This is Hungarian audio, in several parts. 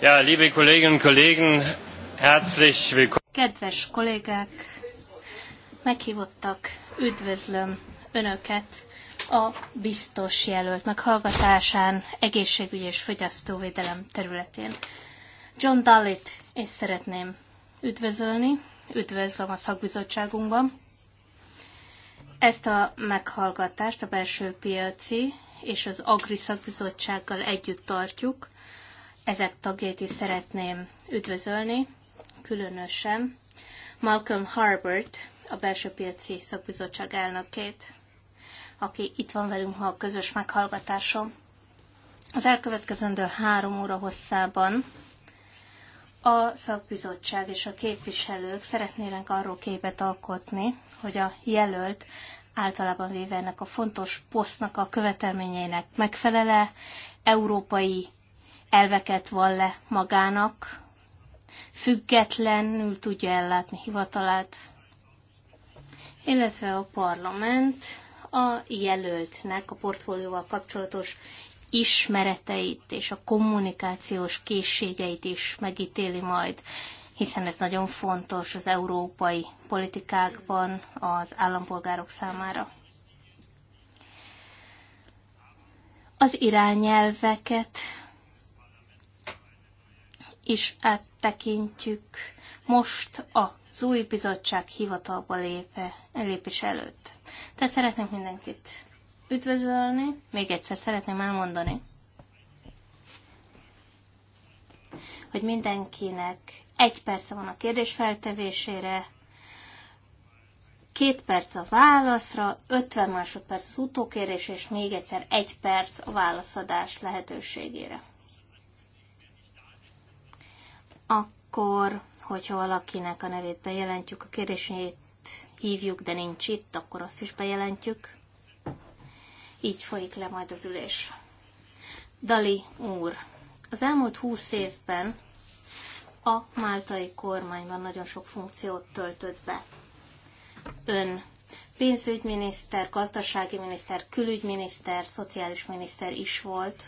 Ja, liebe Kolleginnen und Kollegen, herzlich willkommen. Kedves kollégák, meghívottak, üdvözlöm Önöket a biztos jelölt meghallgatásán egészségügyi és fogyasztóvédelem területén. John Dalit is szeretném üdvözölni, üdvözlöm a szakbizottságunkban. Ezt a meghallgatást a belső piaci és az Agri Szakbizottsággal együtt tartjuk. Ezek tagjait is szeretném üdvözölni, különösen Malcolm Harbert, a Belső Piaci Szakbizottság elnökét, aki itt van velünk ma a közös meghallgatáson. Az elkövetkezendő három óra hosszában a szakbizottság és a képviselők szeretnének arról képet alkotni, hogy a jelölt általában véve ennek a fontos posztnak a követelményeinek megfelele, európai elveket van le magának, függetlenül tudja ellátni hivatalát, illetve a parlament a jelöltnek a portfólióval kapcsolatos ismereteit és a kommunikációs készségeit is megítéli majd hiszen ez nagyon fontos az európai politikákban az állampolgárok számára. Az irányelveket is áttekintjük most az új bizottság hivatalba lépe, lépés előtt. Tehát szeretnék mindenkit üdvözölni, még egyszer szeretném elmondani, hogy mindenkinek egy perc van a kérdés feltevésére, két perc a válaszra, 50 másodperc az utókérés, és még egyszer egy perc a válaszadás lehetőségére. Akkor, hogyha valakinek a nevét bejelentjük, a kérdését hívjuk, de nincs itt, akkor azt is bejelentjük. Így folyik le majd az ülés. Dali úr, az elmúlt húsz évben a máltai kormányban nagyon sok funkciót töltött be. Ön pénzügyminiszter, gazdasági miniszter, külügyminiszter, szociális miniszter is volt,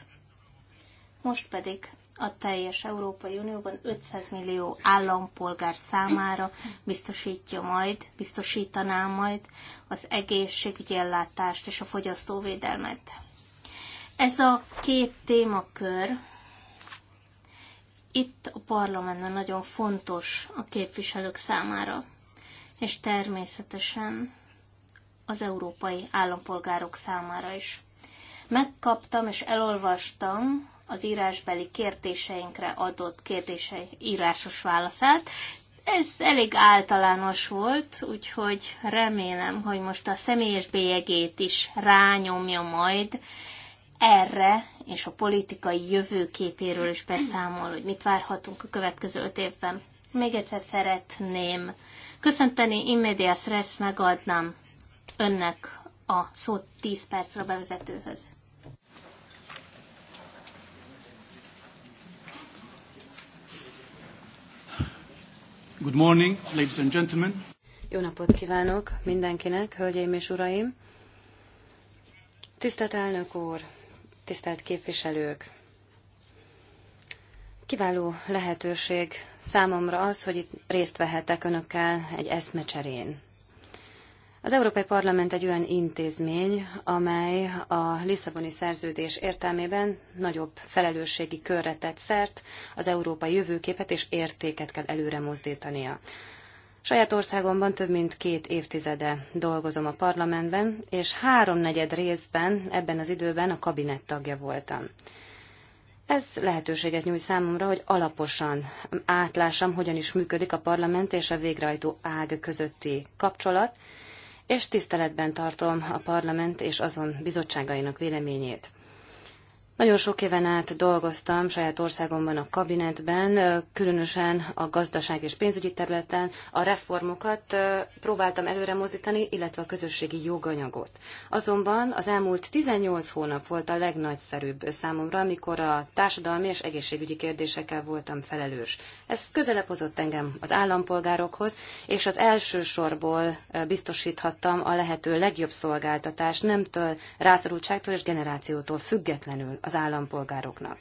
most pedig a teljes Európai Unióban 500 millió állampolgár számára biztosítja majd, biztosítaná majd az egészségügyi ellátást és a fogyasztóvédelmet. Ez a két témakör itt a parlamentben nagyon fontos a képviselők számára, és természetesen az európai állampolgárok számára is. Megkaptam és elolvastam az írásbeli kérdéseinkre adott kérdése írásos válaszát. Ez elég általános volt, úgyhogy remélem, hogy most a személyes bélyegét is rányomja majd erre és a politikai jövőképéről is beszámol, hogy mit várhatunk a következő öt évben. Még egyszer szeretném köszönteni Immédiás Resz, megadnám önnek a szót 10 percre a bevezetőhöz. Good morning, ladies and gentlemen. Jó napot kívánok mindenkinek, hölgyeim és uraim! Tisztelt elnök úr! tisztelt képviselők! Kiváló lehetőség számomra az, hogy itt részt vehetek önökkel egy eszmecserén. Az Európai Parlament egy olyan intézmény, amely a Lisszaboni szerződés értelmében nagyobb felelősségi körre tett szert, az európai jövőképet és értéket kell előre mozdítania. Saját országomban több mint két évtizede dolgozom a parlamentben, és háromnegyed részben ebben az időben a kabinett tagja voltam. Ez lehetőséget nyújt számomra, hogy alaposan átlássam, hogyan is működik a parlament és a végrehajtó ág közötti kapcsolat, és tiszteletben tartom a parlament és azon bizottságainak véleményét. Nagyon sok éven át dolgoztam saját országomban a kabinetben, különösen a gazdaság és pénzügyi területen a reformokat próbáltam előre mozdítani, illetve a közösségi joganyagot. Azonban az elmúlt 18 hónap volt a legnagyszerűbb számomra, amikor a társadalmi és egészségügyi kérdésekkel voltam felelős. Ez közelebb hozott engem az állampolgárokhoz, és az első sorból biztosíthattam a lehető legjobb szolgáltatást, nemtől, rászorultságtól és generációtól függetlenül az állampolgároknak.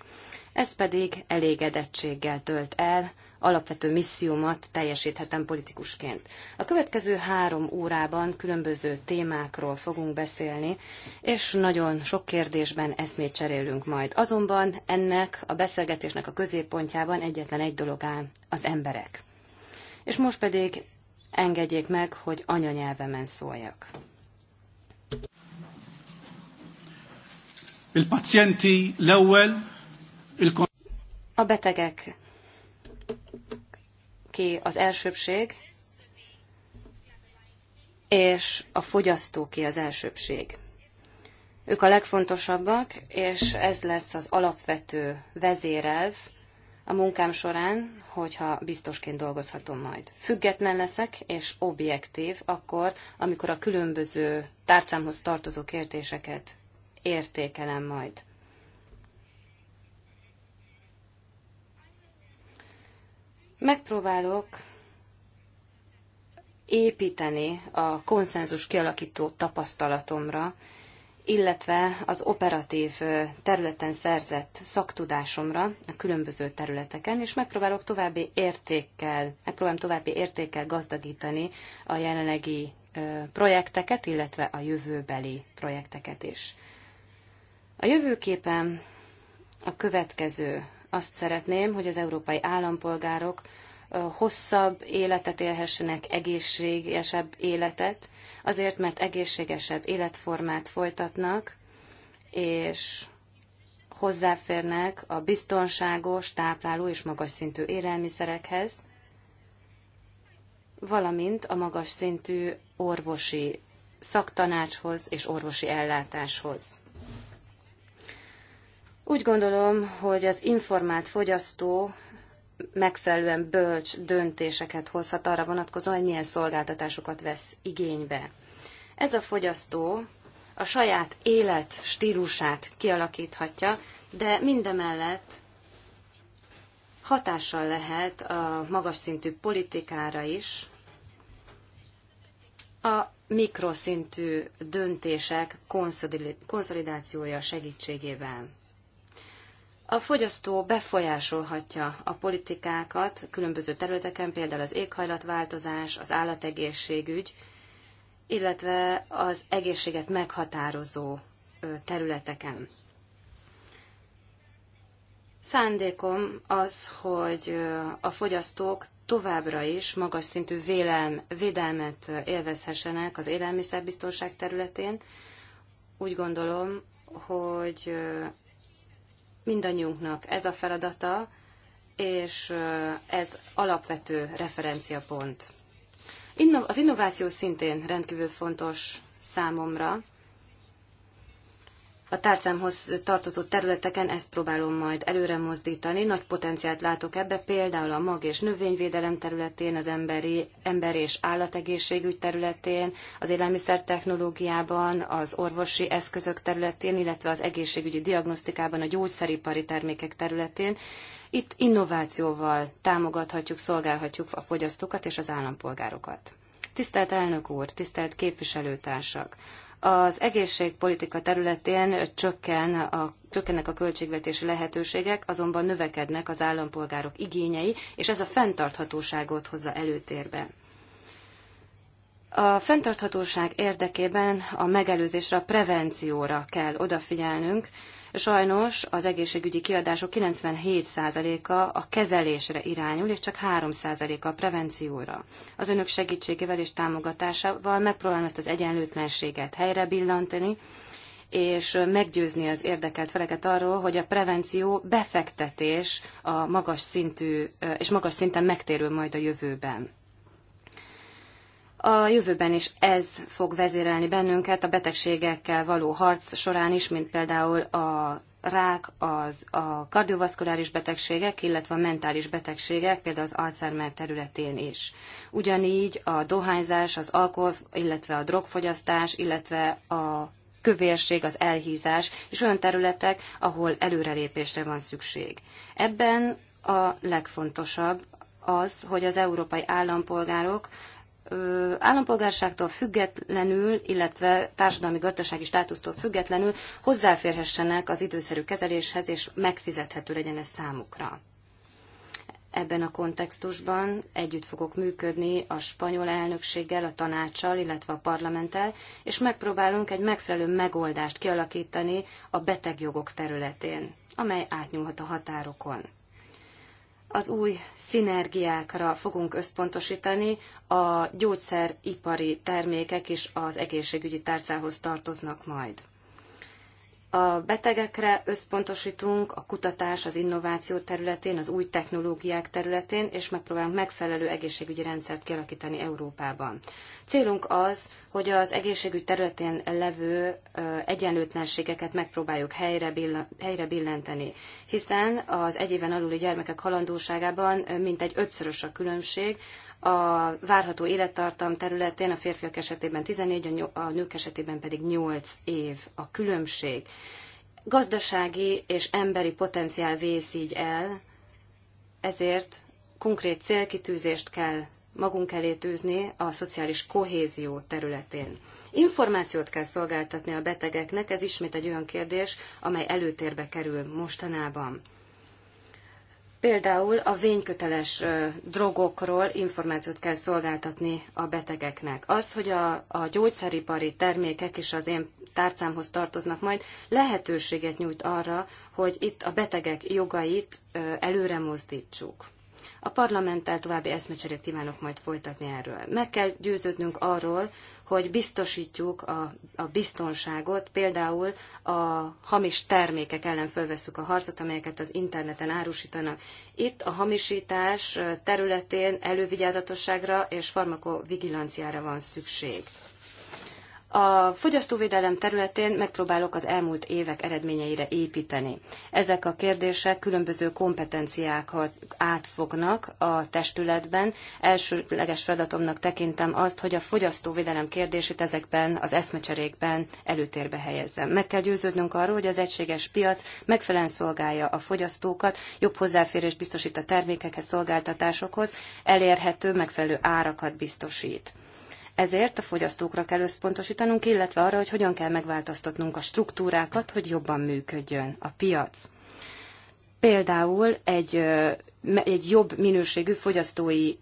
Ez pedig elégedettséggel tölt el, alapvető missziómat teljesíthetem politikusként. A következő három órában különböző témákról fogunk beszélni, és nagyon sok kérdésben eszmét cserélünk majd. Azonban ennek a beszélgetésnek a középpontjában egyetlen egy dolog áll, az emberek. És most pedig engedjék meg, hogy anyanyelvemen szóljak. Il-pazjenti l-ewwel il A betegek ki az elsőbség, és a fogyasztó ki az elsőbség. Ők a legfontosabbak, és ez lesz az alapvető vezérelv a munkám során, hogyha biztosként dolgozhatom majd. Független leszek és objektív akkor, amikor a különböző tárcámhoz tartozó kérdéseket értékelem majd. Megpróbálok építeni a konszenzus kialakító tapasztalatomra, illetve az operatív területen szerzett szaktudásomra a különböző területeken, és megpróbálok további értékkel, megpróbálom további értékkel gazdagítani a jelenlegi projekteket, illetve a jövőbeli projekteket is. A jövőképen a következő. Azt szeretném, hogy az európai állampolgárok hosszabb életet élhessenek, egészségesebb életet, azért, mert egészségesebb életformát folytatnak, és hozzáférnek a biztonságos, tápláló és magas szintű élelmiszerekhez, valamint a magas szintű orvosi szaktanácshoz és orvosi ellátáshoz. Úgy gondolom, hogy az informált fogyasztó megfelelően bölcs döntéseket hozhat arra vonatkozóan, hogy milyen szolgáltatásokat vesz igénybe. Ez a fogyasztó a saját élet stílusát kialakíthatja, de mindemellett hatással lehet a magas szintű politikára is, a mikroszintű döntések konszolidációja segítségével. A fogyasztó befolyásolhatja a politikákat különböző területeken, például az éghajlatváltozás, az állategészségügy, illetve az egészséget meghatározó területeken. Szándékom az, hogy a fogyasztók továbbra is magas szintű vélem, védelmet élvezhessenek az élelmiszerbiztonság területén. Úgy gondolom, hogy mindannyiunknak ez a feladata, és ez alapvető referenciapont. Az innováció szintén rendkívül fontos számomra, a tárcámhoz tartozó területeken ezt próbálom majd előre mozdítani. Nagy potenciált látok ebbe, például a mag- és növényvédelem területén, az emberi, ember- és állategészségügy területén, az élelmiszer technológiában, az orvosi eszközök területén, illetve az egészségügyi diagnosztikában, a gyógyszeripari termékek területén. Itt innovációval támogathatjuk, szolgálhatjuk a fogyasztókat és az állampolgárokat. Tisztelt elnök úr, tisztelt képviselőtársak! az egészségpolitika területén csökken a csökkennek a költségvetési lehetőségek, azonban növekednek az állampolgárok igényei, és ez a fenntarthatóságot hozza előtérbe. A fenntarthatóság érdekében a megelőzésre, a prevencióra kell odafigyelnünk, Sajnos az egészségügyi kiadások 97%-a a kezelésre irányul, és csak 3%-a a prevencióra. Az önök segítségével és támogatásával megpróbálom ezt az egyenlőtlenséget helyre billantani, és meggyőzni az érdekelt feleket arról, hogy a prevenció befektetés a magas szintű és magas szinten megtérül majd a jövőben. A jövőben is ez fog vezérelni bennünket a betegségekkel való harc során is, mint például a rák, az, a kardiovaszkuláris betegségek, illetve a mentális betegségek, például az Alzheimer területén is. Ugyanígy a dohányzás, az alkohol, illetve a drogfogyasztás, illetve a kövérség, az elhízás, és olyan területek, ahol előrelépésre van szükség. Ebben a legfontosabb az, hogy az európai állampolgárok állampolgárságtól függetlenül, illetve társadalmi-gazdasági státusztól függetlenül hozzáférhessenek az időszerű kezeléshez, és megfizethető legyen ez számukra. Ebben a kontextusban együtt fogok működni a spanyol elnökséggel, a tanácssal, illetve a parlamenttel, és megpróbálunk egy megfelelő megoldást kialakítani a betegjogok területén, amely átnyúlhat a határokon az új szinergiákra fogunk összpontosítani, a gyógyszeripari termékek is az egészségügyi tárcához tartoznak majd a betegekre összpontosítunk a kutatás, az innováció területén, az új technológiák területén, és megpróbálunk megfelelő egészségügyi rendszert kialakítani Európában. Célunk az, hogy az egészségügy területén levő egyenlőtlenségeket megpróbáljuk helyre, billan, helyre billenteni, hiszen az egy éven aluli gyermekek halandóságában mintegy ötszörös a különbség, a várható élettartam területén a férfiak esetében 14, a nők esetében pedig 8 év a különbség. Gazdasági és emberi potenciál vész így el, ezért konkrét célkitűzést kell magunk elé tűzni a szociális kohézió területén. Információt kell szolgáltatni a betegeknek, ez ismét egy olyan kérdés, amely előtérbe kerül mostanában. Például a vényköteles drogokról információt kell szolgáltatni a betegeknek. Az, hogy a, a gyógyszeripari termékek is az én tárcámhoz tartoznak majd, lehetőséget nyújt arra, hogy itt a betegek jogait előre mozdítsuk. A parlamenttel további eszmecserét kívánok majd folytatni erről. Meg kell győződnünk arról, hogy biztosítjuk a, a biztonságot, például a hamis termékek ellen fölveszük a harcot, amelyeket az interneten árusítanak. Itt a hamisítás területén elővigyázatosságra és farmakovigilanciára van szükség. A fogyasztóvédelem területén megpróbálok az elmúlt évek eredményeire építeni. Ezek a kérdések különböző kompetenciákat átfognak a testületben. Elsőleges feladatomnak tekintem azt, hogy a fogyasztóvédelem kérdését ezekben az eszmecserékben előtérbe helyezzem. Meg kell győződnünk arról, hogy az egységes piac megfelelően szolgálja a fogyasztókat, jobb hozzáférést biztosít a termékekhez, szolgáltatásokhoz, elérhető, megfelelő árakat biztosít. Ezért a fogyasztókra kell összpontosítanunk, illetve arra, hogy hogyan kell megváltoztatnunk a struktúrákat, hogy jobban működjön a piac. Például egy, egy jobb minőségű fogyasztói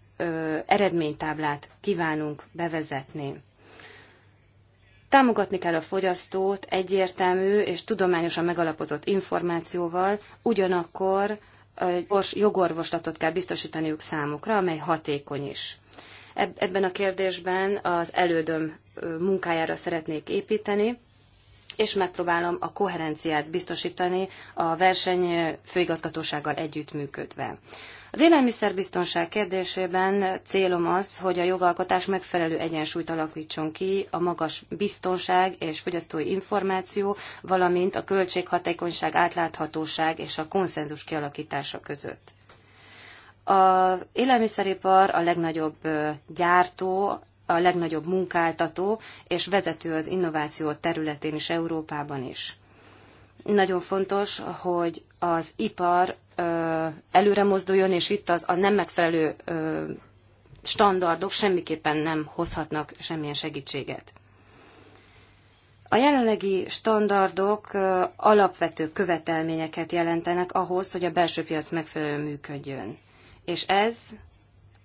eredménytáblát kívánunk bevezetni. Támogatni kell a fogyasztót egyértelmű és tudományosan megalapozott információval, ugyanakkor gyors jogorvoslatot kell biztosítaniuk számukra, amely hatékony is ebben a kérdésben az elődöm munkájára szeretnék építeni, és megpróbálom a koherenciát biztosítani a verseny főigazgatósággal együttműködve. Az élelmiszerbiztonság kérdésében célom az, hogy a jogalkotás megfelelő egyensúlyt alakítson ki a magas biztonság és fogyasztói információ, valamint a költséghatékonyság, átláthatóság és a konszenzus kialakítása között. A élelmiszeripar a legnagyobb gyártó, a legnagyobb munkáltató és vezető az innováció területén is Európában is. Nagyon fontos, hogy az ipar előre mozduljon, és itt az a nem megfelelő standardok semmiképpen nem hozhatnak semmilyen segítséget. A jelenlegi standardok alapvető követelményeket jelentenek ahhoz, hogy a belső piac megfelelően működjön és ez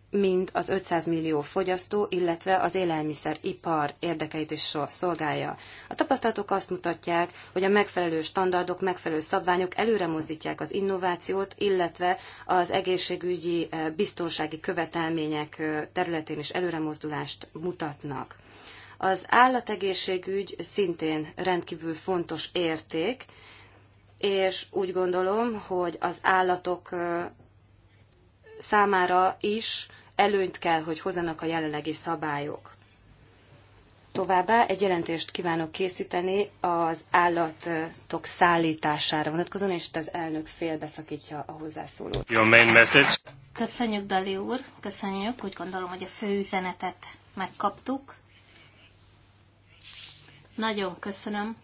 mind az 500 millió fogyasztó, illetve az élelmiszeripar érdekeit is szolgálja. A tapasztalatok azt mutatják, hogy a megfelelő standardok, megfelelő szabványok előre mozdítják az innovációt, illetve az egészségügyi eh, biztonsági követelmények eh, területén is előremozdulást mutatnak. Az állategészségügy szintén rendkívül fontos érték, és úgy gondolom, hogy az állatok eh, számára is előnyt kell, hogy hozanak a jelenlegi szabályok. Továbbá egy jelentést kívánok készíteni az állatok szállítására vonatkozóan, és itt az elnök félbeszakítja a hozzászólót. Your main message. Köszönjük, Dali úr, köszönjük. Úgy gondolom, hogy a fő üzenetet megkaptuk. Nagyon köszönöm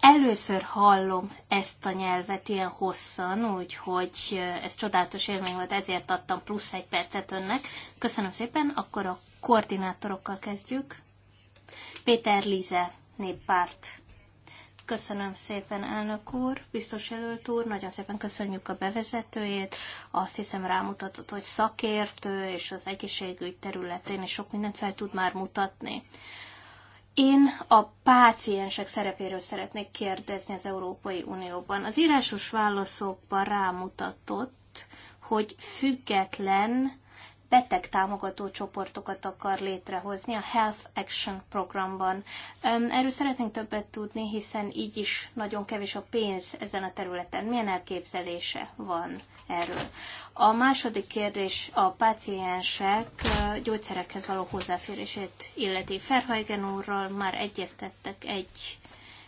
Először hallom ezt a nyelvet ilyen hosszan, úgyhogy ez csodálatos élmény volt, ezért adtam plusz egy percet önnek. Köszönöm szépen, akkor a koordinátorokkal kezdjük. Péter Lize, néppárt. Köszönöm szépen, elnök úr, biztos jelölt úr, nagyon szépen köszönjük a bevezetőjét. Azt hiszem rámutatott, hogy szakértő, és az egészségügy területén is sok mindent fel tud már mutatni. Én a páciensek szerepéről szeretnék kérdezni az Európai Unióban. Az írásos válaszokban rámutatott, hogy független beteg támogató csoportokat akar létrehozni a Health Action programban. Erről szeretnénk többet tudni, hiszen így is nagyon kevés a pénz ezen a területen. Milyen elképzelése van erről? A második kérdés a páciensek gyógyszerekhez való hozzáférését illeti. Ferhajgen úrral már egyeztettek egy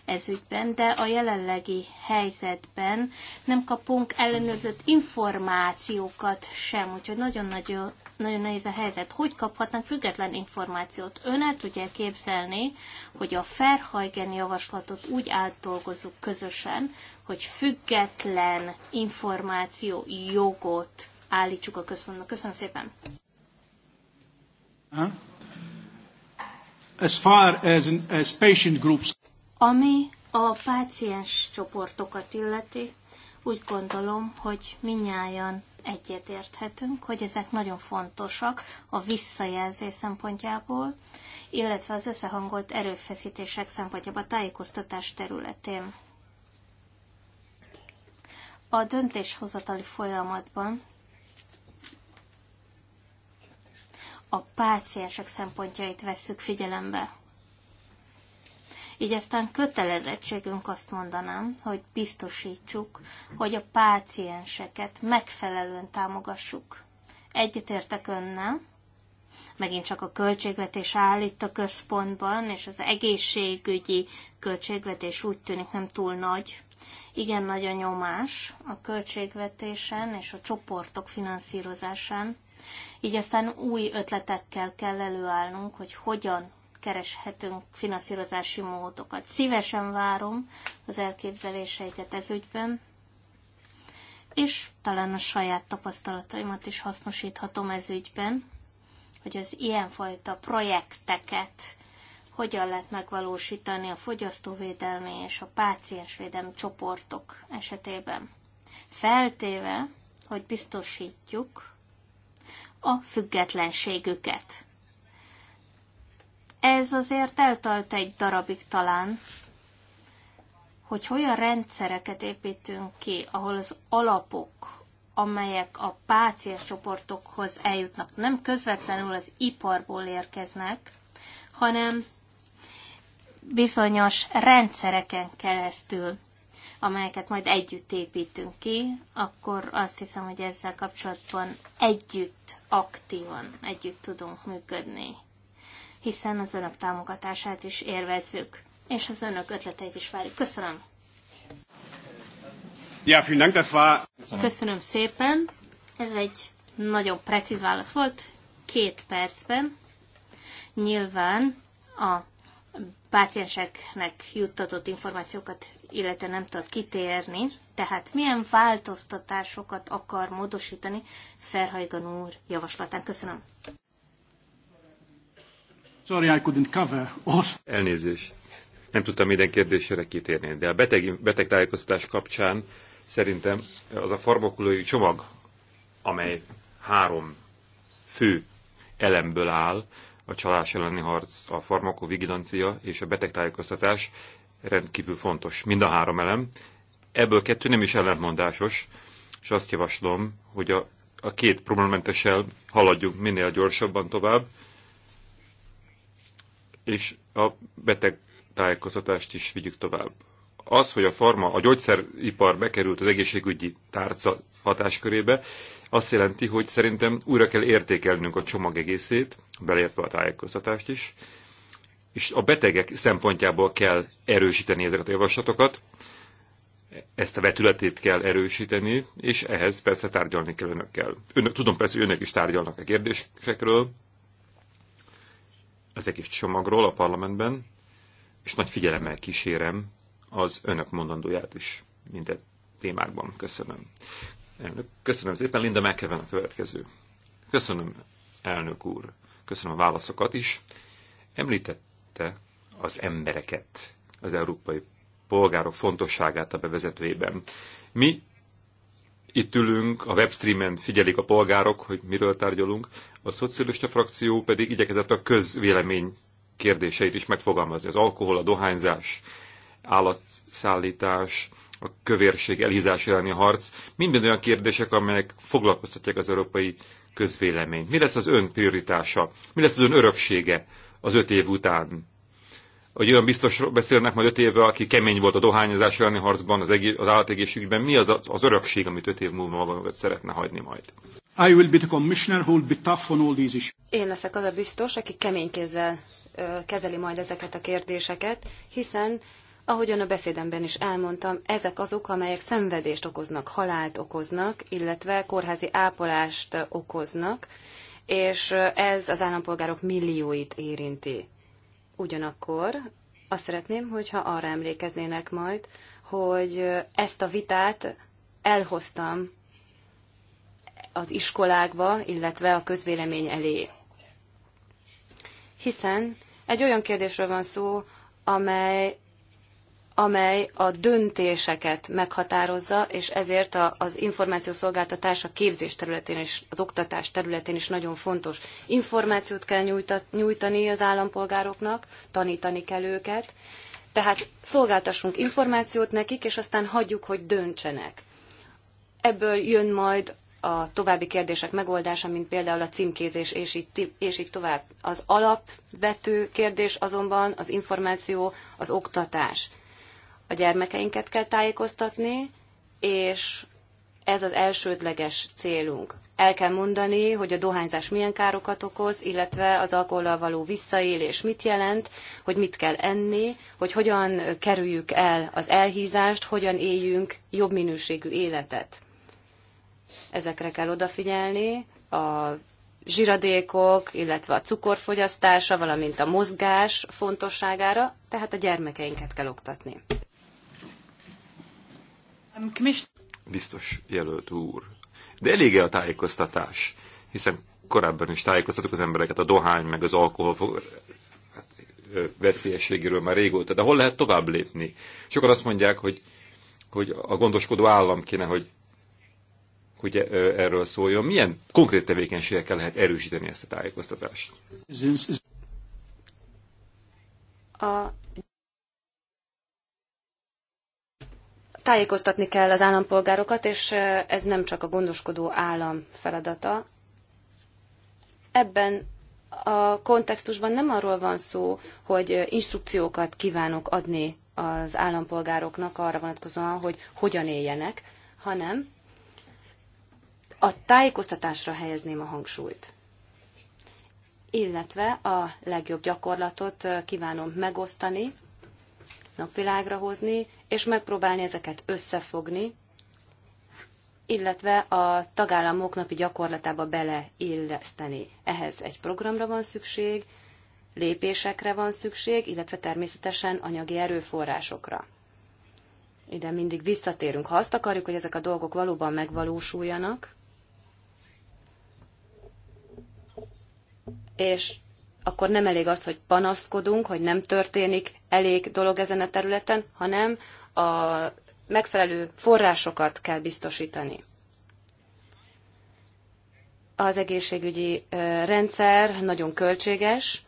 ezügyben, de a jelenlegi helyzetben nem kapunk ellenőrzött információkat sem, úgyhogy nagyon nagyon nagyon nehéz a helyzet. Hogy kaphatnak független információt? Ön el tudja képzelni, hogy a Ferhajgen javaslatot úgy átdolgozunk közösen, hogy független információ jogot állítsuk a központnak. Köszönöm szépen. As far as, as patient groups. Ami a páciens csoportokat illeti, úgy gondolom, hogy minnyáján egyetérthetünk, hogy ezek nagyon fontosak a visszajelzés szempontjából, illetve az összehangolt erőfeszítések szempontjából a tájékoztatás területén. A döntéshozatali folyamatban a páciensek szempontjait vesszük figyelembe. Így aztán kötelezettségünk azt mondanám, hogy biztosítsuk, hogy a pácienseket megfelelően támogassuk. Egyetértek önnel, megint csak a költségvetés állít a központban, és az egészségügyi költségvetés úgy tűnik nem túl nagy. Igen nagy a nyomás a költségvetésen és a csoportok finanszírozásán. Így aztán új ötletekkel kell előállnunk, hogy hogyan kereshetünk finanszírozási módokat. Szívesen várom az elképzeléseiket ez ügyben, és talán a saját tapasztalataimat is hasznosíthatom ez ügyben, hogy az ilyenfajta projekteket hogyan lehet megvalósítani a fogyasztóvédelmi és a páciensvédelmi csoportok esetében. Feltéve, hogy biztosítjuk a függetlenségüket. Ez azért eltalt egy darabig talán, hogy olyan rendszereket építünk ki, ahol az alapok, amelyek a pácienscsoportokhoz eljutnak, nem közvetlenül az iparból érkeznek, hanem bizonyos rendszereken keresztül, amelyeket majd együtt építünk ki, akkor azt hiszem, hogy ezzel kapcsolatban együtt aktívan, együtt tudunk működni hiszen az önök támogatását is érvezzük, és az önök ötleteit is várjuk. Köszönöm! Ja, vielen Dank, das war... Köszönöm. Köszönöm szépen! Ez egy nagyon precíz válasz volt, két percben. Nyilván a pácienseknek juttatott információkat, illetve nem tud kitérni. Tehát milyen változtatásokat akar módosítani Ferhajgan úr javaslatán? Köszönöm. Sorry, I couldn't cover all. Elnézést. Nem tudtam minden kérdésére kitérni, de a beteg, beteg tájékoztatás kapcsán szerintem az a farmakológiai csomag, amely három fő elemből áll, a csalás elleni harc, a farmakovigilancia és a betegtájékoztatás rendkívül fontos. Mind a három elem. Ebből kettő nem is ellentmondásos, és azt javaslom, hogy a, a két problémamentessel haladjunk minél gyorsabban tovább, és a beteg tájékoztatást is vigyük tovább. Az, hogy a farma, a gyógyszeripar bekerült az egészségügyi tárca hatáskörébe, azt jelenti, hogy szerintem újra kell értékelnünk a csomag egészét, beleértve a tájékoztatást is, és a betegek szempontjából kell erősíteni ezeket a javaslatokat, ezt a vetületét kell erősíteni, és ehhez persze tárgyalni kell önökkel. Önök, tudom persze, hogy önök is tárgyalnak a kérdésekről, az egész csomagról a parlamentben, és nagy figyelemmel kísérem az önök mondandóját is minden témákban. Köszönöm. Elnök, köszönöm szépen. Linda McKeven a következő. Köszönöm, elnök úr. Köszönöm a válaszokat is. Említette az embereket, az európai polgárok fontosságát a bevezetőjében. Mi itt ülünk, a webstreamen figyelik a polgárok, hogy miről tárgyalunk, a szocialista frakció pedig igyekezett a közvélemény kérdéseit is megfogalmazni. Az alkohol, a dohányzás, állatszállítás, a kövérség, elhízás elleni harc, Minden olyan kérdések, amelyek foglalkoztatják az európai közvéleményt. Mi lesz az ön prioritása? Mi lesz az ön öröksége az öt év után? hogy olyan biztos beszélnek majd öt évvel, aki kemény volt a dohányozás elleni harcban, az, egész, az állategészségügyben, mi az, az örökség, amit öt év múlva magamat szeretne hagyni majd? I will be the commissioner who will be tough on all these issues. Én leszek az a biztos, aki kemény kézzel kezeli majd ezeket a kérdéseket, hiszen ahogyan a beszédemben is elmondtam, ezek azok, amelyek szenvedést okoznak, halált okoznak, illetve kórházi ápolást okoznak, és ez az állampolgárok millióit érinti. Ugyanakkor azt szeretném, hogyha arra emlékeznének majd, hogy ezt a vitát elhoztam az iskolákba, illetve a közvélemény elé. Hiszen egy olyan kérdésről van szó, amely amely a döntéseket meghatározza, és ezért a, az információszolgáltatás a képzés területén és az oktatás területén is nagyon fontos. Információt kell nyújtat, nyújtani az állampolgároknak, tanítani kell őket, tehát szolgáltassunk információt nekik, és aztán hagyjuk, hogy döntsenek. Ebből jön majd a további kérdések megoldása, mint például a címkézés, és így, és így tovább. Az alapvető kérdés azonban az információ, az oktatás a gyermekeinket kell tájékoztatni, és ez az elsődleges célunk. El kell mondani, hogy a dohányzás milyen károkat okoz, illetve az alkohollal való visszaélés mit jelent, hogy mit kell enni, hogy hogyan kerüljük el az elhízást, hogyan éljünk jobb minőségű életet. Ezekre kell odafigyelni, a zsiradékok, illetve a cukorfogyasztása, valamint a mozgás fontosságára, tehát a gyermekeinket kell oktatni. Biztos jelölt úr. De elég -e a tájékoztatás? Hiszen korábban is tájékoztatok az embereket a dohány meg az alkohol hát, veszélyességéről már régóta, de hol lehet tovább lépni? Sokan azt mondják, hogy, hogy a gondoskodó állam kéne, hogy, hogy erről szóljon. Milyen konkrét tevékenységekkel lehet erősíteni ezt a tájékoztatást? A tájékoztatni kell az állampolgárokat, és ez nem csak a gondoskodó állam feladata. Ebben a kontextusban nem arról van szó, hogy instrukciókat kívánok adni az állampolgároknak arra vonatkozóan, hogy hogyan éljenek, hanem a tájékoztatásra helyezném a hangsúlyt. Illetve a legjobb gyakorlatot kívánom megosztani, napvilágra hozni, és megpróbálni ezeket összefogni, illetve a tagállamok napi gyakorlatába beleilleszteni. Ehhez egy programra van szükség, lépésekre van szükség, illetve természetesen anyagi erőforrásokra. Ide mindig visszatérünk. Ha azt akarjuk, hogy ezek a dolgok valóban megvalósuljanak, és akkor nem elég az, hogy panaszkodunk, hogy nem történik elég dolog ezen a területen, hanem a megfelelő forrásokat kell biztosítani. Az egészségügyi rendszer nagyon költséges,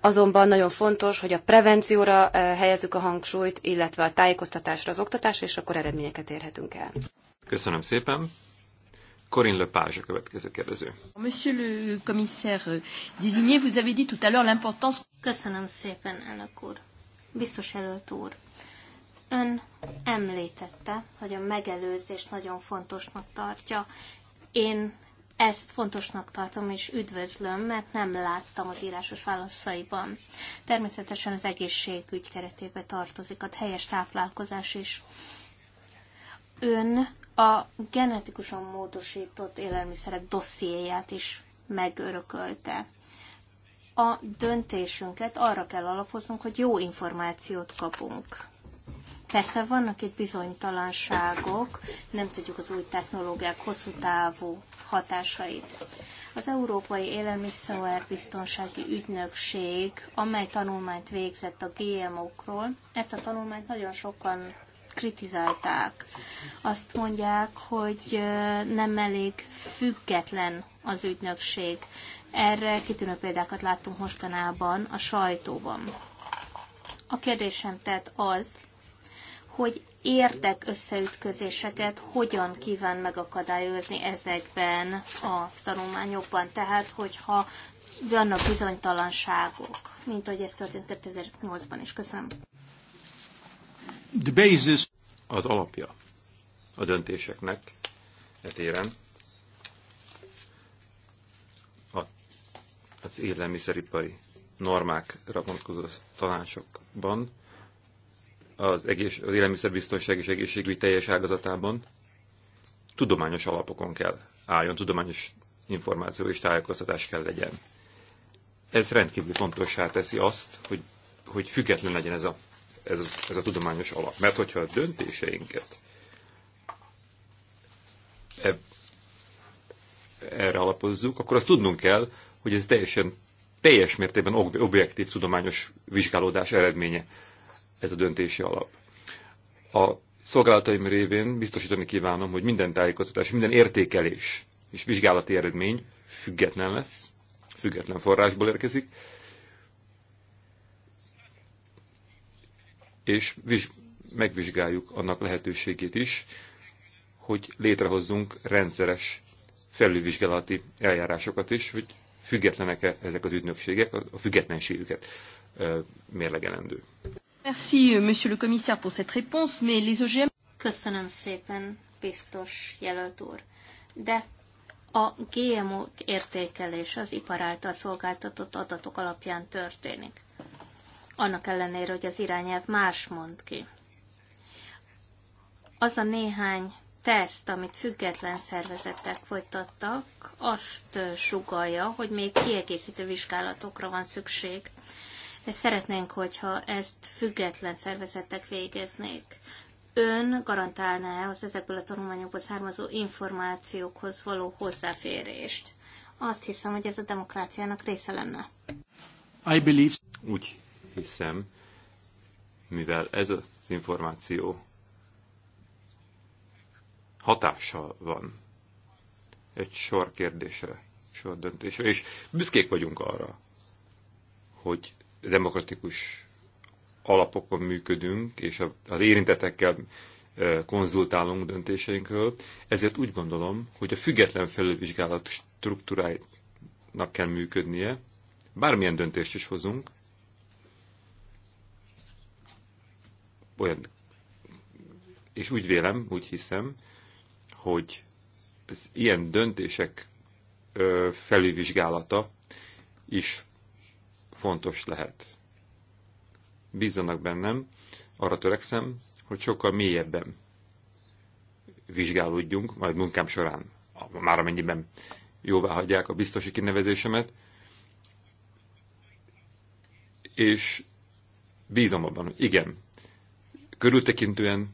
azonban nagyon fontos, hogy a prevencióra helyezzük a hangsúlyt, illetve a tájékoztatásra, az oktatásra, és akkor eredményeket érhetünk el. Köszönöm szépen! Corinne Lepage a következő kérdező. Monsieur le commissaire euh, désigné, vous avez dit tout à l'heure l'importance... Köszönöm szépen, elnök úr. Biztos előtt úr. Ön említette, hogy a megelőzést nagyon fontosnak tartja. Én ezt fontosnak tartom és üdvözlöm, mert nem láttam az írásos válaszaiban. Természetesen az egészségügy keretébe tartozik a helyes táplálkozás is. Ön a genetikusan módosított élelmiszerek dossziéját is megörökölte. A döntésünket arra kell alapoznunk, hogy jó információt kapunk. Persze vannak itt bizonytalanságok, nem tudjuk az új technológiák hosszú távú hatásait. Az Európai biztonsági Ügynökség, amely tanulmányt végzett a GMO-król, ezt a tanulmányt nagyon sokan kritizálták. Azt mondják, hogy nem elég független az ügynökség. Erre kitűnő példákat láttunk mostanában a sajtóban. A kérdésem tehát az, hogy érdek összeütközéseket hogyan kíván megakadályozni ezekben a tanulmányokban. Tehát, hogyha vannak bizonytalanságok, mint ahogy ez történt 2008-ban is. Köszönöm. The basis. Az alapja a döntéseknek etéren a, az élelmiszeripari normákra vonatkozó tanácsokban az, egész, az élelmiszerbiztonság és egészségügy teljes ágazatában tudományos alapokon kell álljon, tudományos információ és tájékoztatás kell legyen. Ez rendkívül fontossá teszi azt, hogy, hogy független legyen ez a, ez, ez a tudományos alap. Mert hogyha a döntéseinket e, erre alapozzuk, akkor azt tudnunk kell, hogy ez teljesen teljes mértében objektív tudományos vizsgálódás eredménye ez a döntési alap. A szolgálataim révén biztosítani kívánom, hogy minden tájékoztatás, minden értékelés és vizsgálati eredmény független lesz, független forrásból érkezik, és megvizsgáljuk annak lehetőségét is, hogy létrehozzunk rendszeres felülvizsgálati eljárásokat is, hogy függetlenek-e ezek az ügynökségek, a függetlenségüket mérlegelendő. Merci, monsieur le commissaire, pour cette réponse, mais les OGM... Köszönöm szépen, biztos jelölt úr. De a GMO értékelés az ipar által szolgáltatott adatok alapján történik. Annak ellenére, hogy az irányelv más mond ki. Az a néhány teszt, amit független szervezetek folytattak, azt sugalja, hogy még kiegészítő vizsgálatokra van szükség Szeretnénk, hogyha ezt független szervezetek végeznék. Ön garantálná az ezekből a tanulmányokból származó információkhoz való hozzáférést? Azt hiszem, hogy ez a demokráciának része lenne. I believe... Úgy hiszem, mivel ez az információ hatással van egy sor kérdésre, sor döntésre, és büszkék vagyunk arra, hogy demokratikus alapokon működünk, és az érintetekkel konzultálunk döntéseinkről, ezért úgy gondolom, hogy a független felülvizsgálat struktúráinak kell működnie, bármilyen döntést is hozunk, olyan, és úgy vélem, úgy hiszem, hogy az ilyen döntések felülvizsgálata is fontos lehet. Bízzanak bennem, arra törekszem, hogy sokkal mélyebben vizsgálódjunk, majd munkám során, már amennyiben jóvá hagyják a biztosi kinevezésemet, és bízom abban, hogy igen, körültekintően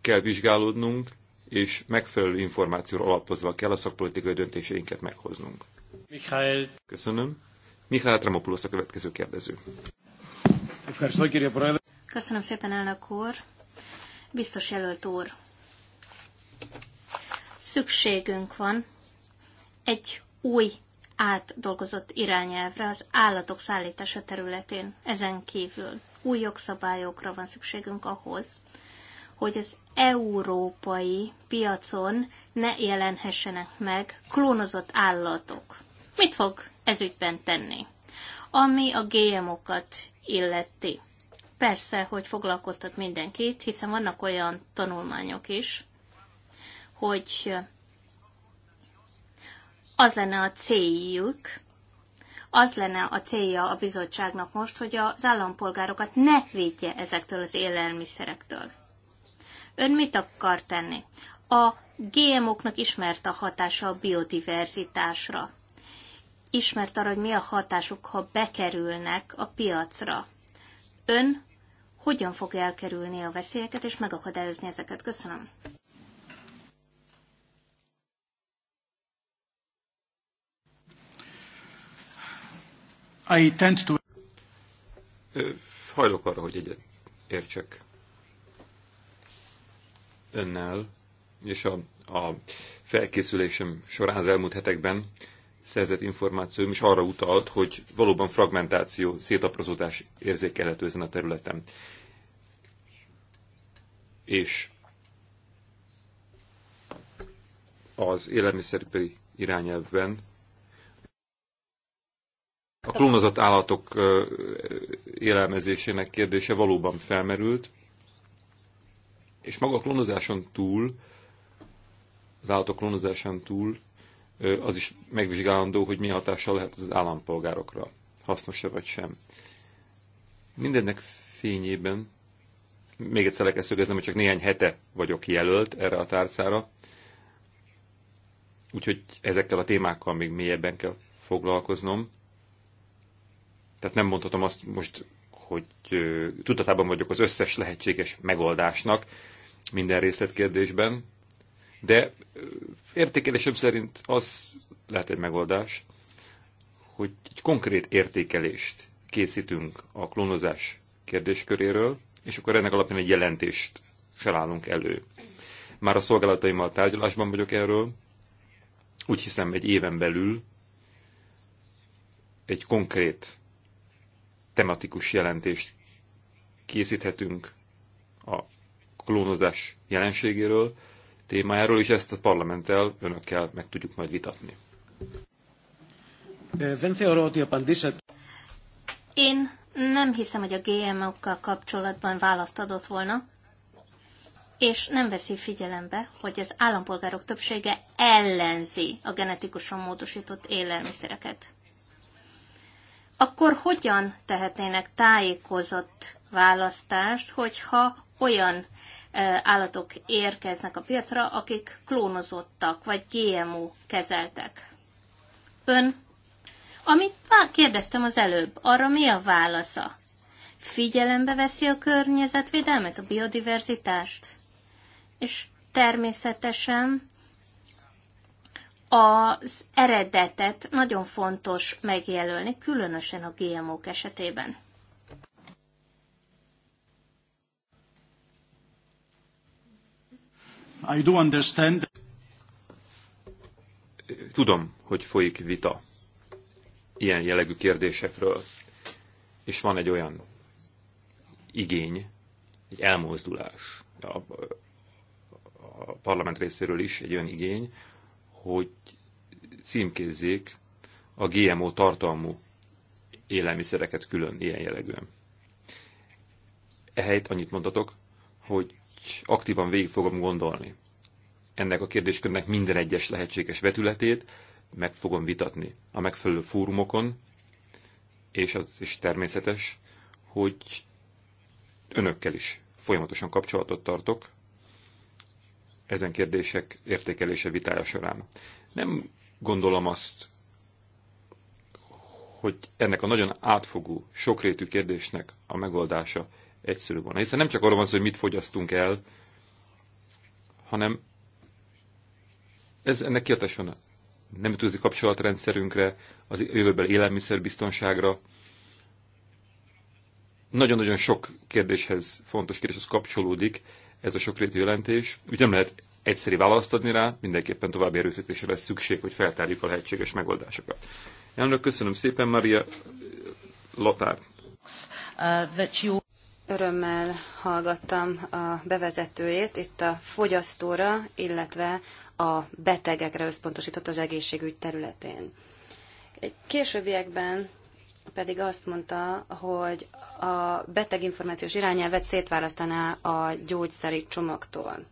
kell vizsgálódnunk, és megfelelő információra alapozva kell a szakpolitikai döntéseinket meghoznunk. Mikhail. Köszönöm. Mihály Tramopulosz a következő kérdező. Köszönöm szépen, elnök úr. Biztos jelölt úr. Szükségünk van egy új átdolgozott irányelvre az állatok szállítása területén. Ezen kívül új jogszabályokra van szükségünk ahhoz, hogy az európai piacon ne jelenhessenek meg klónozott állatok. Mit fog ezügyben tenni. Ami a GMO-kat illeti. Persze, hogy foglalkoztat mindenkit, hiszen vannak olyan tanulmányok is, hogy az lenne a céljuk, az lenne a célja a bizottságnak most, hogy az állampolgárokat ne védje ezektől az élelmiszerektől. Ön mit akar tenni? A GMO-knak ismert a hatása a biodiverzitásra ismert arra, hogy mi a hatásuk, ha bekerülnek a piacra. Ön hogyan fog elkerülni a veszélyeket és megakadályozni ezeket? Köszönöm. I tend to... Hajlok arra, hogy egyet értsek önnel, és a, a felkészülésem során az elmúlt hetekben szerzett információm is arra utalt, hogy valóban fragmentáció, szétaprazódás érzékelhető ezen a területen. És az élelmiszeripari irányelvben a klónozott állatok élelmezésének kérdése valóban felmerült, és maga a klónozáson túl, az állatok klónozásán túl az is megvizsgálandó, hogy milyen hatással lehet az állampolgárokra. Hasznos-e vagy sem. Mindennek fényében, még egyszer le kell szögeznem, hogy csak néhány hete vagyok jelölt erre a tárcára, úgyhogy ezekkel a témákkal még mélyebben kell foglalkoznom. Tehát nem mondhatom azt most, hogy tudatában vagyok az összes lehetséges megoldásnak minden részletkérdésben, de értékelésem szerint az lehet egy megoldás, hogy egy konkrét értékelést készítünk a klónozás kérdésköréről, és akkor ennek alapján egy jelentést felállunk elő. Már a szolgálataimmal tárgyalásban vagyok erről, úgy hiszem egy éven belül egy konkrét tematikus jelentést készíthetünk a klónozás jelenségéről, témájáról, és ezt a parlamenttel, önökkel meg tudjuk majd vitatni. Eh, Én nem hiszem, hogy a GMO-kkal kapcsolatban választ adott volna, és nem veszi figyelembe, hogy az állampolgárok többsége ellenzi a genetikusan módosított élelmiszereket. Akkor hogyan tehetnének tájékozott választást, hogyha olyan állatok érkeznek a piacra, akik klónozottak, vagy GMO kezeltek. Ön, amit kérdeztem az előbb, arra mi a válasza? Figyelembe veszi a környezetvédelmet, a biodiverzitást? És természetesen az eredetet nagyon fontos megjelölni, különösen a GMO-k esetében. I do understand. Tudom, hogy folyik vita ilyen jellegű kérdésekről, és van egy olyan igény, egy elmozdulás a, a parlament részéről is, egy olyan igény, hogy címkézzék a GMO tartalmú élelmiszereket külön ilyen jellegűen. Ehelyett annyit mondhatok, hogy aktívan végig fogom gondolni ennek a kérdéskörnek minden egyes lehetséges vetületét, meg fogom vitatni a megfelelő fórumokon, és az is természetes, hogy önökkel is folyamatosan kapcsolatot tartok ezen kérdések értékelése vitája során. Nem gondolom azt, hogy ennek a nagyon átfogó, sokrétű kérdésnek a megoldása egyszerű volna. Hiszen nem csak arról van szó, hogy mit fogyasztunk el, hanem ez ennek kiadása van nemzetközi kapcsolatrendszerünkre, az jövőben élelmiszerbiztonságra. Nagyon-nagyon sok kérdéshez, fontos kérdéshez kapcsolódik ez a sokrétű jelentés. Úgy nem lehet egyszerű választ adni rá, mindenképpen további erőfeszítésre lesz szükség, hogy feltárjuk a lehetséges megoldásokat. Elnök, köszönöm szépen, Maria Lotár. Uh, Örömmel hallgattam a bevezetőjét, itt a fogyasztóra, illetve a betegekre összpontosított az egészségügy területén. Egy későbbiekben pedig azt mondta, hogy a beteginformációs irányelvet szétválasztaná a gyógyszeri csomagtól.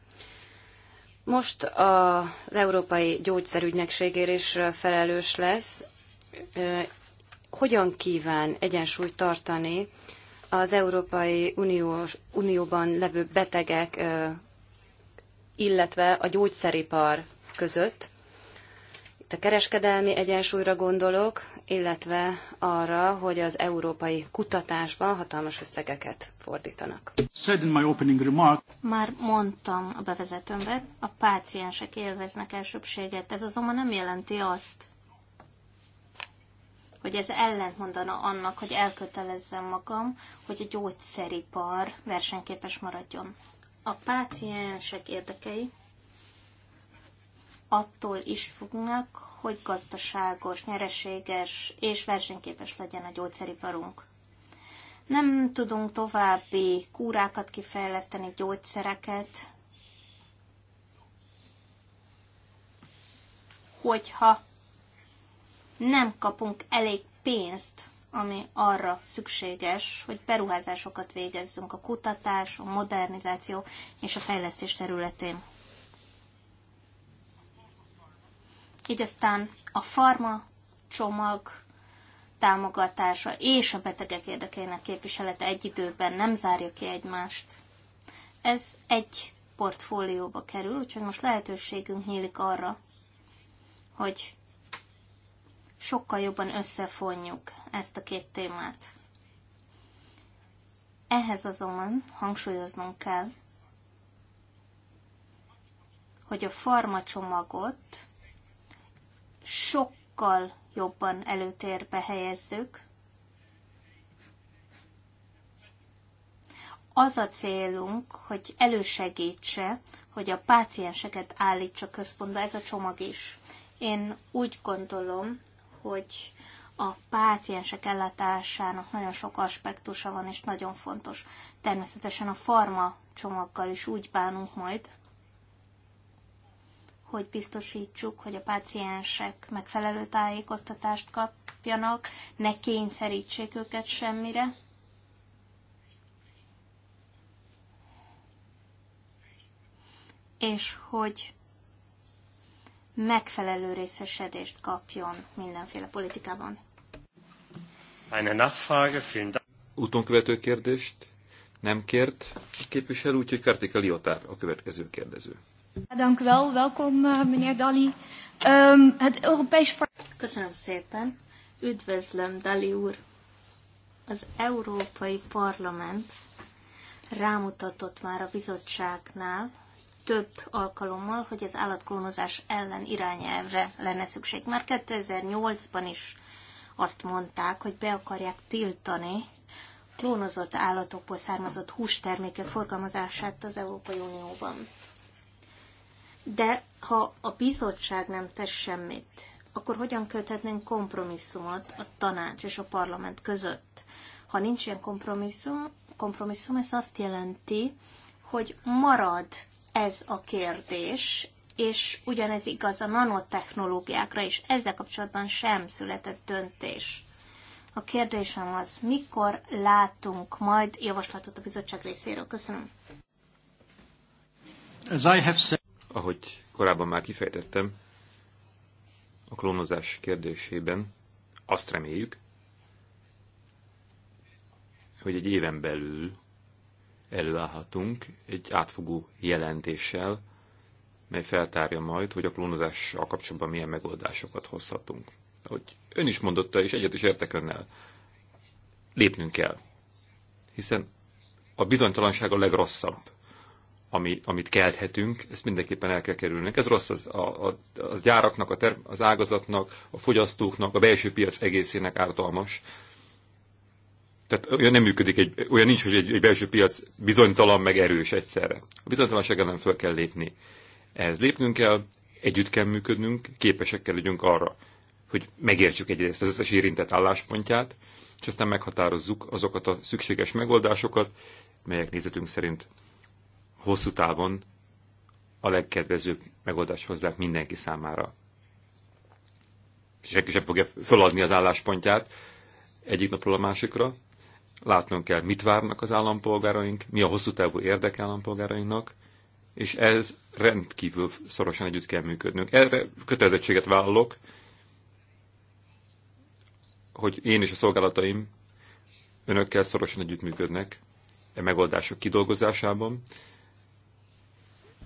Most az Európai Gyógyszerügynökségér is felelős lesz. Hogyan kíván egyensúlyt tartani az Európai Uniós, Unióban levő betegek, illetve a gyógyszeripar között. Itt a kereskedelmi egyensúlyra gondolok, illetve arra, hogy az európai kutatásban hatalmas összegeket fordítanak. Said in my opening remark. Már mondtam a bevezetőmben, a páciensek élveznek elsőbséget. Ez azonban nem jelenti azt, hogy ez ellentmondana annak, hogy elkötelezzem magam, hogy a gyógyszeripar versenyképes maradjon. A páciensek érdekei attól is fognak, hogy gazdaságos, nyereséges és versenyképes legyen a gyógyszeriparunk. Nem tudunk további kúrákat kifejleszteni, gyógyszereket, hogyha nem kapunk elég pénzt, ami arra szükséges, hogy beruházásokat végezzünk a kutatás, a modernizáció és a fejlesztés területén. Így aztán a farma csomag támogatása és a betegek érdekének képviselete egy időben nem zárja ki egymást. Ez egy portfólióba kerül, úgyhogy most lehetőségünk nyílik arra, hogy sokkal jobban összefonjuk ezt a két témát. Ehhez azonban hangsúlyoznunk kell, hogy a farmacsomagot sokkal jobban előtérbe helyezzük. Az a célunk, hogy elősegítse, hogy a pácienseket állítsa központba, ez a csomag is. Én úgy gondolom, hogy a páciensek ellátásának nagyon sok aspektusa van, és nagyon fontos. Természetesen a farma csomaggal is úgy bánunk majd, hogy biztosítsuk, hogy a páciensek megfelelő tájékoztatást kapjanak, ne kényszerítsék őket semmire. És hogy megfelelő részesedést kapjon mindenféle politikában. Eine Nachfrage, vielen Dank. Úton követő kérdést nem kért a képviselő, úgyhogy Kartika Liotár a következő kérdező. Dank wel, welkom eh, meneer Dali. Um, ehm, het Europees Köszönöm szépen. Üdvözlöm, Dali úr. Az Európai Parlament rámutatott már a bizottságnál, több alkalommal, hogy az állatklónozás ellen irányelvre lenne szükség. Már 2008-ban is azt mondták, hogy be akarják tiltani klónozott állatokból származott hústermékek forgalmazását az Európai Unióban. De ha a bizottság nem tesz semmit, akkor hogyan köthetnénk kompromisszumot a tanács és a parlament között? Ha nincs ilyen kompromisszum, kompromisszum ez azt jelenti, hogy marad ez a kérdés, és ugyanez igaz a nanotechnológiákra is. Ezzel kapcsolatban sem született döntés. A kérdésem az, mikor látunk majd javaslatot a bizottság részéről? Köszönöm. As I have said... Ahogy korábban már kifejtettem, a klónozás kérdésében azt reméljük, hogy egy éven belül előállhatunk egy átfogó jelentéssel, mely feltárja majd, hogy a klónozással kapcsolatban milyen megoldásokat hozhatunk. Hogy ön is mondotta, és egyet is értek önnel, lépnünk kell. Hiszen a bizonytalanság a legrosszabb, ami, amit kelthetünk, ezt mindenképpen el kell kerülnünk. Ez rossz az, a, a, a gyáraknak, a ter, az ágazatnak, a fogyasztóknak, a belső piac egészének ártalmas, tehát olyan nem működik, egy, olyan nincs, hogy egy, egy belső piac bizonytalan meg erős egyszerre. A bizonytalanságra nem föl kell lépni. Ehhez lépnünk kell, együtt kell működnünk, képesek kell legyünk arra, hogy megértsük egyrészt az összes érintett álláspontját, és aztán meghatározzuk azokat a szükséges megoldásokat, melyek nézetünk szerint hosszú távon a legkedvezőbb megoldást hozzák mindenki számára. Senki sem fogja föladni az álláspontját egyik napról a másikra, látnunk kell, mit várnak az állampolgáraink, mi a hosszú távú érdek állampolgárainknak, és ez rendkívül szorosan együtt kell működnünk. Erre kötelezettséget vállalok, hogy én és a szolgálataim önökkel szorosan együttműködnek e megoldások kidolgozásában,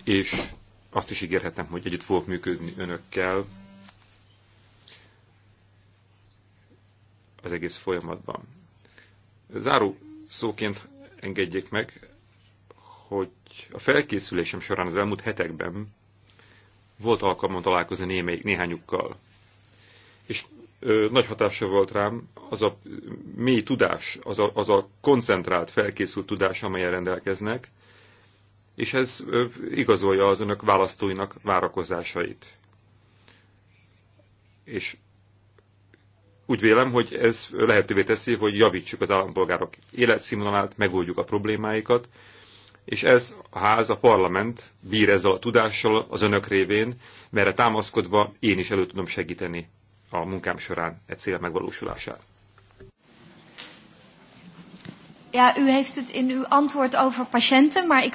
és azt is ígérhetem, hogy együtt fogok működni önökkel az egész folyamatban Záró szóként engedjék meg, hogy a felkészülésem során az elmúlt hetekben volt alkalmam találkozni némelyik, néhányukkal. És ö, nagy hatása volt rám az a mély tudás, az a, az a koncentrált, felkészült tudás, amelyen rendelkeznek, és ez ö, igazolja az önök választóinak várakozásait. És úgy vélem, hogy ez lehetővé teszi, hogy javítsuk az állampolgárok életszínvonalát, megoldjuk a problémáikat, és ez a ház, a parlament bír ezzel a tudással az önök révén, merre támaszkodva én is elő tudom segíteni a munkám során egy cél megvalósulását. Ja, u heeft het in uw antwoord over patiënten, maar ik...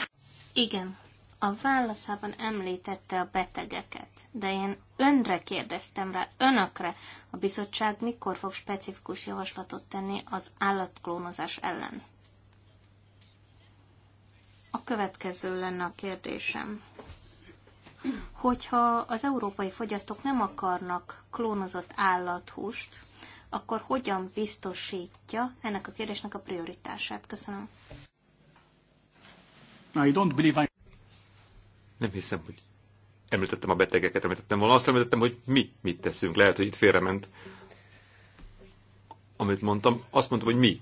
Igen a válaszában említette a betegeket, de én önre kérdeztem rá, önökre, a bizottság mikor fog specifikus javaslatot tenni az állatklónozás ellen. A következő lenne a kérdésem. Hogyha az európai fogyasztók nem akarnak klónozott állathúst, akkor hogyan biztosítja ennek a kérdésnek a prioritását? Köszönöm. I don't believe I... Nem hiszem, hogy említettem a betegeket, említettem volna. Azt említettem, hogy mi mit teszünk. Lehet, hogy itt félrement, amit mondtam. Azt mondtam, hogy mi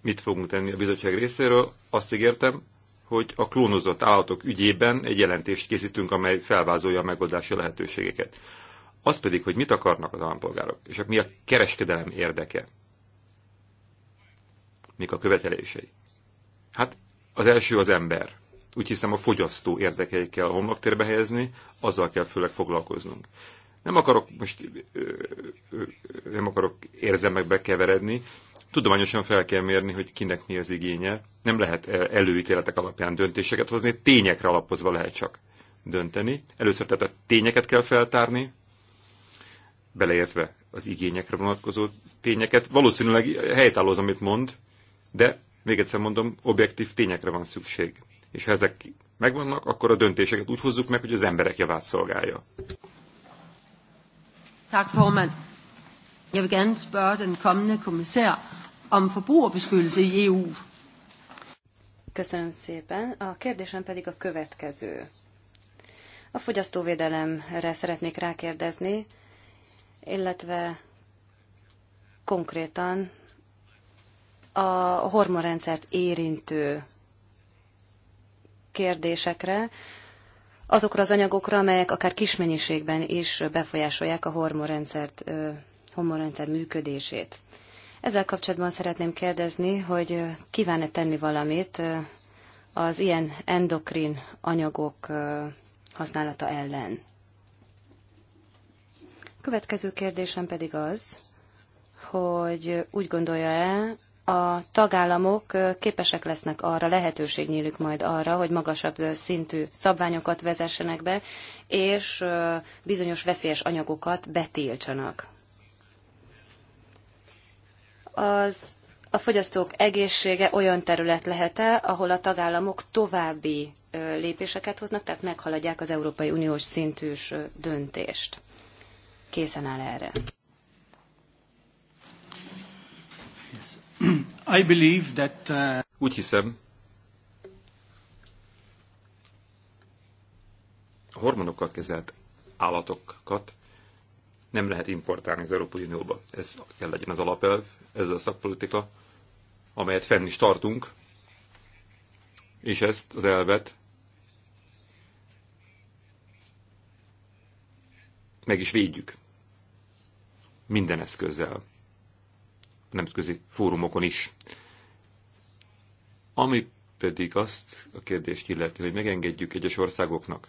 mit fogunk tenni a bizottság részéről. Azt ígértem, hogy a klónozott állatok ügyében egy jelentést készítünk, amely felvázolja a megoldási lehetőségeket. Az pedig, hogy mit akarnak az állampolgárok, és mi a kereskedelem érdeke, mik a követelései. Hát az első az ember úgy hiszem a fogyasztó érdekeikkel a homloktérbe helyezni, azzal kell főleg foglalkoznunk. Nem akarok most nem akarok érzemekbe keveredni, tudományosan fel kell mérni, hogy kinek mi az igénye. Nem lehet előítéletek alapján döntéseket hozni, tényekre alapozva lehet csak dönteni. Először tehát a tényeket kell feltárni, beleértve az igényekre vonatkozó tényeket. Valószínűleg helytállóz, amit mond, de még egyszer mondom, objektív tényekre van szükség és ha ezek megvannak, akkor a döntéseket úgy hozzuk meg, hogy az emberek javát szolgálja. Tak, formand. Jeg vil gerne spørge den kommende kommissær om forbrugerbeskyttelse i EU. Köszönöm szépen. A kérdésem pedig a következő. A fogyasztóvédelemre szeretnék rákérdezni, illetve konkrétan a hormonrendszert érintő kérdésekre, azokra az anyagokra, amelyek akár kis mennyiségben is befolyásolják a hormonrendszert, hormonrendszer működését. Ezzel kapcsolatban szeretném kérdezni, hogy kíván-e tenni valamit az ilyen endokrin anyagok használata ellen. Következő kérdésem pedig az, hogy úgy gondolja-e, a tagállamok képesek lesznek arra, lehetőség nyílik majd arra, hogy magasabb szintű szabványokat vezessenek be, és bizonyos veszélyes anyagokat betiltsanak. Az a fogyasztók egészsége olyan terület lehet-e, ahol a tagállamok további lépéseket hoznak, tehát meghaladják az Európai Uniós szintűs döntést? Készen áll erre. I believe that, uh... Úgy hiszem, a hormonokkal kezelt állatokat nem lehet importálni az Európai Unióba. Ez kell legyen az alapelv, ez a szakpolitika, amelyet fenn is tartunk, és ezt az elvet meg is védjük. Minden eszközzel nemzetközi fórumokon is. Ami pedig azt a kérdést illeti, hogy megengedjük egyes országoknak,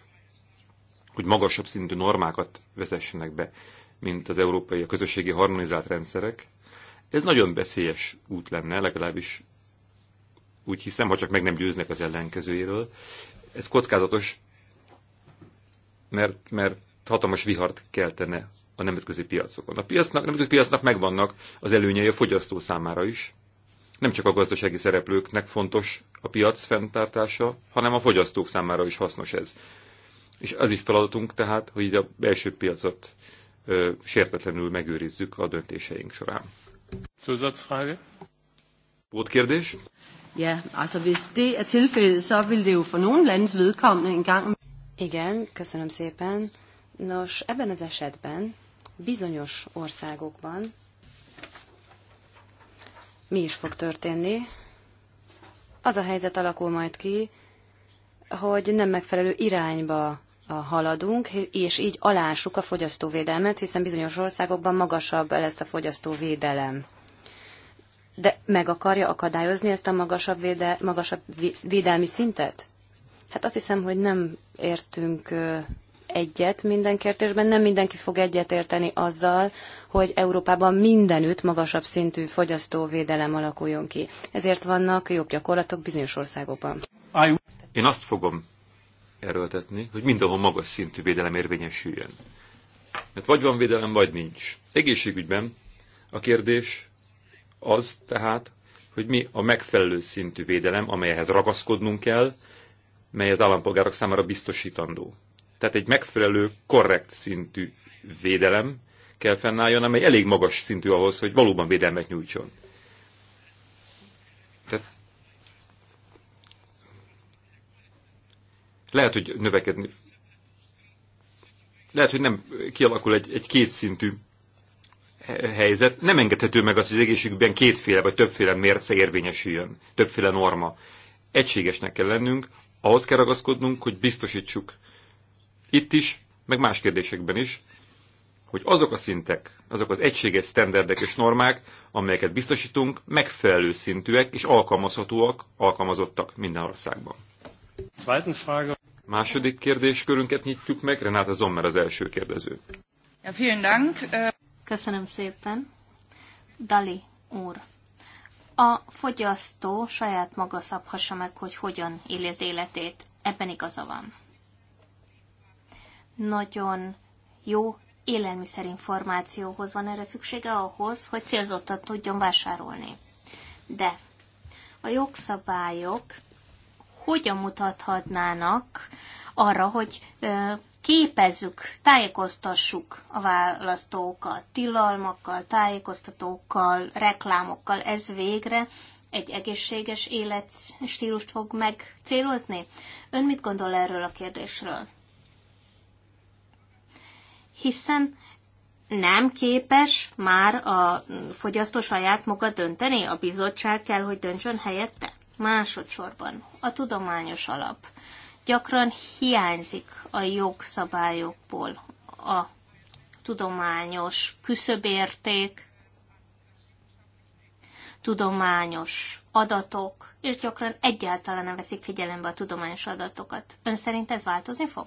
hogy magasabb szintű normákat vezessenek be, mint az európai a közösségi harmonizált rendszerek, ez nagyon veszélyes út lenne, legalábbis úgy hiszem, ha csak meg nem győznek az ellenkezőjéről. Ez kockázatos, mert, mert hatalmas vihart keltene a nemzetközi piacokon. A piacnak, a nemzetközi piacnak megvannak az előnyei a fogyasztó számára is. Nem csak a gazdasági szereplőknek fontos a piac fenntartása, hanem a fogyasztók számára is hasznos ez. És az is feladatunk tehát, hogy a belső piacot ö, sértetlenül megőrizzük a döntéseink során. Zusatzfrage? kérdés? Ja, altså hvis det er tilfældet, så vil det jo for nogle landes vedkommende engang... Igen, köszönöm szépen. Nos, ebben az esetben bizonyos országokban mi is fog történni. Az a helyzet alakul majd ki, hogy nem megfelelő irányba haladunk, és így alássuk a fogyasztóvédelmet, hiszen bizonyos országokban magasabb lesz a fogyasztóvédelem. De meg akarja akadályozni ezt a magasabb, véde, magasabb védelmi szintet? Hát azt hiszem, hogy nem értünk egyet minden kérdésben, nem mindenki fog egyet érteni, azzal, hogy Európában mindenütt magasabb szintű fogyasztóvédelem alakuljon ki. Ezért vannak jobb gyakorlatok bizonyos országokban. Én azt fogom erőltetni, hogy mindenhol magas szintű védelem érvényesüljön. Mert vagy van védelem, vagy nincs. Egészségügyben a kérdés az tehát, hogy mi a megfelelő szintű védelem, amelyhez ragaszkodnunk kell, mely az állampolgárok számára biztosítandó. Tehát egy megfelelő, korrekt szintű védelem kell fennálljon, amely elég magas szintű ahhoz, hogy valóban védelmet nyújtson. Tehát lehet, hogy növekedni. Lehet, hogy nem kialakul egy, egy kétszintű helyzet. Nem engedhető meg az, hogy az egészségükben kétféle vagy többféle mérce érvényesüljön, többféle norma. Egységesnek kell lennünk, ahhoz kell ragaszkodnunk, hogy biztosítsuk itt is, meg más kérdésekben is, hogy azok a szintek, azok az egységes sztenderdek és normák, amelyeket biztosítunk, megfelelő szintűek és alkalmazhatóak, alkalmazottak minden országban. Második kérdéskörünket nyitjuk meg, Renáta Zommer az első kérdező. Ja, vielen Dank. Köszönöm szépen. Dali úr, a fogyasztó saját maga szabhassa meg, hogy hogyan éli az életét. Ebben igaza van nagyon jó élelmiszerinformációhoz van erre szüksége ahhoz, hogy célzottan tudjon vásárolni. De a jogszabályok hogyan mutathatnának arra, hogy képezzük, tájékoztassuk a választókat, tilalmakkal, tájékoztatókkal, reklámokkal, ez végre egy egészséges életstílust fog megcélozni? Ön mit gondol erről a kérdésről? hiszen nem képes már a fogyasztó saját maga dönteni, a bizottság kell, hogy döntsön helyette. Másodszorban a tudományos alap gyakran hiányzik a jogszabályokból a tudományos küszöbérték, tudományos adatok, és gyakran egyáltalán nem veszik figyelembe a tudományos adatokat. Ön szerint ez változni fog?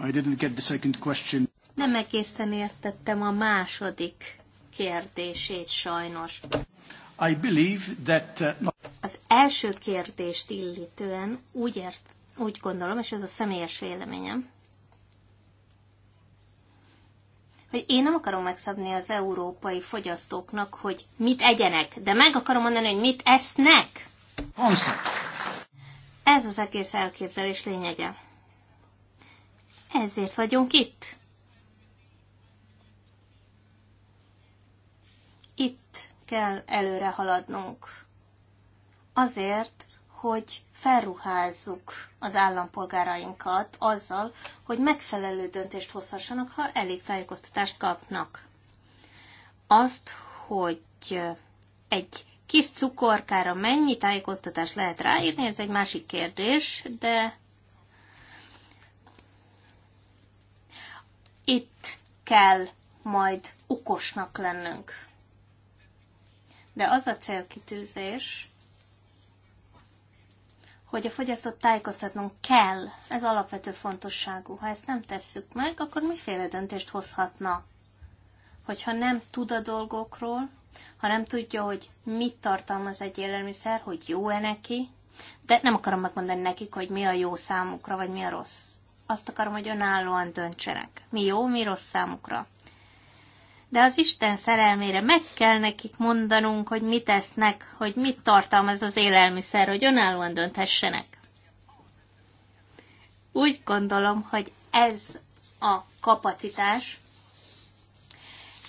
I didn't get the second question. Nem egészen értettem a második kérdését sajnos. I believe that, uh, Az első kérdést illetően úgy, ért, úgy gondolom, és ez a személyes véleményem, hogy én nem akarom megszabni az európai fogyasztóknak, hogy mit egyenek, de meg akarom mondani, hogy mit esznek. Ez az egész elképzelés lényege. Ezért vagyunk itt. Itt kell előre haladnunk. Azért, hogy felruházzuk az állampolgárainkat azzal, hogy megfelelő döntést hozhassanak, ha elég tájékoztatást kapnak. Azt, hogy egy kis cukorkára mennyi tájékoztatást lehet ráírni, ez egy másik kérdés, de Itt kell majd okosnak lennünk. De az a célkitűzés, hogy a fogyasztót tájékoztatnunk kell. Ez alapvető fontosságú. Ha ezt nem tesszük meg, akkor miféle döntést hozhatna? Hogyha nem tud a dolgokról, ha nem tudja, hogy mit tartalmaz egy élelmiszer, hogy jó-e neki, de nem akarom megmondani nekik, hogy mi a jó számukra, vagy mi a rossz azt akarom, hogy önállóan döntsenek. Mi jó, mi rossz számukra. De az Isten szerelmére meg kell nekik mondanunk, hogy mit esznek, hogy mit tartalmaz az élelmiszer, hogy önállóan dönthessenek. Úgy gondolom, hogy ez a kapacitás,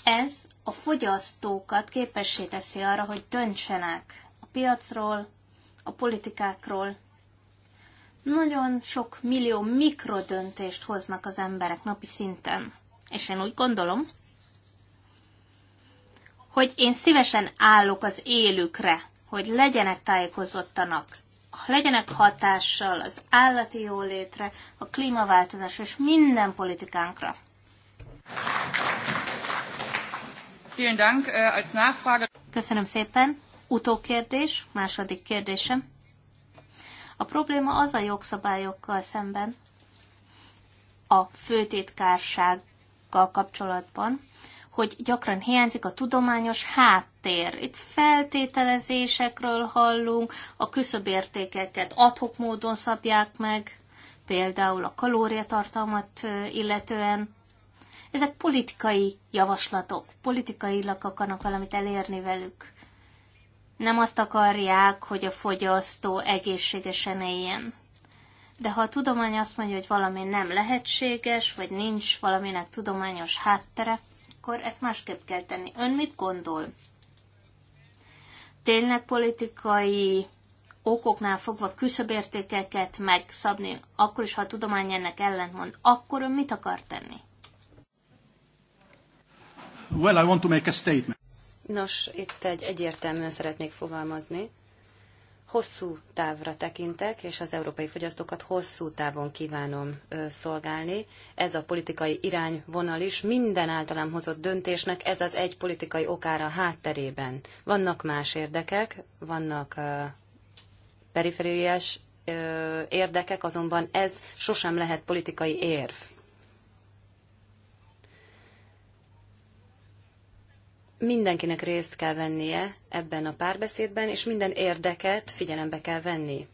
ez a fogyasztókat képessé teszi arra, hogy döntsenek a piacról, a politikákról, nagyon sok millió mikrodöntést hoznak az emberek napi szinten. És én úgy gondolom, hogy én szívesen állok az élükre, hogy legyenek tájékozottanak, legyenek hatással az állati jólétre, a klímaváltozásra és minden politikánkra. Äh, Köszönöm szépen. Utókérdés, második kérdésem. A probléma az a jogszabályokkal szemben, a főtétkársággal kapcsolatban, hogy gyakran hiányzik a tudományos háttér. Itt feltételezésekről hallunk, a küszöbértékeket adhok módon szabják meg, például a kalóriatartalmat illetően. Ezek politikai javaslatok, politikailag akarnak valamit elérni velük. Nem azt akarják, hogy a fogyasztó egészségesen éljen. De ha a tudomány azt mondja, hogy valami nem lehetséges, vagy nincs valaminek tudományos háttere, akkor ezt másképp kell tenni. Ön mit gondol? Tényleg politikai okoknál fogva küszöbértékeket megszabni, akkor is, ha a tudomány ennek ellentmond, akkor ön mit akar tenni? Well, I want to make a statement. Nos, itt egy egyértelműen szeretnék fogalmazni. Hosszú távra tekintek, és az európai fogyasztókat hosszú távon kívánom ö, szolgálni. Ez a politikai irányvonal is minden általam hozott döntésnek, ez az egy politikai okára hátterében. Vannak más érdekek, vannak ö, perifériás ö, érdekek, azonban ez sosem lehet politikai érv. mindenkinek részt kell vennie ebben a párbeszédben, és minden érdeket figyelembe kell venni.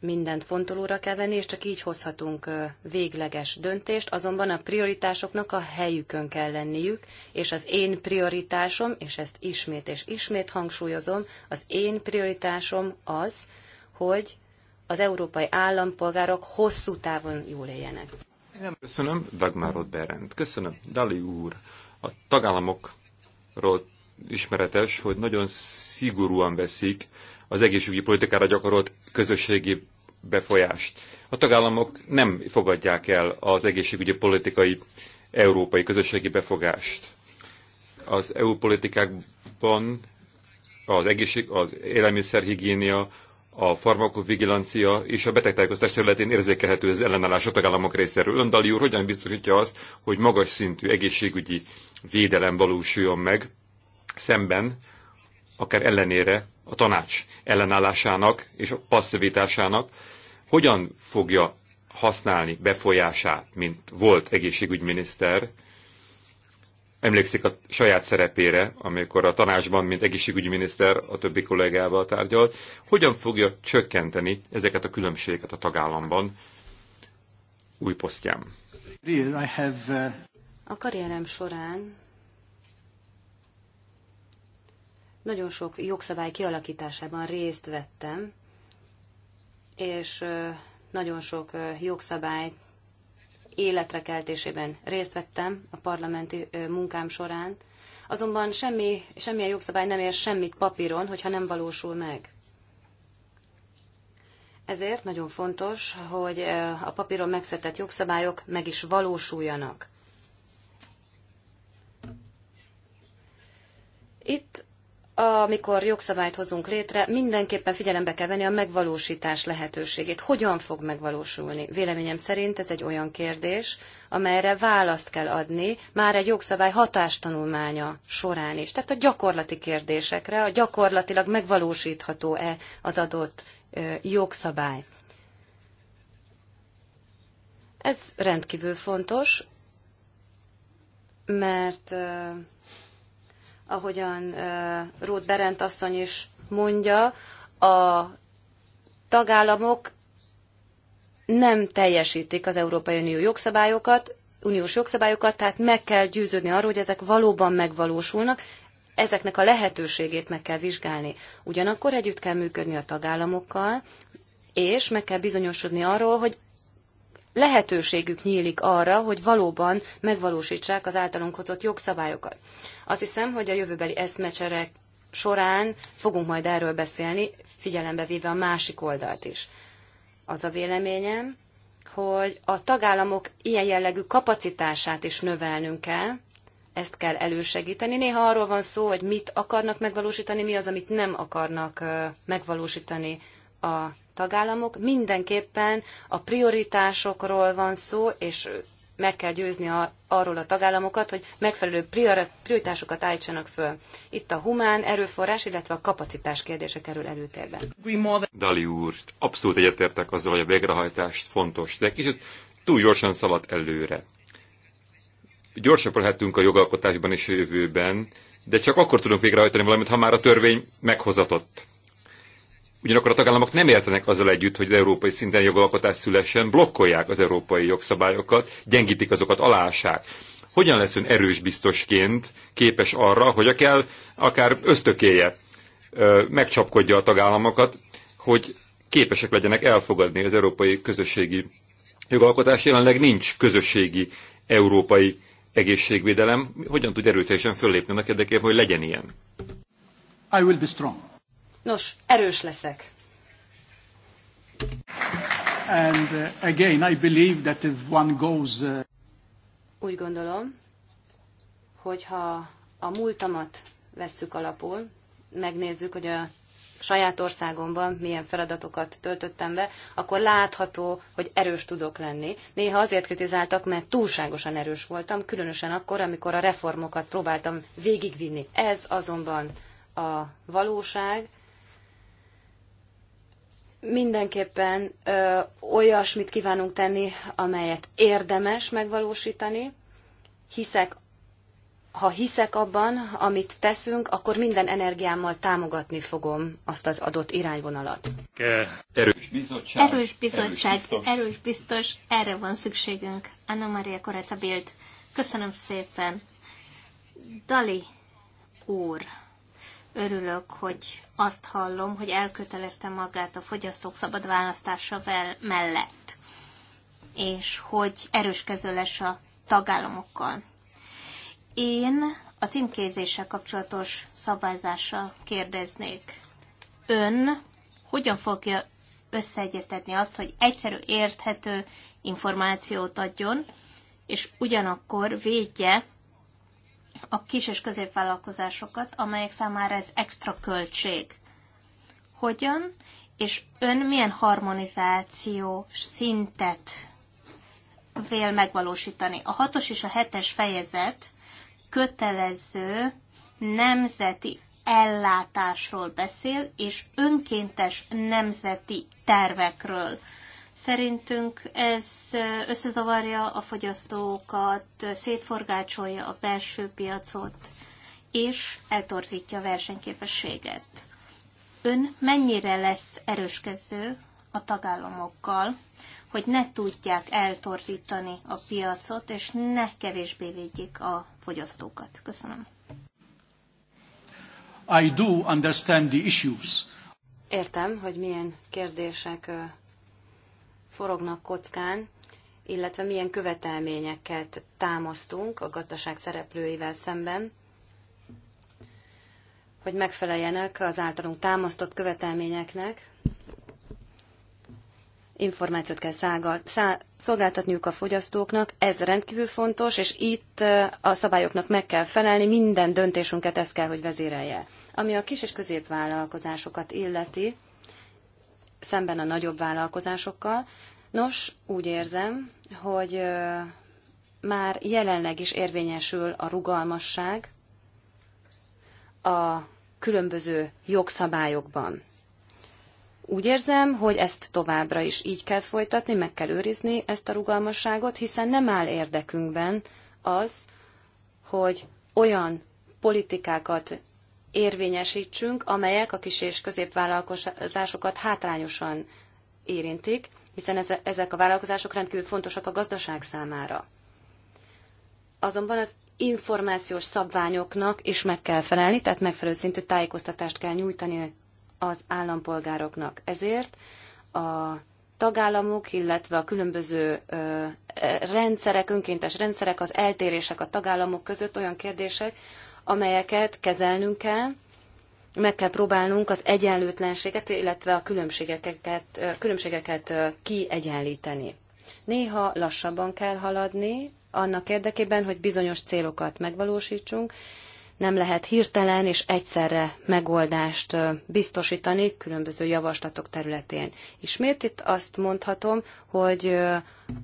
Mindent fontolóra kell venni, és csak így hozhatunk végleges döntést, azonban a prioritásoknak a helyükön kell lenniük, és az én prioritásom, és ezt ismét és ismét hangsúlyozom, az én prioritásom az, hogy az európai állampolgárok hosszú távon jól éljenek. Köszönöm, Dagmarod Berend. Köszönöm, Dali úr. A tagállamokról ismeretes, hogy nagyon szigorúan veszik az egészségügyi politikára gyakorolt közösségi befolyást. A tagállamok nem fogadják el az egészségügyi politikai európai közösségi befogást. Az EU politikákban az, egészség, az élelmiszerhigiénia, a farmakovigilancia és a betegtájékoztatás területén érzékelhető az ellenállás a tagállamok részéről. Öndali úr hogyan biztosítja azt, hogy magas szintű egészségügyi védelem valósuljon meg, szemben, akár ellenére a tanács ellenállásának és a passzivitásának, hogyan fogja használni befolyását, mint volt egészségügyminiszter, emlékszik a saját szerepére, amikor a tanácsban, mint egészségügyminiszter a többi kollégával tárgyalt, hogyan fogja csökkenteni ezeket a különbségeket a tagállamban új posztján. A karrierem során nagyon sok jogszabály kialakításában részt vettem, és nagyon sok jogszabály életre keltésében részt vettem a parlamenti munkám során, azonban semmi, semmilyen jogszabály nem ér semmit papíron, hogyha nem valósul meg. Ezért nagyon fontos, hogy a papíron megszületett jogszabályok meg is valósuljanak. Itt amikor jogszabályt hozunk létre, mindenképpen figyelembe kell venni a megvalósítás lehetőségét. Hogyan fog megvalósulni? Véleményem szerint ez egy olyan kérdés, amelyre választ kell adni már egy jogszabály hatástanulmánya során is. Tehát a gyakorlati kérdésekre, a gyakorlatilag megvalósítható-e az adott jogszabály. Ez rendkívül fontos, mert ahogyan Ruth Berent asszony is mondja, a tagállamok nem teljesítik az Európai Unió jogszabályokat, uniós jogszabályokat, tehát meg kell győződni arról, hogy ezek valóban megvalósulnak, ezeknek a lehetőségét meg kell vizsgálni. Ugyanakkor együtt kell működni a tagállamokkal, és meg kell bizonyosodni arról, hogy lehetőségük nyílik arra, hogy valóban megvalósítsák az általunk hozott jogszabályokat. Azt hiszem, hogy a jövőbeli eszmecserek során fogunk majd erről beszélni, figyelembe véve a másik oldalt is. Az a véleményem, hogy a tagállamok ilyen jellegű kapacitását is növelnünk kell, ezt kell elősegíteni. Néha arról van szó, hogy mit akarnak megvalósítani, mi az, amit nem akarnak megvalósítani a tagállamok. Mindenképpen a prioritásokról van szó, és meg kell győzni a, arról a tagállamokat, hogy megfelelő prioritásokat állítsanak föl. Itt a humán erőforrás, illetve a kapacitás kérdése kerül előtérbe. Dali úr, abszolút egyetértek azzal, hogy a végrehajtást fontos, de kicsit túl gyorsan szaladt előre. Gyorsabb lehetünk a jogalkotásban és a jövőben, de csak akkor tudunk végrehajtani valamit, ha már a törvény meghozatott. Ugyanakkor a tagállamok nem értenek azzal együtt, hogy az európai szinten jogalkotás szülessen, blokkolják az európai jogszabályokat, gyengítik azokat, alássák. Hogyan lesz ön erős biztosként képes arra, hogy akár, akár ösztökéje megcsapkodja a tagállamokat, hogy képesek legyenek elfogadni az európai közösségi jogalkotás. Jelenleg nincs közösségi európai egészségvédelem. Hogyan tud erőteljesen föllépni annak érdekében, hogy legyen ilyen? I will be strong. Nos, erős leszek. And uh, again, I believe that if one goes... Uh... Úgy gondolom, hogyha a múltamat vesszük alapul, megnézzük, hogy a saját országomban milyen feladatokat töltöttem be, akkor látható, hogy erős tudok lenni. Néha azért kritizáltak, mert túlságosan erős voltam, különösen akkor, amikor a reformokat próbáltam végigvinni. Ez azonban a valóság, mindenképpen ö, olyasmit kívánunk tenni, amelyet érdemes megvalósítani. Hiszek, ha hiszek abban, amit teszünk, akkor minden energiámmal támogatni fogom azt az adott irányvonalat. Erős bizottság, erős bizottság, erős biztos, erős biztos erre van szükségünk. Anna Maria Koreca Bild. Köszönöm szépen. Dali úr. Örülök, hogy azt hallom, hogy elkötelezte magát a fogyasztók szabad választása mellett, és hogy erős kező lesz a tagállamokkal. Én a címkézéssel kapcsolatos szabályzással kérdeznék. Ön hogyan fogja összeegyeztetni azt, hogy egyszerű, érthető információt adjon, és ugyanakkor védje a kis és középvállalkozásokat, amelyek számára ez extra költség. Hogyan és ön milyen harmonizáció szintet vél megvalósítani? A hatos és a hetes fejezet kötelező nemzeti ellátásról beszél, és önkéntes nemzeti tervekről. Szerintünk ez összezavarja a fogyasztókat, szétforgácsolja a belső piacot, és eltorzítja a versenyképességet. Ön mennyire lesz erőskező a tagállamokkal, hogy ne tudják eltorzítani a piacot, és ne kevésbé védjék a fogyasztókat? Köszönöm. I do understand the issues. Értem, hogy milyen kérdések forognak kockán, illetve milyen követelményeket támasztunk a gazdaság szereplőivel szemben, hogy megfeleljenek az általunk támasztott követelményeknek. Információt kell szolgáltatniuk a fogyasztóknak, ez rendkívül fontos, és itt a szabályoknak meg kell felelni, minden döntésünket ez kell, hogy vezérelje. Ami a kis és középvállalkozásokat illeti, szemben a nagyobb vállalkozásokkal. Nos, úgy érzem, hogy már jelenleg is érvényesül a rugalmasság a különböző jogszabályokban. Úgy érzem, hogy ezt továbbra is így kell folytatni, meg kell őrizni ezt a rugalmasságot, hiszen nem áll érdekünkben az, hogy olyan politikákat érvényesítsünk, amelyek a kis és középvállalkozásokat hátrányosan érintik, hiszen ezek a vállalkozások rendkívül fontosak a gazdaság számára. Azonban az információs szabványoknak is meg kell felelni, tehát megfelelő szintű tájékoztatást kell nyújtani az állampolgároknak. Ezért a tagállamok, illetve a különböző rendszerek, önkéntes rendszerek, az eltérések a tagállamok között olyan kérdések, amelyeket kezelnünk kell, meg kell próbálnunk az egyenlőtlenséget, illetve a különbségeket, különbségeket kiegyenlíteni. Néha lassabban kell haladni, annak érdekében, hogy bizonyos célokat megvalósítsunk, nem lehet hirtelen és egyszerre megoldást biztosítani különböző javaslatok területén. Ismét itt azt mondhatom, hogy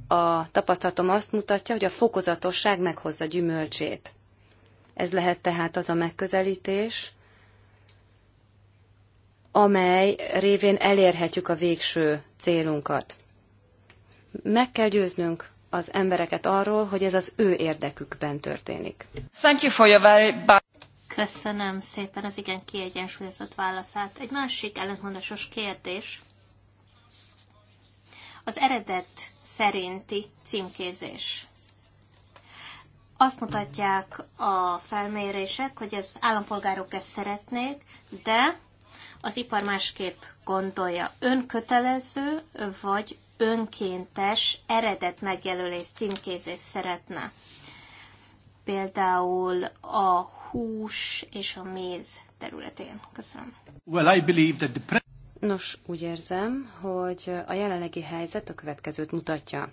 a tapasztalatom azt mutatja, hogy a fokozatosság meghozza gyümölcsét. Ez lehet tehát az a megközelítés, amely révén elérhetjük a végső célunkat. Meg kell győznünk az embereket arról, hogy ez az ő érdekükben történik. Thank you for your very... Köszönöm szépen az igen kiegyensúlyozott válaszát. Egy másik ellentmondásos kérdés. Az eredet szerinti címkézés. Azt mutatják a felmérések, hogy az állampolgárok ezt szeretnék, de az ipar másképp gondolja. Önkötelező vagy önkéntes eredet megjelölés címkézés szeretne. Például a hús és a méz területén. Köszönöm. Well, I believe that the Nos, úgy érzem, hogy a jelenlegi helyzet a következőt mutatja.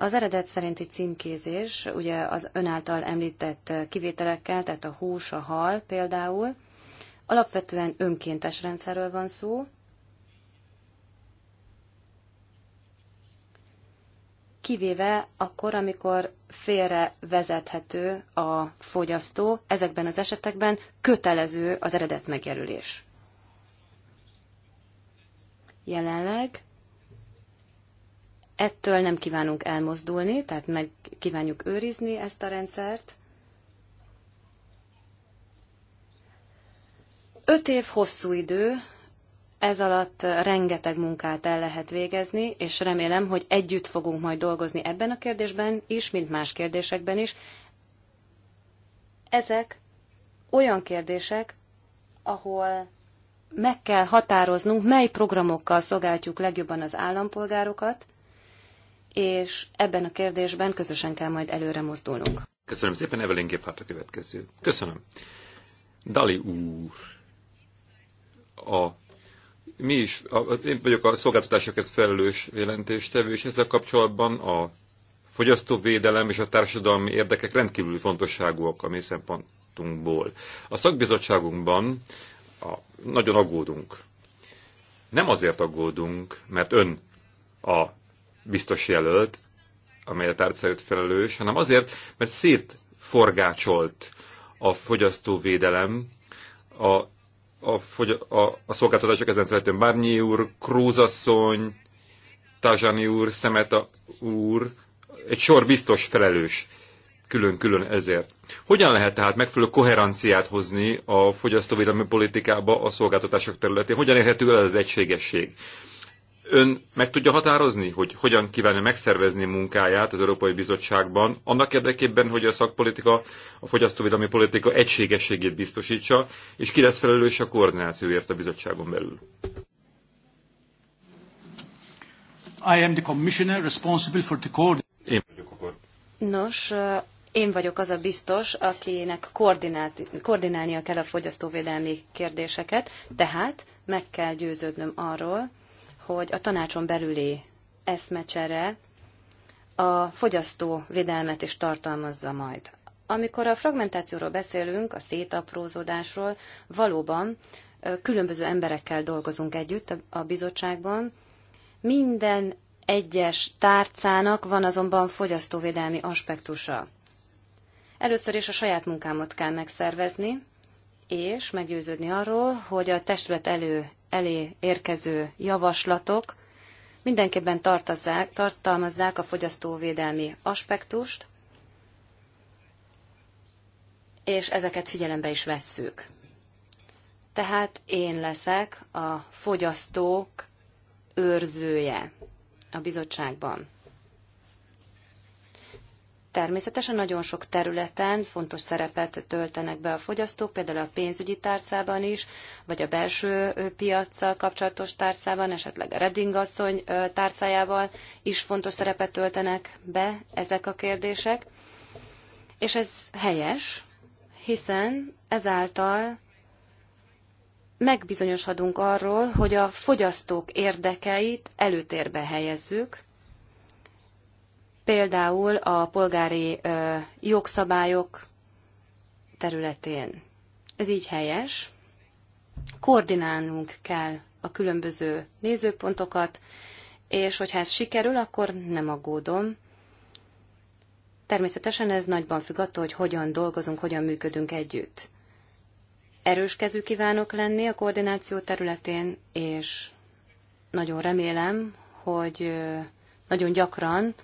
Az eredet szerinti címkézés, ugye az önáltal említett kivételekkel, tehát a hús, a hal például, alapvetően önkéntes rendszerről van szó, kivéve akkor, amikor félre vezethető a fogyasztó, ezekben az esetekben kötelező az eredet megjelölés. Jelenleg Ettől nem kívánunk elmozdulni, tehát meg kívánjuk őrizni ezt a rendszert. Öt év hosszú idő, ez alatt rengeteg munkát el lehet végezni, és remélem, hogy együtt fogunk majd dolgozni ebben a kérdésben is, mint más kérdésekben is. Ezek olyan kérdések, ahol meg kell határoznunk, mely programokkal szolgáltjuk legjobban az állampolgárokat, és ebben a kérdésben közösen kell majd előre mozdulnunk. Köszönöm szépen, Evelyn Gephardt a következő. Köszönöm. Dali úr, a, mi is, a, én vagyok a szolgáltatásokat felelős jelentéstevő, és ezzel kapcsolatban a fogyasztóvédelem és a társadalmi érdekek rendkívül fontosságúak a mi szempontunkból. A szakbizottságunkban a, nagyon aggódunk. Nem azért aggódunk, mert ön a biztos jelölt, amely a tárcáért felelős, hanem azért, mert szétforgácsolt a fogyasztóvédelem, a, a, a, a szolgáltatások ezen területen Bárnyi úr, Krózasszony, Tazsani úr, Szemeta úr, egy sor biztos felelős külön-külön ezért. Hogyan lehet tehát megfelelő koherenciát hozni a fogyasztóvédelmi politikába a szolgáltatások területén? Hogyan érhető el az egységesség? ön meg tudja határozni, hogy hogyan kívánja megszervezni munkáját az Európai Bizottságban, annak érdekében, hogy a szakpolitika, a fogyasztóvédelmi politika egységességét biztosítsa, és ki lesz felelős a koordinációért a bizottságon belül? I am the commissioner responsible for the Én vagyok akkor. Nos, én vagyok az a biztos, akinek koordinálnia kell a fogyasztóvédelmi kérdéseket, tehát meg kell győződnöm arról, hogy a tanácson belüli eszmecsere a fogyasztó védelmet is tartalmazza majd. Amikor a fragmentációról beszélünk, a szétaprózódásról, valóban különböző emberekkel dolgozunk együtt a bizottságban. Minden egyes tárcának van azonban fogyasztóvédelmi aspektusa. Először is a saját munkámat kell megszervezni, és meggyőződni arról, hogy a testület elő elé érkező javaslatok mindenképpen tartalmazzák a fogyasztóvédelmi aspektust, és ezeket figyelembe is vesszük. Tehát én leszek a fogyasztók őrzője a bizottságban természetesen nagyon sok területen fontos szerepet töltenek be a fogyasztók, például a pénzügyi tárcában is, vagy a belső piaccal kapcsolatos tárcában, esetleg a Redding asszony is fontos szerepet töltenek be ezek a kérdések. És ez helyes, hiszen ezáltal megbizonyosodunk arról, hogy a fogyasztók érdekeit előtérbe helyezzük, például a polgári jogszabályok területén. Ez így helyes. Koordinálnunk kell a különböző nézőpontokat, és hogyha ez sikerül, akkor nem aggódom. Természetesen ez nagyban függ attól, hogy hogyan dolgozunk, hogyan működünk együtt. Erős kezű kívánok lenni a koordináció területén, és nagyon remélem, hogy nagyon gyakran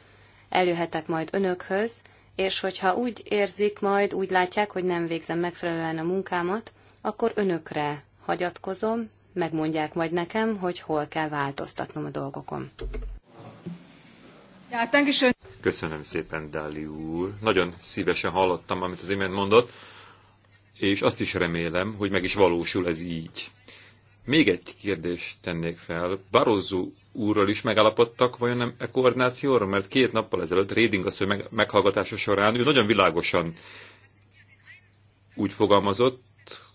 eljöhetek majd önökhöz, és hogyha úgy érzik majd, úgy látják, hogy nem végzem megfelelően a munkámat, akkor önökre hagyatkozom, megmondják majd nekem, hogy hol kell változtatnom a dolgokon. Köszönöm szépen, Dali úr. Nagyon szívesen hallottam, amit az imént mondott, és azt is remélem, hogy meg is valósul ez így. Még egy kérdést tennék fel. Barozu úrral is megállapodtak vajon nem e koordinációra? Mert két nappal ezelőtt Réding asszony meg, meghallgatása során ő nagyon világosan úgy fogalmazott,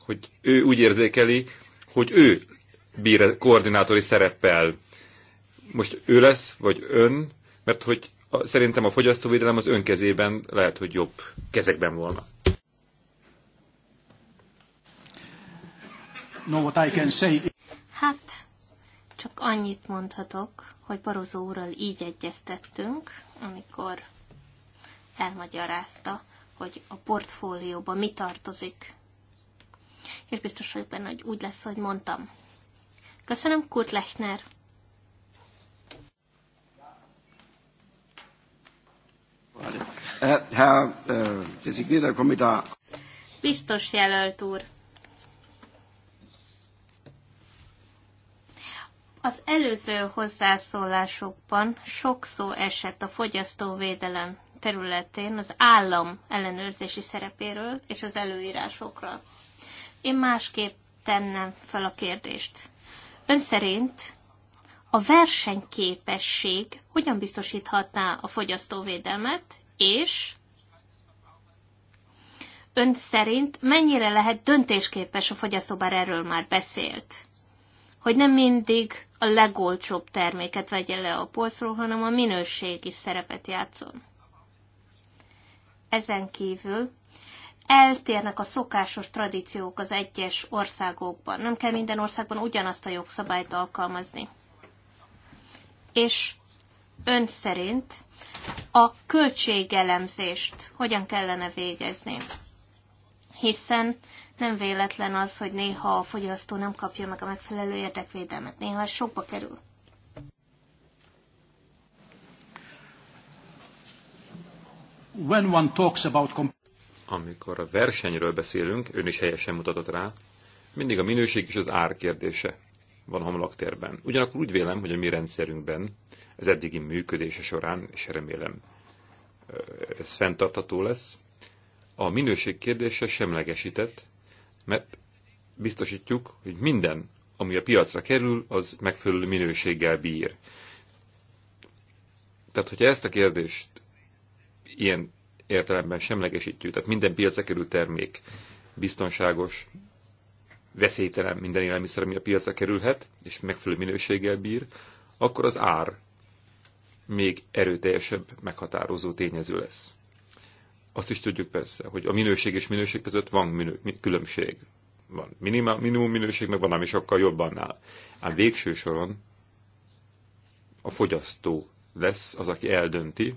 hogy ő úgy érzékeli, hogy ő bír koordinátori szereppel. Most ő lesz, vagy ön, mert hogy a, szerintem a fogyasztóvédelem az önkezében lehet, hogy jobb kezekben volna. know what I can say. Hát, csak annyit mondhatok, hogy Barozó úrral így egyeztettünk, amikor elmagyarázta, hogy a portfólióba mi tartozik. És biztos vagyok benne, hogy úgy lesz, hogy mondtam. Köszönöm, Kurt Lechner! Eh, Herr eh, Designierter Biztos jelölt úr. Az előző hozzászólásokban sok szó esett a fogyasztóvédelem területén az állam ellenőrzési szerepéről és az előírásokra. Én másképp tennem fel a kérdést. Ön szerint a versenyképesség hogyan biztosíthatná a fogyasztóvédelmet, és ön szerint mennyire lehet döntésképes a fogyasztó, bár erről már beszélt? hogy nem mindig a legolcsóbb terméket vegye le a polcról, hanem a minőségi szerepet játszon. Ezen kívül eltérnek a szokásos tradíciók az egyes országokban. Nem kell minden országban ugyanazt a jogszabályt alkalmazni. És ön szerint a költségelemzést hogyan kellene végezni? Hiszen nem véletlen az, hogy néha a fogyasztó nem kapja meg a megfelelő érdekvédelmet, néha ez sokba kerül. When one talks about Amikor a versenyről beszélünk, ön is helyesen mutatott rá, mindig a minőség és az ár kérdése van homloktérben. Ugyanakkor úgy vélem, hogy a mi rendszerünkben az eddigi működése során, és remélem ez fenntartható lesz, a minőség kérdése semlegesített, mert biztosítjuk, hogy minden, ami a piacra kerül, az megfelelő minőséggel bír. Tehát, hogyha ezt a kérdést ilyen értelemben semlegesítjük, tehát minden piacra kerül termék biztonságos, veszélytelen minden élelmiszer, ami a piacra kerülhet, és megfelelő minőséggel bír, akkor az ár még erőteljesebb meghatározó tényező lesz. Azt is tudjuk persze, hogy a minőség és minőség között van minő, különbség. Van minimum, minimum minőség, meg van, ami sokkal jobb annál. Ám végső soron a fogyasztó lesz az, aki eldönti,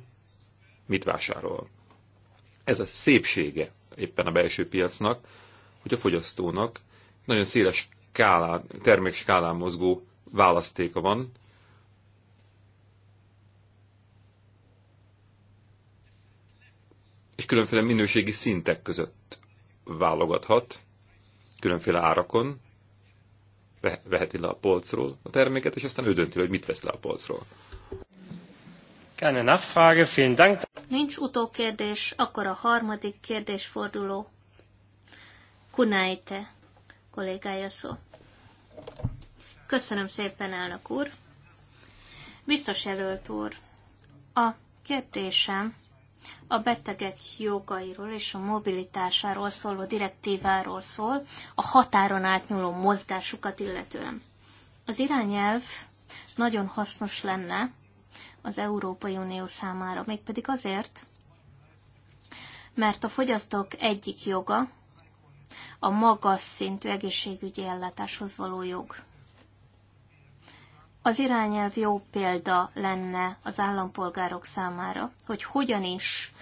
mit vásárol. Ez a szépsége éppen a belső piacnak, hogy a fogyasztónak nagyon széles termékskálán mozgó választéka van, különféle minőségi szintek között válogathat, különféle árakon, veheti le a polcról a terméket, és aztán ő dönti, hogy mit vesz le a polcról. Keine Nachfrage, vielen Dank. Nincs utókérdés, akkor a harmadik forduló. Kunáite, kollégája szó. Köszönöm szépen, elnök úr. Biztos jelölt úr, a kérdésem a betegek jogairól és a mobilitásáról szóló direktíváról szól, a határon átnyúló mozgásukat illetően. Az irányelv nagyon hasznos lenne az Európai Unió számára, mégpedig azért, mert a fogyasztók egyik joga a magas szintű egészségügyi ellátáshoz való jog. Az irányelv jó példa lenne az állampolgárok számára, hogy hogyan is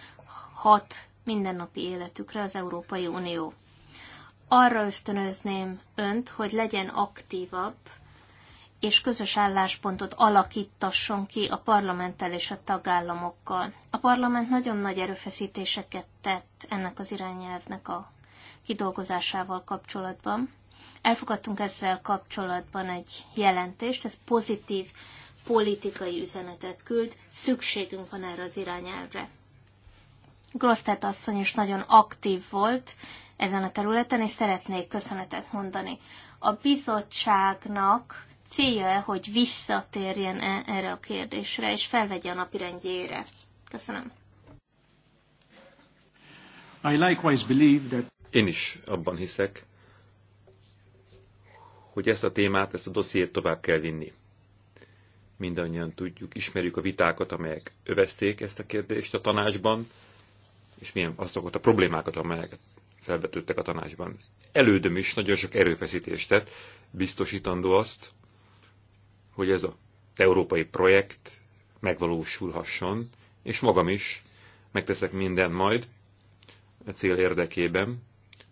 hat mindennapi életükre az Európai Unió. Arra ösztönözném önt, hogy legyen aktívabb, és közös álláspontot alakítasson ki a parlamenttel és a tagállamokkal. A parlament nagyon nagy erőfeszítéseket tett ennek az irányelvnek a kidolgozásával kapcsolatban, Elfogadtunk ezzel kapcsolatban egy jelentést, ez pozitív politikai üzenetet küld, szükségünk van erre az irányelvre. Grosztet asszony is nagyon aktív volt ezen a területen, és szeretnék köszönetet mondani. A bizottságnak célja-e, hogy visszatérjen -e erre a kérdésre, és felvegye a napirendjére? Köszönöm. I likewise believe that... Én is abban hiszek, hogy ezt a témát, ezt a dossziét tovább kell vinni. Mindannyian tudjuk, ismerjük a vitákat, amelyek övezték ezt a kérdést a tanácsban, és milyen azokat a problémákat, amelyeket felvetődtek a tanácsban. Elődöm is nagyon sok erőfeszítést tett, biztosítandó azt, hogy ez az európai projekt megvalósulhasson, és magam is megteszek mindent majd a cél érdekében,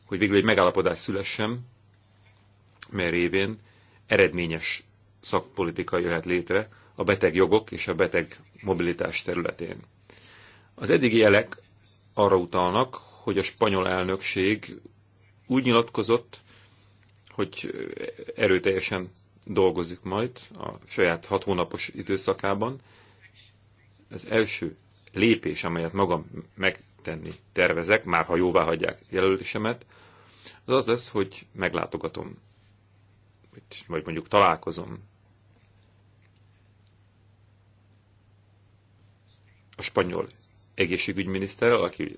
hogy végül egy megállapodás szülessem mely révén eredményes szakpolitika jöhet létre a beteg jogok és a beteg mobilitás területén. Az eddigi jelek arra utalnak, hogy a spanyol elnökség úgy nyilatkozott, hogy erőteljesen dolgozik majd a saját hat hónapos időszakában. Az első lépés, amelyet magam megtenni tervezek, már ha jóvá hagyják jelölésemet, az az lesz, hogy meglátogatom vagy, vagy mondjuk találkozom a spanyol egészségügyminiszterrel, aki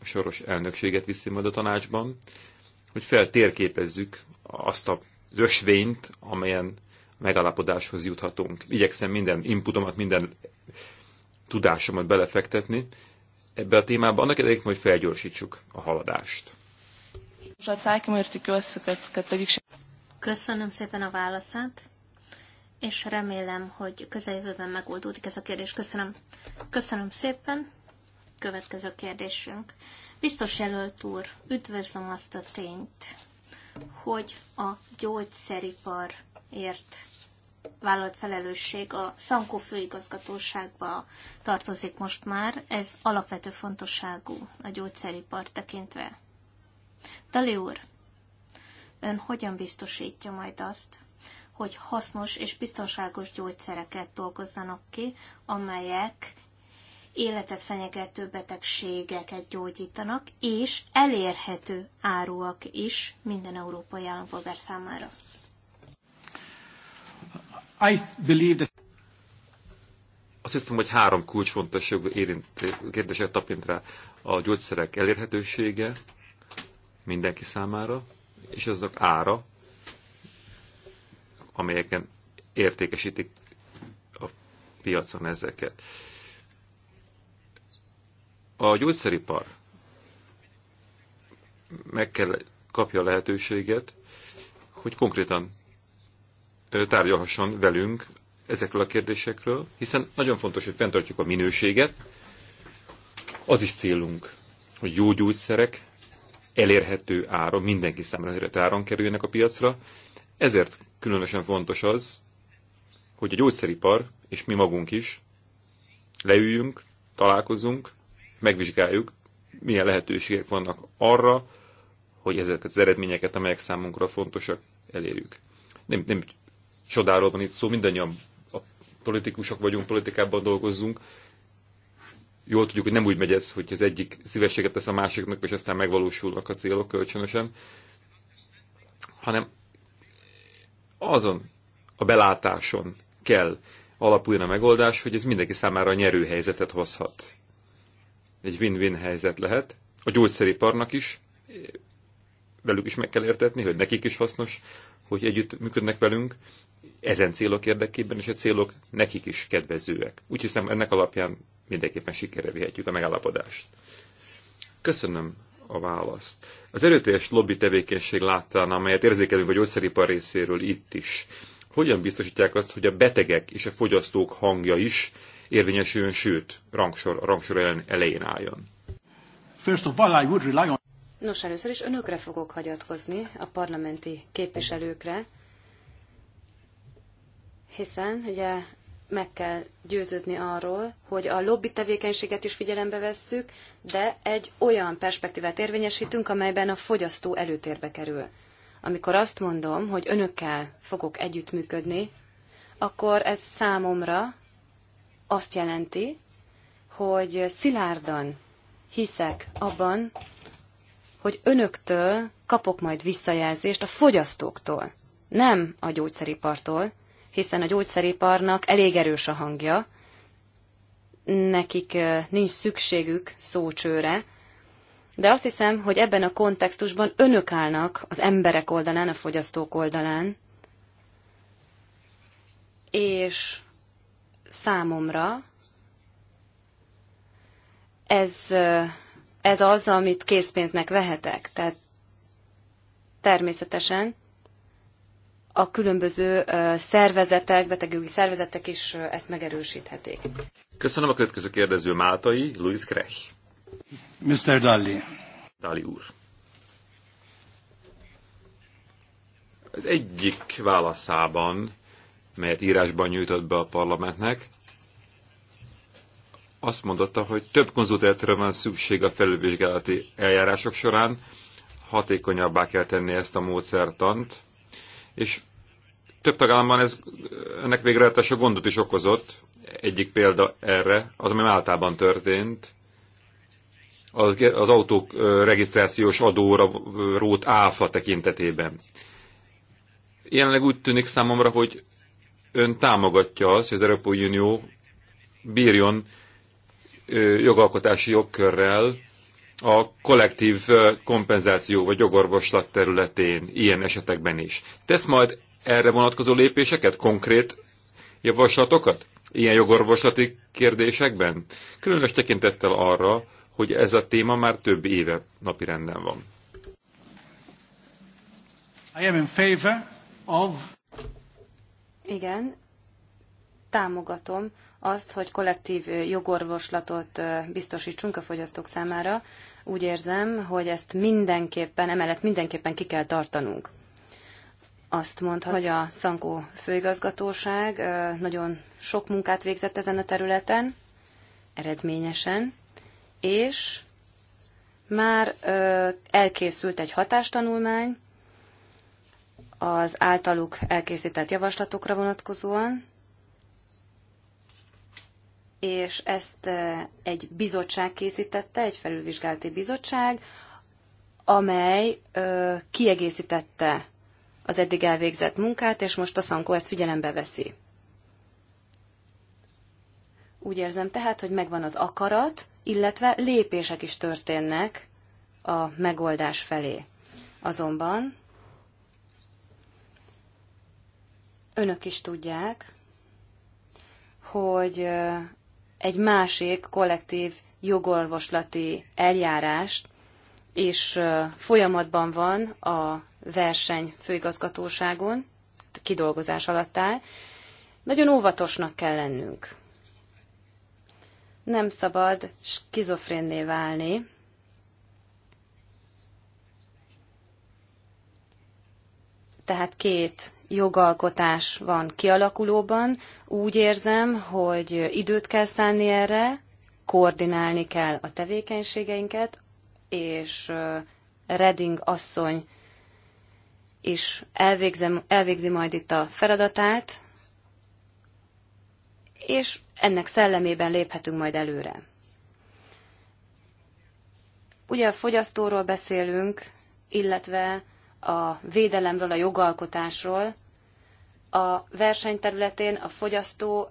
a soros elnökséget viszi majd a tanácsban, hogy feltérképezzük azt a ösvényt, amelyen megállapodáshoz juthatunk. Igyekszem minden inputomat, minden tudásomat belefektetni ebbe a témába, annak érdekében, hogy felgyorsítsuk a haladást. Köszönöm szépen a válaszát, és remélem, hogy közeljövőben megoldódik ez a kérdés. Köszönöm. Köszönöm szépen. Következő kérdésünk. Biztos jelölt úr, üdvözlöm azt a tényt, hogy a gyógyszeriparért vállalt felelősség a Szankó főigazgatóságba tartozik most már. Ez alapvető fontosságú a gyógyszeripar tekintve. Dali úr, ön hogyan biztosítja majd azt, hogy hasznos és biztonságos gyógyszereket dolgozzanak ki, amelyek életet fenyegető betegségeket gyógyítanak, és elérhető áruak is minden európai állampolgár számára. I believe that... Azt hiszem, hogy három érint kérdésre tapint rá. A gyógyszerek elérhetősége mindenki számára, és azok ára, amelyeken értékesítik a piacon ezeket. A gyógyszeripar meg kell kapja a lehetőséget, hogy konkrétan tárgyalhasson velünk ezekről a kérdésekről, hiszen nagyon fontos, hogy fenntartjuk a minőséget. Az is célunk, hogy jó gyógyszerek elérhető áron, mindenki számára elérhető áron kerüljenek a piacra. Ezért különösen fontos az, hogy a gyógyszeripar, és mi magunk is, leüljünk, találkozunk, megvizsgáljuk, milyen lehetőségek vannak arra, hogy ezeket az eredményeket, amelyek számunkra fontosak, elérjük. Nem, nem csodáról van itt szó, mindannyian a politikusok vagyunk, politikában dolgozzunk, jól tudjuk, hogy nem úgy megy ez, hogy az egyik szívességet tesz a másiknak, és aztán megvalósulnak a célok kölcsönösen, hanem azon a belátáson kell alapuljon a megoldás, hogy ez mindenki számára nyerő helyzetet hozhat. Egy win-win helyzet lehet. A gyógyszeriparnak is, velük is meg kell értetni, hogy nekik is hasznos hogy együtt működnek velünk ezen célok érdekében, és a célok nekik is kedvezőek. Úgy hiszem, ennek alapján mindenképpen sikerre vihetjük a megállapodást. Köszönöm a választ. Az erőteljes lobby tevékenység láttán, amelyet érzékelünk a gyógyszeripar részéről itt is, hogyan biztosítják azt, hogy a betegek és a fogyasztók hangja is érvényesüljön, sőt, rangsor, a rangsor elején álljon? First of all, I would rely on Nos, először is önökre fogok hagyatkozni, a parlamenti képviselőkre, hiszen ugye meg kell győződni arról, hogy a lobby tevékenységet is figyelembe vesszük, de egy olyan perspektívát érvényesítünk, amelyben a fogyasztó előtérbe kerül. Amikor azt mondom, hogy önökkel fogok együttműködni, akkor ez számomra azt jelenti, hogy szilárdan hiszek abban, hogy önöktől kapok majd visszajelzést a fogyasztóktól, nem a gyógyszeripartól, hiszen a gyógyszeriparnak elég erős a hangja, nekik nincs szükségük szócsőre, de azt hiszem, hogy ebben a kontextusban önök állnak az emberek oldalán, a fogyasztók oldalán, és számomra ez ez az, amit készpénznek vehetek. Tehát természetesen a különböző szervezetek, betegjogi szervezetek is ezt megerősíthetik. Köszönöm a következő kérdező Máltai, Luis Krech. Mr. Dalli. Dalli úr. Az egyik válaszában, melyet írásban nyújtott be a parlamentnek, azt mondotta, hogy több konzultációra van szükség a felülvizsgálati eljárások során, hatékonyabbá kell tenni ezt a módszertant, és több tagállamban ez, ennek végrehajtása gondot is okozott. Egyik példa erre, az, ami általában történt, az, az autók regisztrációs adóra rót áfa tekintetében. Jelenleg úgy tűnik számomra, hogy ön támogatja azt, hogy az Európai Unió bírjon jogalkotási jogkörrel a kollektív kompenzáció vagy jogorvoslat területén ilyen esetekben is. Tesz majd erre vonatkozó lépéseket, konkrét javaslatokat ilyen jogorvoslati kérdésekben? Különös tekintettel arra, hogy ez a téma már több éve napirenden van. I am in favor of... Igen, támogatom azt, hogy kollektív jogorvoslatot biztosítsunk a fogyasztók számára. Úgy érzem, hogy ezt mindenképpen, emellett mindenképpen ki kell tartanunk. Azt mondta, hogy a Szankó főigazgatóság nagyon sok munkát végzett ezen a területen, eredményesen, és már elkészült egy hatástanulmány az általuk elkészített javaslatokra vonatkozóan, és ezt e, egy bizottság készítette, egy felülvizsgálati bizottság, amely e, kiegészítette az eddig elvégzett munkát, és most a Szankó ezt figyelembe veszi. Úgy érzem tehát, hogy megvan az akarat, illetve lépések is történnek a megoldás felé. Azonban önök is tudják, hogy e, egy másik kollektív jogorvoslati eljárást, és folyamatban van a verseny főigazgatóságon, kidolgozás alatt áll. Nagyon óvatosnak kell lennünk. Nem szabad skizofrénné válni, tehát két jogalkotás van kialakulóban. Úgy érzem, hogy időt kell szánni erre, koordinálni kell a tevékenységeinket, és Reding asszony is elvégzem, elvégzi majd itt a feladatát, és ennek szellemében léphetünk majd előre. Ugye a fogyasztóról beszélünk, illetve a védelemről, a jogalkotásról. A versenyterületén a fogyasztó